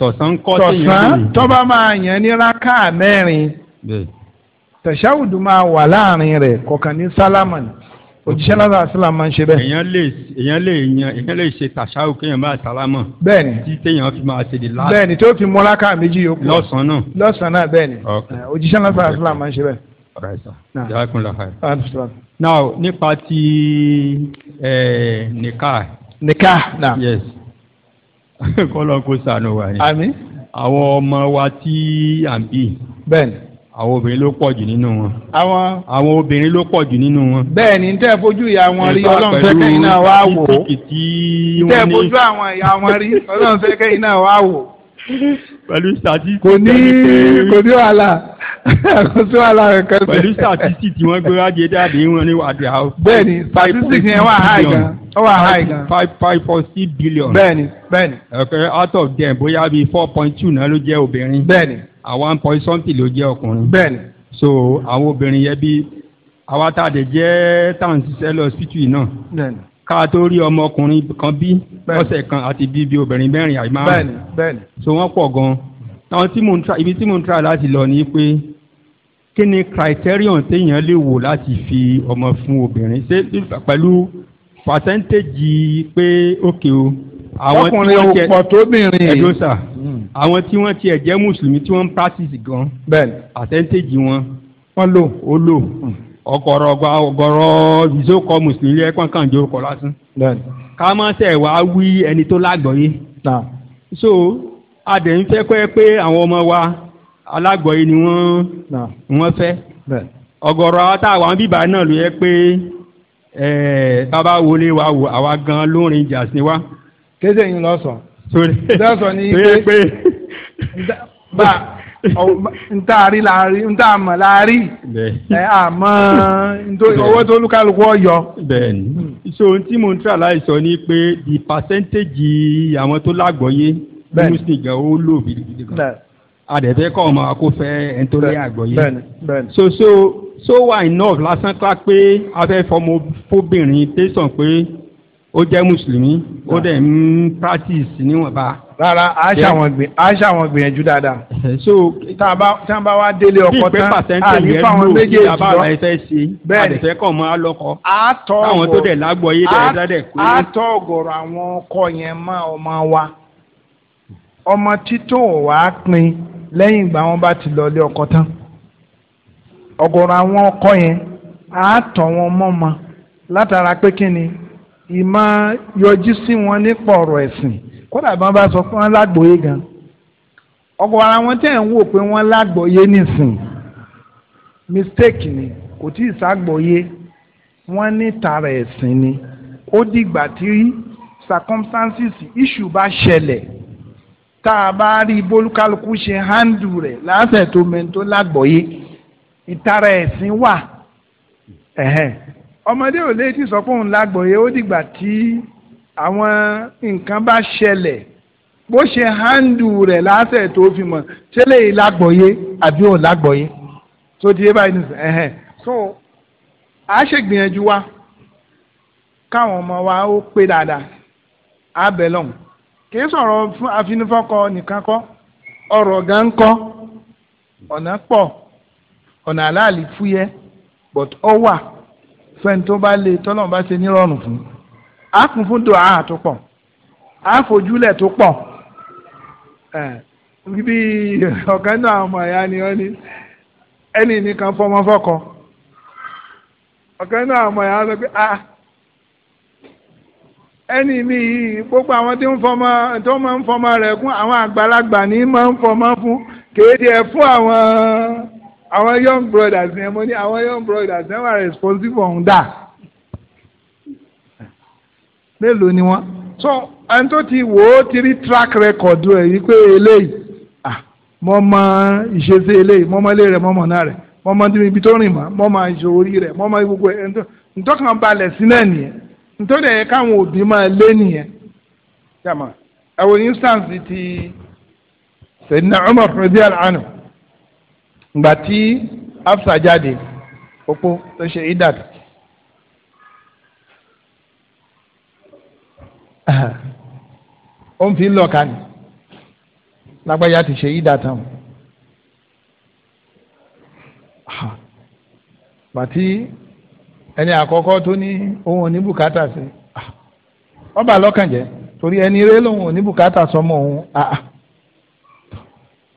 tọ̀sán kọ́ sí yẹn. tọ̀sán tọ́ba máa yàn ní rákà mẹ́rin tẹ̀sáwùdù máa wà láàrin rẹ̀ kọ̀ọ̀kan ní sálámà ni òjíṣẹ́ lára sílámù máa ń ṣe bẹ́ẹ̀. èèyàn lè èèyàn lè yan èèyàn lè ṣe tàṣáwù kéèyàn máa sálámà. bẹ́ẹ̀ni tí téèyàn fi máa ṣe di láàbù. bẹ́ẹ̀ni tó fi mọ́lá ká méjì yòókù. lọ́sàn-án náà. lọ́sàn-án náà bẹ́ẹ̀ni òjíṣẹ́ lára sílámù máa ń ṣe bẹ́ẹ̀. Right, sir. Jazakumullah Now, nípa ti nìkà. nìkà na. yes kọ́lọ́ kó sànù wa ni. àmín. àwọn ọmọ wa tí à ń bí. bẹ́ẹ̀ni. àwọn obìnrin ló pọ̀ jù nínú wọn. àwọn. àwọn obìnrin ló pọ̀ jù nínú wọn. bẹ́ẹ̀ni n tẹ́ fojú ìyá wọn rí ọlọ́run fẹ́ kẹ́yìn náà wá wò. n tẹ́ fojú àwọn ìyá wọn rí ọlọ́run fẹ́ kẹ́yìn náà wá wò pẹ̀lú statistics. kò ní kò ní wàhálà kò sí wàhálà kankan. pẹ̀lú statistics tí wọ́n gbé wájú jáde wọn ní wàdí àwọn. bẹ́ẹ̀ni statistics yẹn wà high gan ó wà high gan. five five point six billion. bẹ́ẹ̀ni bẹ́ẹ̀ni. okay out of them bóyá bíi four point two náà ló jẹ́ obìnrin. bẹ́ẹ̀ni. one point something ló jẹ́ ọkùnrin. bẹ́ẹ̀ni. so àwọn obìnrin yẹn bí àwa tá jẹ́ tá à ń yìí náà. bẹ́ẹ̀ni ká tó rí ọmọkùnrin kan bí ọ̀sẹ̀ kan àti bí bí obìnrin mẹ́rin àbí márùn. so wọ́n pọ̀ gan àwọn tí mò ń tra ibi tí mò ń tra láti lọ ni pé kí ni criterion téèyàn lè wò láti fi ọmọ fún obìnrin ṣé pẹ̀lú percentage pé òkè o àwọn tí wọ́n tiẹ̀ ẹ̀dùn sà hmm. àwọn tí wọ́n tiẹ̀ jẹ́ mùsùlùmí tí wọ́n ń practice gan-an percentage wọn lò ó lò. Hmm. ọkọrọ ọgọrọ ìzókọ mùsùlùmí ẹ kankan jẹ orúkọ lásán. ká má ṣe wá wí ẹni tó lágbọ̀ọ́yé. so a dẹ̀ ń fẹ́ pé pé àwọn ọmọ wa alágbọ̀ọ́yé ni wọ́n fẹ́. ọgọrọ àwọn táwa bíbá náà ló yẹ pé bàbá wọlé wa wò àwa gan lórin ìjà sí wa. kéde yín lọ sọ. sọ ni pé bá ntaari laari ntaama laari ẹ àmọ́ owó tó lukaluku ọyọ. bẹ́ẹ̀ni hmm. so ohun tí mo ń tà láìsọ ni pé the percentage àwọn tó lágbọ́yé nínú sìgá ó lò gidigidi kan àdẹ̀fẹ́ kọ́ ọmọ akófẹ́ ẹni tó lé àgbọ́yé so so so wà enough lásán ká pé afẹ́fọ́mọ fóbìnrin tẹ̀sán pé ó jẹ́ mùsùlùmí ó dẹ̀ ń practice níwọ̀nba. rárá a ṣàwọn gbìn a ṣàwọn gbìyànjú dáadáa. so tá a bá tá a bá wá délé ọkọ tán a ní fáwọn méjèèjì lọ bẹ́ẹ̀ni àdẹ̀fẹ́ kàn máa lọ́kọ. a tọ́ ọgọ̀rọ̀ àwọn tó dẹ̀ lágbọ̀ yé dáadáa kú. a tọ́ ọgọ̀rọ̀ àwọn ọkọ yẹn mọ́ ọmọ wa ọmọ títò wá pin lẹ́yìn ìgbà wọn bá ti lọ ilé ọkọ tán ọgọ̀rọ̀ àwọn ọkọ yẹn a tọ́ wọn mọ́ ma látara pé kí ni ìmọ̀ yọjú sí wọn nípa ọ̀rọ̀ ẹ̀sìn kódà bá bá sọ pé wọ́n lágbóyè gan ọ̀pọ̀ ara wọn tẹ̀ ń wò pé wọ́n lágbóyè nìsín mistake ni kò tí ì ságbóyè wọ́n ní tara ẹ̀sìn ni ó dìgbà tí circumstances issue bá ṣẹlẹ̀ tá a bá rí bólúkálukú ṣe handle rẹ̀ láṣẹ tó mẹ́ńtó lágbóyè ìtara ẹ̀sìn wà ọmọdé ò lè ti sọ fún òun lágbọ̀ọ́yé ó dìgbà tí àwọn nǹkan bá ṣẹlẹ̀ bó ṣe hándù rẹ̀ lásẹ̀ tó fi mọ̀ ṣé lèyí lágbọ̀ọ́yé àbí ò lágbọ̀ọ́yé tó di ébà yìí nìsín so a ṣe gbìyànjú wa káwọn ọmọ wa ó pé dáadáa á bẹ̀ lọ́hùn kì í sọ̀rọ̀ fún afinifọ́kọ nìkan kọ́ ọ̀rọ̀ gan kọ́ ọ̀nà pọ̀ ọ̀nà aláàlì fúyẹ́ but ó wà fẹ́ni tó bá lè tọ́lọ́run bá ṣe nírọ̀rùn fún á kún fún dùá tó pọ̀ á fojúlẹ̀ tó pọ̀ bí ọ̀kan náà ọmọ ẹ̀yà ni wọ́n ní ẹnì nìkan fọmọ fọkọ ọ̀kan náà ọmọ ẹ̀yà sọ pé ah ẹni mi yìí gbogbo àwọn tí ń fọmọ tó máa ń fọmọ rẹ̀ kún àwọn àgbàlagbà ní máa ń fọmọ fún kéde ẹ̀ fún àwọn. Eh, àwọn young brothers yẹn mo ní young brothers yẹn wà responsible mélòó ni wọ́n so ẹni tó ti wò ó ti rí track record rẹ̀ yìí pé eléyìí mo mọ ìṣesí eléyìí mo mọ ilé rẹ̀ mo mọ náà rẹ̀ mo mọ ibi tó rìn mọ́ mo mọ mo mọ gbogbo ntọ́kàn balẹ̀ sí náà nìyẹn ntọ́dẹ̀ yẹ káwọn òbí máa lé nìyẹn ìgbà tí afsa jáde opó tó ṣe idat ó ń fi lọ kánì lágbájá ti ṣe idat hàn bàtí ẹni àkọ́kọ́ tó ní òun ò ní bùkátà sí ọba lọ́kàn jẹ́ torí ẹni rẹ lòun ò bùkátà sọmọ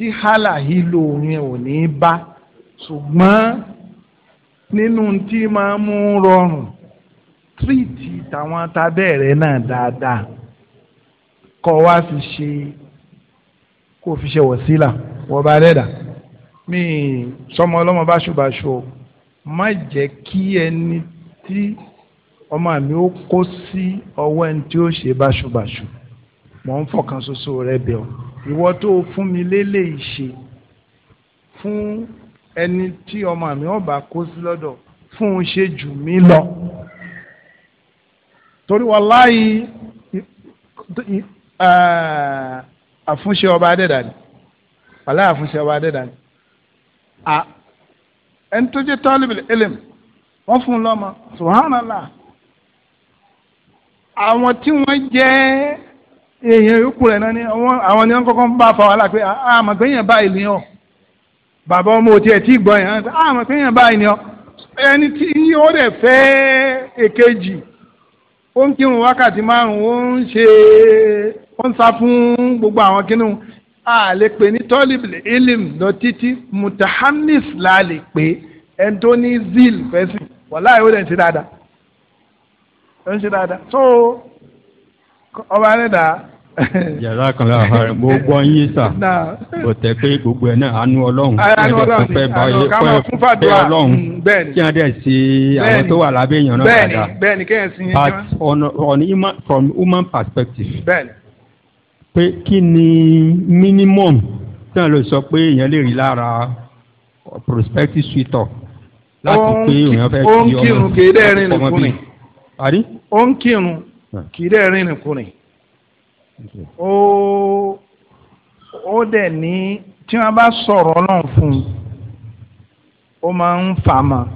tí hálà hílò yẹn ò ní bá ṣùgbọ́n nínú tí máa mú rọrùn tírìtì tàwọn tabẹ́ẹ̀rẹ́ náà dáadáa kọ́ wá fi ṣe kó fi ṣe wọ̀sílà wọ́n bá rẹ̀ mí sọmọ ọlọ́mọ báṣubàṣu má jẹ́ kí ẹni tí ọmọ mi ó kó sí ọwọ́ ẹni tí ó ṣe báṣubàṣu mò ń fọkàn ṣoṣo rẹ bẹ̀ ọ́ ìwọ tó fún mi lélẹ̀ ìṣe fún ẹni tí ọmọ mi ọba kó sí lọ́dọ̀ fún un ṣe jù mí lọ torí wàláyé eh, àfúnṣe ọba adẹ́dàdì wàláyé àfúnṣe ọba adẹ́dàdì ẹni tó jẹ́ tọ́lìbìlì ẹlẹ́mù wọ́n fún un lọ́mọ subhanallah àwọn tí wọ́n jẹ́ èèyàn yòókù rẹ̀ náà ni àwọn ni wọ́n kọ́kọ́ ń bá fa wàhálà pé àmọ̀ ah, ah, pé èèyàn báyìí ni ọ́ bàbá ọmọ òtí ẹ̀ tí gbọ́ yẹn àmọ̀ ah, pé èèyàn báyìí ni ọ́ ẹni tí ó dẹ̀ fẹ́ èkejì ó ń kírun wákàtí márùn-ún ó ń ṣe ó ń sá fún gbogbo àwọn kínú a lè pè ní tọ́lìb ilim lọ títí mutahannis la lè pè ẹni tó ní zil fẹ́sìn wàláì ó dẹ̀ ń ṣe dáadáa ó ń ṣe dáadáa so ọba ẹlẹ́dà. yàrá kan la gbogbo yín sà kò tẹ pé gbogbo ẹ náà àánú ọlọ́run ẹgbẹ́ pẹ́ báyìí pẹ́ ọlọ́run mm, kí wọ́n dẹ̀ sí àwọn tó wà lábẹ́ èèyàn náà dáadáa but on, on human, from human perspective pé kí ni minimum náà ló sọ pé èèyàn lè rí lára prospective suitor láti pé èèyàn fẹ́ fi ọmọ bí. ó ń kírun kéde ẹrin nìkúni ó ń kírun kì í dẹ̀ rìnrìn kùnrin ó ó dẹ̀ ní tí wọ́n bá sọ̀rọ̀ náà fún un ó máa ń fà á mọ́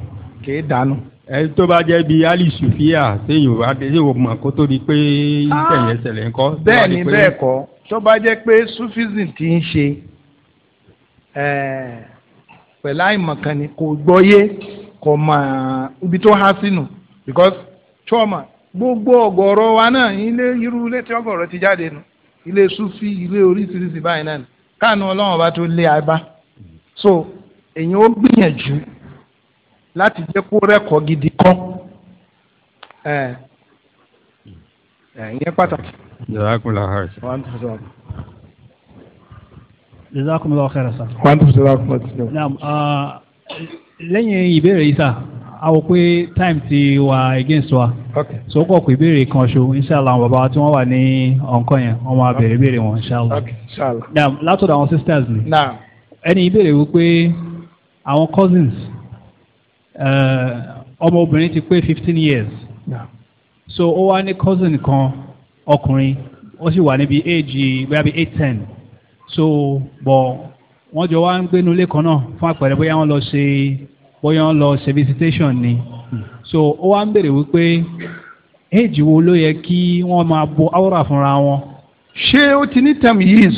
kì í dànù. ẹni tó bá jẹ́ bíi ali sufia téèyàn bá dé yóò mọ̀ kó tó di pé ìṣẹ̀yẹ ah, ṣẹlẹ̀ ńkọ́. bẹ́ẹ̀ ni bẹ́ẹ̀ kọ́ tó bá jẹ́ pé sufism ti ń ṣe pẹ̀lú àìmọ̀kan kò gbọ́yé kò mọ̀ ibi tó há sínú because trauma gbogbo ọ̀gọ̀rọ̀ wa náà ilé irú ilé tí ọ̀gọ̀rọ̀ ti jáde nu ilé sufi ilé oríṣiríṣi báyìí náà ni káànù ọlọ́run ọba tó lé abá so èyàn ó gbìyànjú láti jẹ́ kó rẹ́kọ̀ọ́ gidi kọ́ ẹ̀ ẹ̀ ìyẹn pàtàkì. jazakumullahu khairan. jazakumullahu khairan sir. wàá tó sọ wàá kọ́ ọ́ lẹ́yìn ìbéèrè yìí sá a wò pé time ti wà against wa. okay. so kọ̀ pé ìbéèrè kan ṣo inshallah bàbá tí wọ́n wà ní ọ̀nkọ́ yẹn wọ́n máa bẹ̀rẹ̀ ìbéèrè wọn inshallah. okay látọ̀dọ̀ àwọn sisters mi. ẹni ìbéèrè wípé àwọn cousins ọmọbìnrin ti pé fifteen years. so ó wá ní cousin kan ọkùnrin ó sì wà níbi age bóyá bí eight ten so bọ̀ wọ́n jọ wá ń gbénu ilé kan náà fún àpẹẹrẹ bóyá wọ́n lọ ṣe bóyá ń lọ ṣe visitation ni so ó wá ń bèrè wípé éèjì wo ló yẹ kí wọ́n máa bo awúrà fúnra wọn. ṣé ó ti ní ten years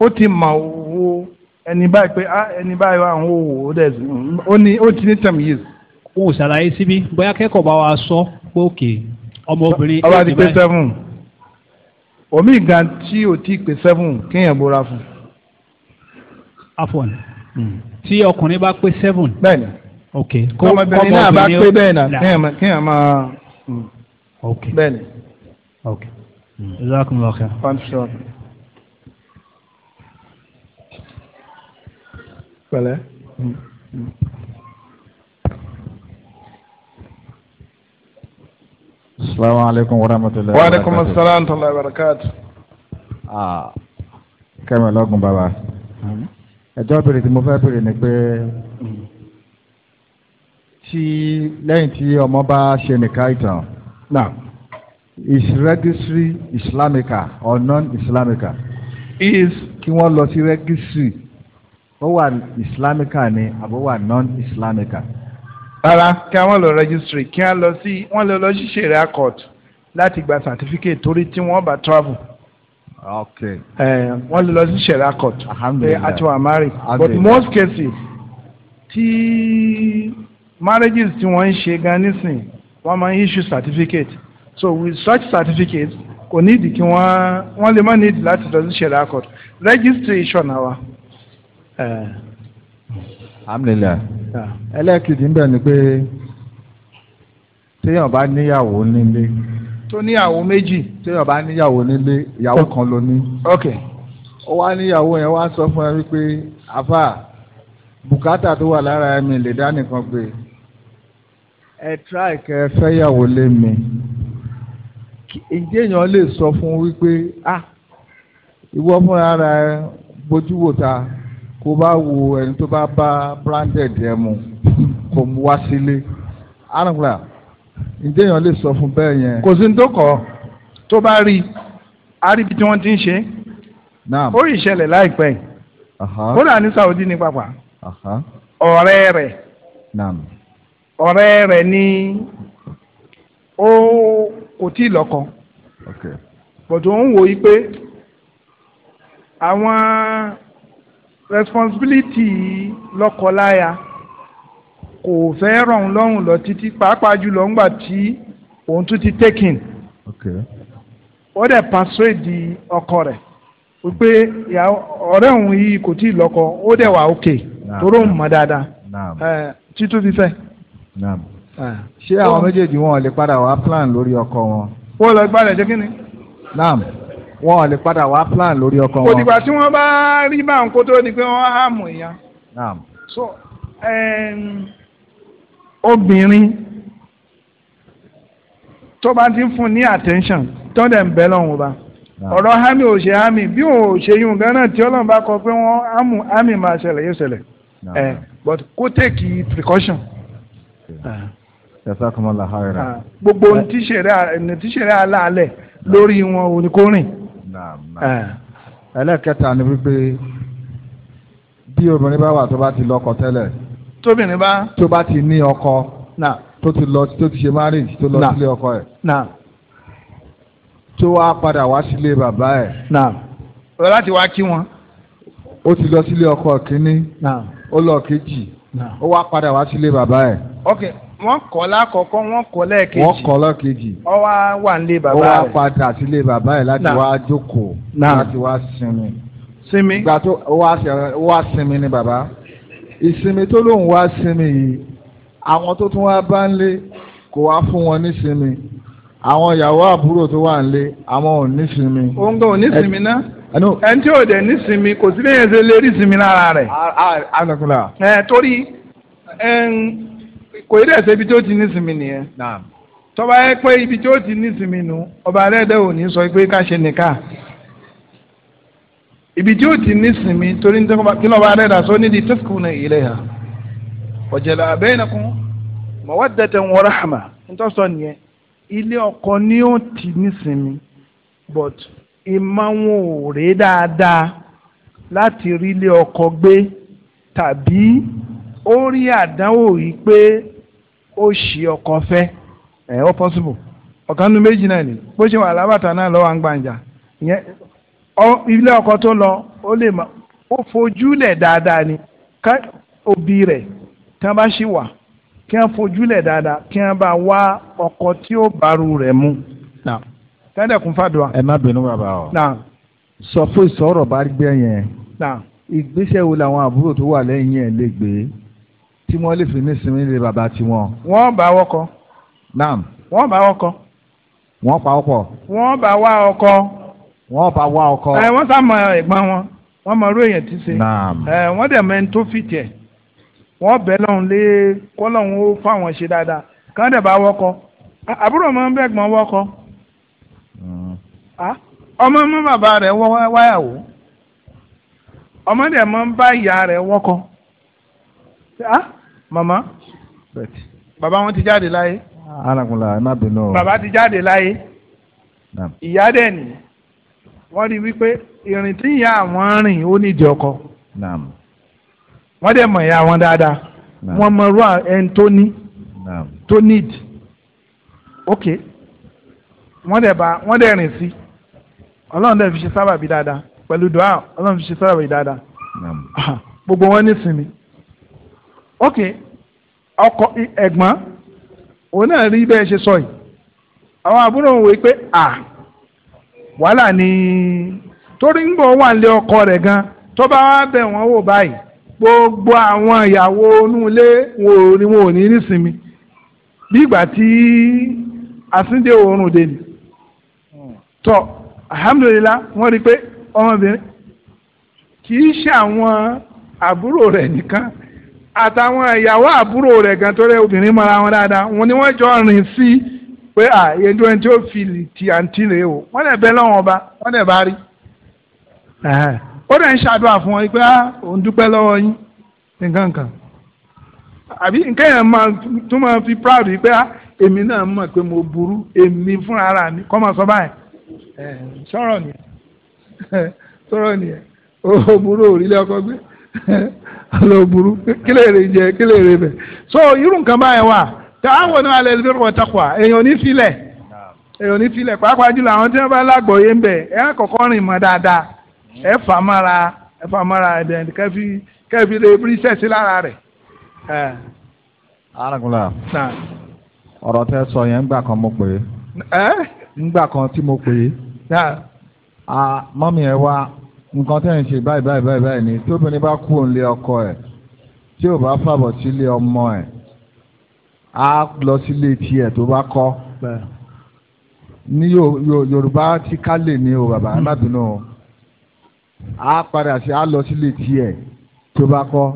ó ti mà wo ẹni báyìí pé ah, ẹni báyìí wà ń wò ó dẹ̀ ó ti ní ten years. o ò ṣàlàyé síbí bóyá kẹ́kọ̀ọ́ bá wa sọ pé òkè ọmọbìnrin éèjì báyìí. ọba ti pé seven omi gan tí o ti pè seven kéèyàn bóra fún. afọ ni tí ọkùnrin bá pé seven. bẹ́ẹ̀ni ok kó ọmọbìnrin náà bá pé bẹ́ẹ̀ náà kéèyàn máa ok mm. bẹ́ẹ̀ni. ok jazakumullahu khair. pẹ̀lẹ́. Mm. Assalamu alaikum wa rahmatullahi wa barakatuh. Wa alaikum assalam wa rahmatullahi wa barakatuh. Ah, kẹ́mi lọ́gùn bàbá. Mm ẹjọ́ bèrè tí mo fẹ́ bèrè ni pé tí lẹ́yìn tí ọmọ bá ṣe nìka ìtàn náà is registry islamica or non-islamica. is kí wọ́n lọ sí registry ó wà islamica ni àbó wà non-islamica. rárá kí wọ́n lọ registry kí wọ́n lọ sí wọ́n lọ lọ sí sharia court láti gba certificate torí tí wọ́n bá travel. Eh, wọ́n lè lọ sí sẹ̀rá court pé eh, a but most cases ti marriages ti wọ́n ń ṣe gan nísìn wọ́n máa ń issue certificate so with such certificate kò nídìí kí wọ́n wọ́n lè má láti lọ sí registration àwa. Eh. alhamdulilayi ẹlẹ́ẹ̀kejì ń bẹ̀ ni pé téèyàn bá tó níyàwó méjì téèyàn bá níyàwó nílé ìyàwó kan ló ní. ok ó wá níyàwó yẹn wá sọ fún ẹ wípé àfà bùkátà tó wà lára ẹ̀mí lè dá nìkan pé ẹ tíráì kẹ ẹ fẹ́yàwó lé mi ǹjẹ́ èèyàn lè sọ fún wípé ah ìwọ fúnra rẹ bójú wò ta kó bá wo ẹni tó bá bá branded ẹ mu kò mú wá sílé ǹjẹ́ èèyàn lè sọ fún bẹ́ẹ̀ yẹn. kò sí ní tó bá rí aríbi tí wọ́n ti ń ṣe ó rí ìṣẹ̀lẹ̀ láìpẹ́ kódà ní Saudi ní pàpà ọ̀rẹ́ rẹ̀ ọ̀rẹ́ rẹ̀ ní ó kò tí ì lọ́kọ bọ̀dù ń wò yí pé àwọn responsibility lọ́kọ láya. Okay kò fẹ́ rọ̀hún lọ́rùn lọ títí pàápàá jùlọ ńgbà tí òun tún ti Ok. ó dẹ̀ persuade ọkọ rẹ̀ wípé ọ̀rẹ́ òun yìí kò tí ì ó dẹ̀ wà òkè toró ń mọ̀ dáadáa títún fífẹ́. ṣé àwọn méjèèjì wọn ò lè padà wá plan lórí ọkọ wọn. lọ jẹ́ kí ni. Wọ́n lè padà wá plan lórí ọkọ wọn. obìnrin tó bá ti fún ní attention tó dẹ̀ ń bẹ́ lọ́hùn ọba ọ̀rọ̀ hami ò ṣe hami bí ò ṣe yún gánà tí ọlọ́run bá kọ pé wọ́n hami máa ṣẹlẹ̀ yóò ṣẹlẹ̀ ẹ̀ eh, but kó take precaution. Eh. Ah, gbogbo tíṣẹ̀rẹ́ aláàlẹ̀ lórí wọn ò ní kó rìn. Eh. ẹlẹ́kẹta ni wípé bí obìnrin bá wà tó bá ti lọ́kọ tẹ́lẹ̀. tóbìnrin bá. tó bá ti ní ọkọ. na tó ti lọ tó ti ṣe marriage tó lọ sílé ọkọ ẹ̀. na tó wá padà wá sílé bàbá ẹ̀. na ó láti wá kí wọn. ó ti lọ sílé ọkọ kínní. na ó lọ kejì. na ó wá padà wá sílé bàbá ẹ̀. ok wọ́n kọ́ lákọ̀ọ́kọ́ wọ́n kọ́ lẹ́ẹ̀kejì. wọ́n kọ́ lẹ́ẹ̀kejì. ó wá wà nílé bàbá rẹ̀. ó wá padà sílé bàbá ẹ̀ láti wá jókòó. láti wá sinmi. sinmi. ìgbà ó wá sinmi ni bàbá ìsinmi tó lóun wá sinmi yìí àwọn tó tún wá bá ń lé kò wá fún wọn nísinmi àwọn ìyàwó àbúrò tó wà ń lé àwọn ò nísinmi. òun gan ò nísinmi ná ẹni tí ò dẹ̀ nísinmi kò sí lẹ́yìn ṣe lè rí sinmi lára rẹ̀. anakunla. ẹ torí kò yẹ ṣe ibi tí ó ti nísinmi nìyẹn tọ́ba yẹ pé ibi tí ó ti nísinmi nù ọba rẹ̀ dẹ̀ ò ní sọ pé ká ṣe nìkan ibi tí ó ti ní sinmi torí ní tẹ́kọ̀ọ́ kí lọ́ba rẹ̀ dàsó ní di tẹ́sìkù ní ilẹ̀ yà ọ̀jẹ̀lẹ̀ abẹ́yẹnìkún mawaddatan wa rahma nítòsọ nìyẹn ilé ọkọ ni ó ti ní sinmi but ìmọ̀ wọn ò rè dáadáa láti rí ilé ọkọ gbé tàbí ó rí àdánwò yìí pé ó ṣì ọkọ fẹ́ ẹ̀ ọ́ possible ọ̀kan méjì náà ni bó ṣe wà lábàtà náà lọ́wọ́ à ìyẹn ilé ọkọ tó lọ ó lè mọ ó fojúlẹ̀ dáadáa ni ká òbí rẹ̀ tí wọ́n bá ṣì wà kí wọ́n fojúlẹ̀ dáadáa kí wọ́n bá wá ọkọ tí ó bàrú rẹ̀ mu. tẹ́lẹ̀ kún fàdùà. ẹ má bínú bàbá o. sọ fún ìsọ̀rọ̀ bá gbẹ́ yẹn. ìgbésẹ̀ wo làwọn àbúrò tó wà lẹ́yìn ẹ̀ lè gbé tí wọ́n lè fi nísìnyí lè bàbá tiwọn. wọ́n bá wọ́kọ. wọ́n bá wọ́kọ. wọ́n pa ọkọ. wọ́n bá wá ọkọ wọ́n bá wá ọkọ. ẹ wọ́n sá mọ ẹ̀gbọ́n wọn wọ́n mọ irú èèyàn ti ṣe. ẹ wọ́n dẹ̀ mẹ́ni tó fi tiẹ̀ wọ́n bẹ̀ lọ́hùn lé kọ́lọ́hùn ó fáwọn ṣe dáadáa kán dẹ̀ bá wọ́kọ àbúrò máa ń bẹ̀ gbọ́n wọ́kọ. Hmm. ọmọ mú bàbá rẹ̀ wáyàwó ọmọ dẹ̀ máa ń bá ìyá rẹ̀ wọ́kọ. màmá bàbá wọn ti jáde láyé. alákùnrin ẹ má bínú. bàbá ti jáde láyé. ìyá dẹ̀ nìyí wọ́n rí wípé ìrìn tí ìyá àwọn rìn ó nídìí ọkọ wọ́n dẹ̀ mọ̀ ìyá wọn dáadáa wọ́n mọ̀ rú ẹni tó ní tó nídìí ok wọ́n dẹ̀ bá wọ́n dẹ̀ rìn sí ọlọ́run dẹ̀ fi ṣe sábàbí dáadáa pẹ̀lú dùá ọlọ́run fi ṣe sábàbí dáadáa gbogbo wọn ní sinmi ok ọkọ ẹ̀gbọ́n òun náà rí bẹ́ẹ̀ ṣe sọ yìí àwọn àbúrò òun wò pé ah wàhálà ni torí ń bọ̀ wà lé ọkọ rẹ̀ gan tó bá wá bẹ̀ wọ́n wò báyìí gbogbo àwọn ìyàwó onúlé wọn ò ní nísinmi bí ìgbà tí àsíndé oorun dé ni tọ alhamdulilah wọ́n rí i pé ọmọbìnrin kì í ṣe àwọn àbúrò rẹ̀ nìkan àtàwọn ìyàwó àbúrò rẹ̀ gan tó obìnrin mọ́ra wọn dáadáa wọ́n ní wọ́n jọ rìn sí i pé à yẹntu ẹni tí ó fi ti àǹtí rèé o wọ́n lè bẹ lọ́wọ́n ọba wọ́n lè bá rí ó dẹ̀ ń ṣàdúrà fún ọ pé à ah, òun dúpẹ́ lọ́wọ́ yín nǹkan kan àbí nǹkan yẹn máa tún máa fi proud pé à ah, èmi náà mọ̀ pé mo burú èmi fúnra ara mi kọ́ máa sọ báyìí sọ̀rọ̀ nìyẹn sọ̀rọ̀ nìyẹn ó burú òrílẹ̀ ọkọ gbé ó burú kí jẹ kí bẹ̀ so irú nǹkan báyẹn wà ta'awanu 'ala al-birri wa taqwa èèyàn ní filẹ̀ èèyàn ní filẹ̀ pàápàá jùlọ àwọn tí wọ́n bá lágbòye ń bẹ̀ ẹ̀ kọ̀kọ́ rìn mọ́ dáadáa ẹ̀ fà mára ẹ̀ fà mára ẹ̀dẹ̀ kẹfì kẹfì lè bí sẹ́sì lára rẹ̀. arákùnrin ọ̀rọ̀ tẹ́ sọ yẹn ń gbà kan mo pè é ń gbà kan tí mo pè é mọ́mí ẹ̀ wá nǹkan tẹ́ ń ṣe báyìí báyìí báyìí ni tóbi ní bá kú òun lé ọkọ ẹ̀ tí A lọ sílé tiẹ̀ tó bá kọ́ ní yorùbá tí ká lè ní o bàbá má bínú o á padà sí á lọ sílé tiẹ̀ tó bá kọ́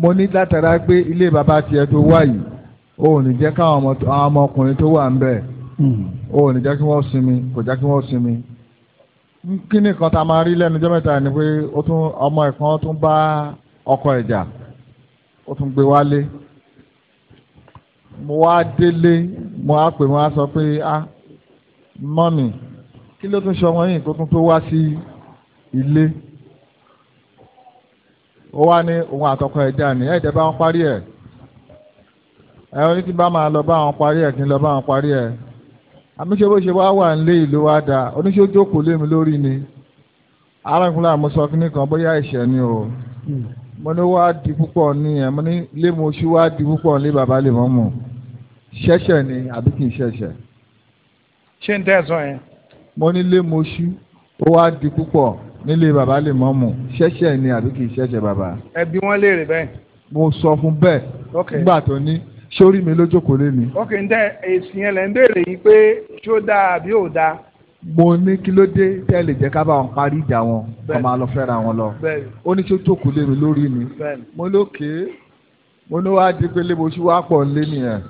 mo ní látara pé ilé bàbá tiẹ̀ tó wà yìí o ò ní jẹ́ káwọn ọmọkùnrin tó wà ń bẹ̀ o ò ní jẹ́ kí wọ́n sinmi kò jẹ́ kí wọ́n sinmi kí ni kan tá a máa rí lẹ́nu ọjọ́ mẹ́ta ni pé ọmọ ẹ̀kan tún bá ọkọ ẹ̀ jà ó tún gbé wálé mo wá délé mo wá pè mo wá sọ pé ah mọ́mì kí ló tún ṣe ọmọ yìí kó tún tó wá sí ilé ó wá ní òun àtọkọ ẹ̀ dá ní ẹ̀ẹ́dẹ́ bá wọn parí ẹ̀ ẹ ó ní kí bá máa lọ bá wọn parí ẹ̀ kí n lọ bá wọn parí ẹ̀ àmúṣe bó ṣe wá wà nílé ìlú wa dà oníṣẹ́ ojókòó lé mi lórí ni arákùnrin àmúṣọ kínní bóyá ìṣẹ́ ni o. Mm mo ní wá di púpọ̀ ní ẹ̀ mo ní lé mo ṣú wá di púpọ̀ ní bàbá lè mọ́ mu ṣẹ̀ṣẹ̀ ni àbí kì í ṣẹ̀ṣẹ̀. ṣé n tẹ̀sán yẹn. mo ní lé mo ṣú ó wá di púpọ̀ nílé bàbá lè mọ́ mu ṣẹ̀ṣẹ̀ ni àbí kì í ṣẹ̀ṣẹ̀ bàbá. ẹ bí wọ́n léèrè bẹ́ẹ̀. mo sọ fún bẹ́ẹ̀ nígbà tó ní sórí mi lójókòó lé mi. ok ǹdẹ èsì yẹn lẹ́ ń béèrè yìí pé ṣó dáa àbí ò dáa mo ní kí ló dé tẹ́ ẹ lè jẹ́ ká bá wọn parí ìjà wọn kó máa lọ fẹ́ra wọn lọ ó ní tí ó jókòó lé mi lórí mi mo lókè mo ní wàá di pé lébo oṣù wa pọ̀ lé nìyẹn.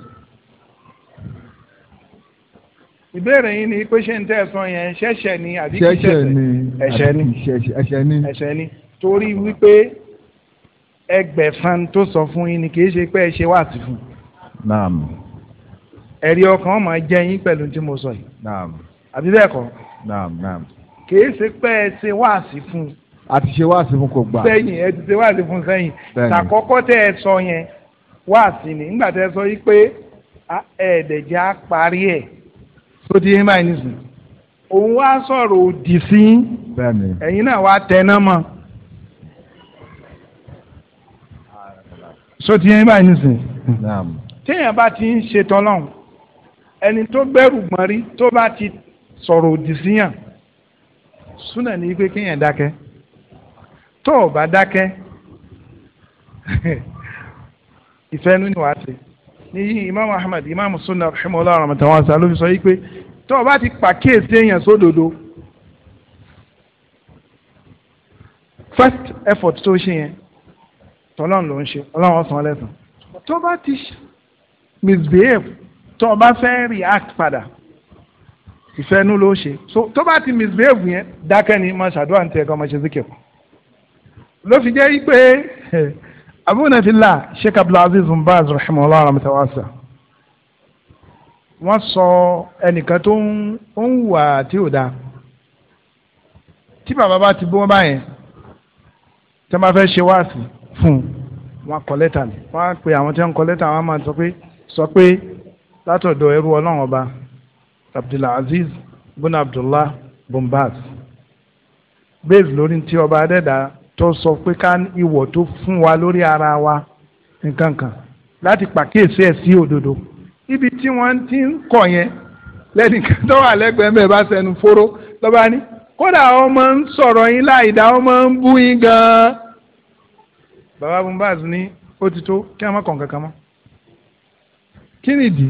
ìbéèrè yín ni pé ṣé ń tẹ́ ẹ sọ yẹn ṣẹ̀ṣẹ̀ ni àbí kì í ṣẹ̀ṣẹ̀ ẹ̀ṣẹ̀ ni ẹ̀ṣẹ̀ ni ẹ̀ṣẹ̀ ni torí wípé ẹgbẹ̀fan tó sọ fún yín ni kì ṣe pé ẹ ṣe wáàsí fún ẹ̀rí ọkàn máa jẹ yín pẹ̀lú tí mo sọ yìí àbí bẹ́ẹ̀ kọ́. naam naam. kìí ṣe pé ẹ ṣe wáàsí fún un. a ti ṣe wáàsí fún kò gbà. sẹ́yìn ẹ ti ṣe wáàsí fún sẹ́yìn. tàkọ́kọ́ tẹ́ ẹ sọ yẹn wáàsí ni nígbà tẹ́ ẹ sọ yìí pé ẹ̀ẹ́dẹ̀já parí ẹ̀ tó di ẹ̀ máa ní sùn. òun wá sọ̀rọ̀ òdì sí ẹ̀yin náà wá tẹná mọ́. so ti ẹ̀ máa ní sùn. téèyàn bá ti ń ṣe tọ́lọ́hún ẹni tó gbẹ́rù gbọ́n rí tó bá ti sọ̀rọ̀ òdì síyàn súnà ní pé kéèyàn dákẹ́ tó o bá dákẹ́ ìfẹ́ nínú wa ṣe ní imam ahmed imam sunna rahimahullah rahmatulah ṣe ló fi sọ yìí pé tó o bá ti pàkíyèsí èèyàn sódodo first effort tó ṣe yẹn tọ́lọ́n ló ń ṣe ọlọ́run ọ̀sán ọlẹ́sàn tó o bá ti misbehave tó o bá fẹ́ react padà ìfẹ́ inú ló ṣe so tó bá ti misbehave yẹn dákẹ́ ni máa ṣàdúrà ní tiẹ̀ kan máa ṣe zikir ló fi jẹ́ pé abúnafilà sheikh abdulaziz mbaz rahimahullah alamtawasa wọ́n sọ ẹnìkan tó ń wà tí ò dáa tí bàbá bá ti bó wọn báyẹn tí wọ́n bá fẹ́ ṣe wáàsí fún un kọ lẹ́tà ni wọ́n á pe àwọn tí wọ́n ń kọ lẹ́tà wọ́n á máa sọ pé sọ pé látọ̀dọ̀ ẹrú ọlọ́run ọba abdulaziz bin abdullah bin baz bẹ́ẹ̀ lórí tí ọba adẹ́dà tó sọ pé ká ìwọ̀ tó fún wa lórí ara wa nǹkan kan láti pàkíyèsí ẹ̀ sí òdodo ibi tí wọ́n ti ń kọ̀ yẹn lẹ́nìkan tó wà lẹ́gbẹ̀ẹ́ mẹ́ẹ̀ bá sẹnu fóró lọ́ba ní kódà ọmọ ń sọ̀rọ̀ yín láìdá ọmọ ń bú yín gan-an. bàbá bumbaz ní ó ti tó kí a má kàn kankan mọ́ kí nìdí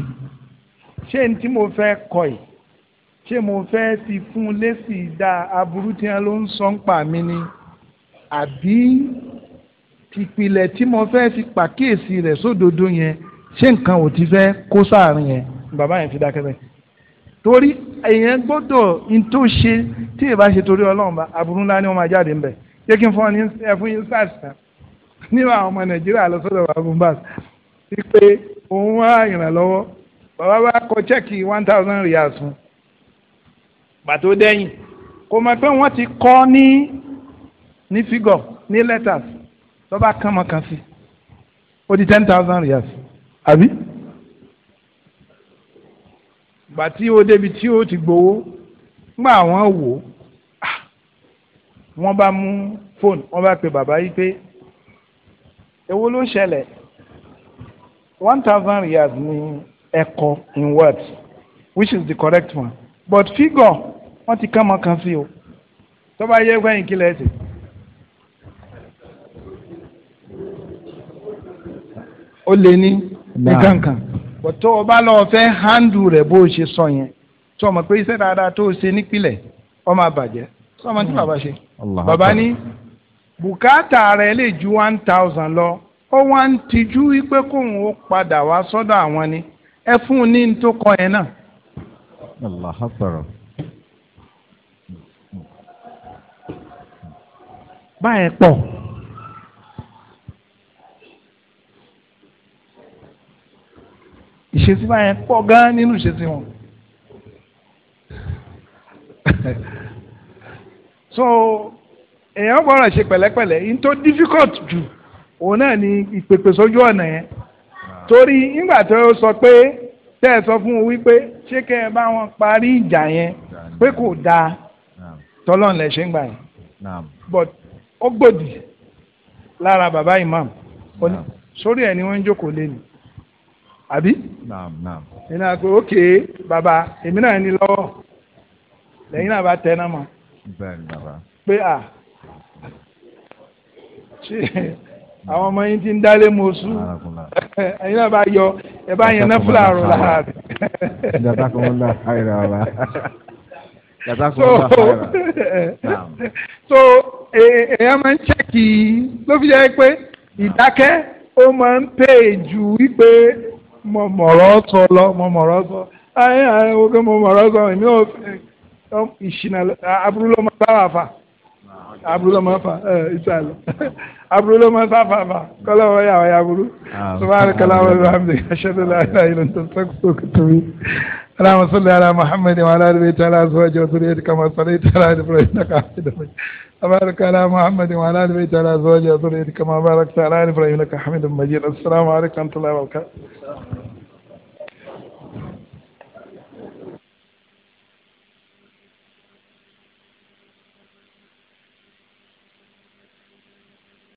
ṣé n tí mo fẹ́ kọ̀ yìí ṣé mo fẹ́ fi fún lẹ́sì dá aburú tí wọn ló ń sọ ń pa mí ni àbí ìpìlẹ̀ tí mo fẹ́ fi pàkíyèsí rẹ̀ sódodo yẹn ṣé nǹkan ò ti fẹ́ kó sáàrin yẹn bàbá yẹn fi dákẹ́ bẹ́ẹ̀ torí èèyàn gbọ́dọ̀ n tó ṣe tí ìbá ṣe torí ọlọ́run bá aburú ńlá ni wọ́n máa jáde ńbẹ̀ jẹ́ kí n fún ọ ní ẹfún yín sars níwọ̀n àwọn ọmọ nàìjíríà lọ sọ́dọ̀ bàbá bùnbàs wípé òun wá ìrànlọ́wọ́ bàbá bá kọ chẹ́ẹ̀kì one thousand rials. fún gbàtó dẹ́yìn kò mọ̀ pé wọ́n ti kọ́ ní ní figure ní letters lọ́ba kánmọ́kan sí ó di ten thousand rials. àbí gbàtí ó débi tí ó ti gbowó ngbà wọ́n wò ó ah, wọ́n bá mú fóònù wọ́n bá pe bàbá yìí pé èwo ló ṣẹlẹ̀ one thousand rials ni ẹ̀kọ́ in words which is the correct one but figure wọ́n ti kán mọ́ kan sí o tó bá yẹ fẹ́yìn kí lẹ́sìn. ó lé ní nǹkan kan tó o bá lọ fẹ́ handle rẹ̀ bó o ṣe sọ yẹn tó o mọ̀ pé iṣẹ́ dáadáa tó o ṣe nípìnlẹ̀ ọ máa bàjẹ́ tó o mọ̀ tí bàbá ṣe bàbá ní bùkátà rẹ̀ lè ju one thousand lọ ó wá ń tijú wípé kóun ó padà wá sọ́dọ̀ àwọn ni ẹ fún un ní n tó kọ yẹn náà. Allahu Akbar. báyẹn pọ̀. ìṣesí báyẹn pọ̀ gan nínú ìṣesí wọn. so èèyàn gbọ́dọ̀ ṣe pẹ̀lẹ́pẹ̀lẹ́ in tó difficult jù òun náà ni ìpèpè sójú ọ̀nà yẹn torí nígbà tó o sọ pé tẹ́ ẹ sọ fún un wípé ṣé kẹ́ ẹ bá wọn parí ìjà yẹn pé kò dáa tọ́lọ́n lẹ̀ ṣe ń gbà yẹn but ó gbòdì lára bàbá imam sórí ẹ̀ ni wọ́n ń jókòó lé ni àbí ìnáà pé ókè bàbá èmi náà ní lọ́wọ́ lẹ́yìn náà bá tẹ́ náà mọ́ pé à ṣe. àwọn ọmọ yín ti ń dálé mọ́sú ẹ̀yin náà bá yọ ẹ bá yẹn náfúlà àrùn lára so e, èèyàn máa ń ṣèkì ló fi jẹ́ pé ìdákẹ́ ó máa ń pè jù wípé lọ ayé èmi ò ìṣìnà aburú ló máa bá wà fà. aburú ló máa ń fa ẹ ìsàlẹ̀ aburú ló máa ń sáfà fà kọ́lọ́ wọ́n yà wọ́n yà aburú sọ́mọ́rì kàlámù alhamdi aṣẹ́dọ̀lá aláìlú tó sọ́kùtò kùtùmí aláwọ̀ sọ́lẹ̀ ala muhammed wa ala alibi tala azwaj wa turiya kama sọ́lẹ̀ tala ibrahim naka hamidu بارك على محمد وعلى آل بيته وعلى أزواجه وذريته كما باركت على آل إبراهيم إنك مجيد السلام عليكم ورحمة الله وبركاته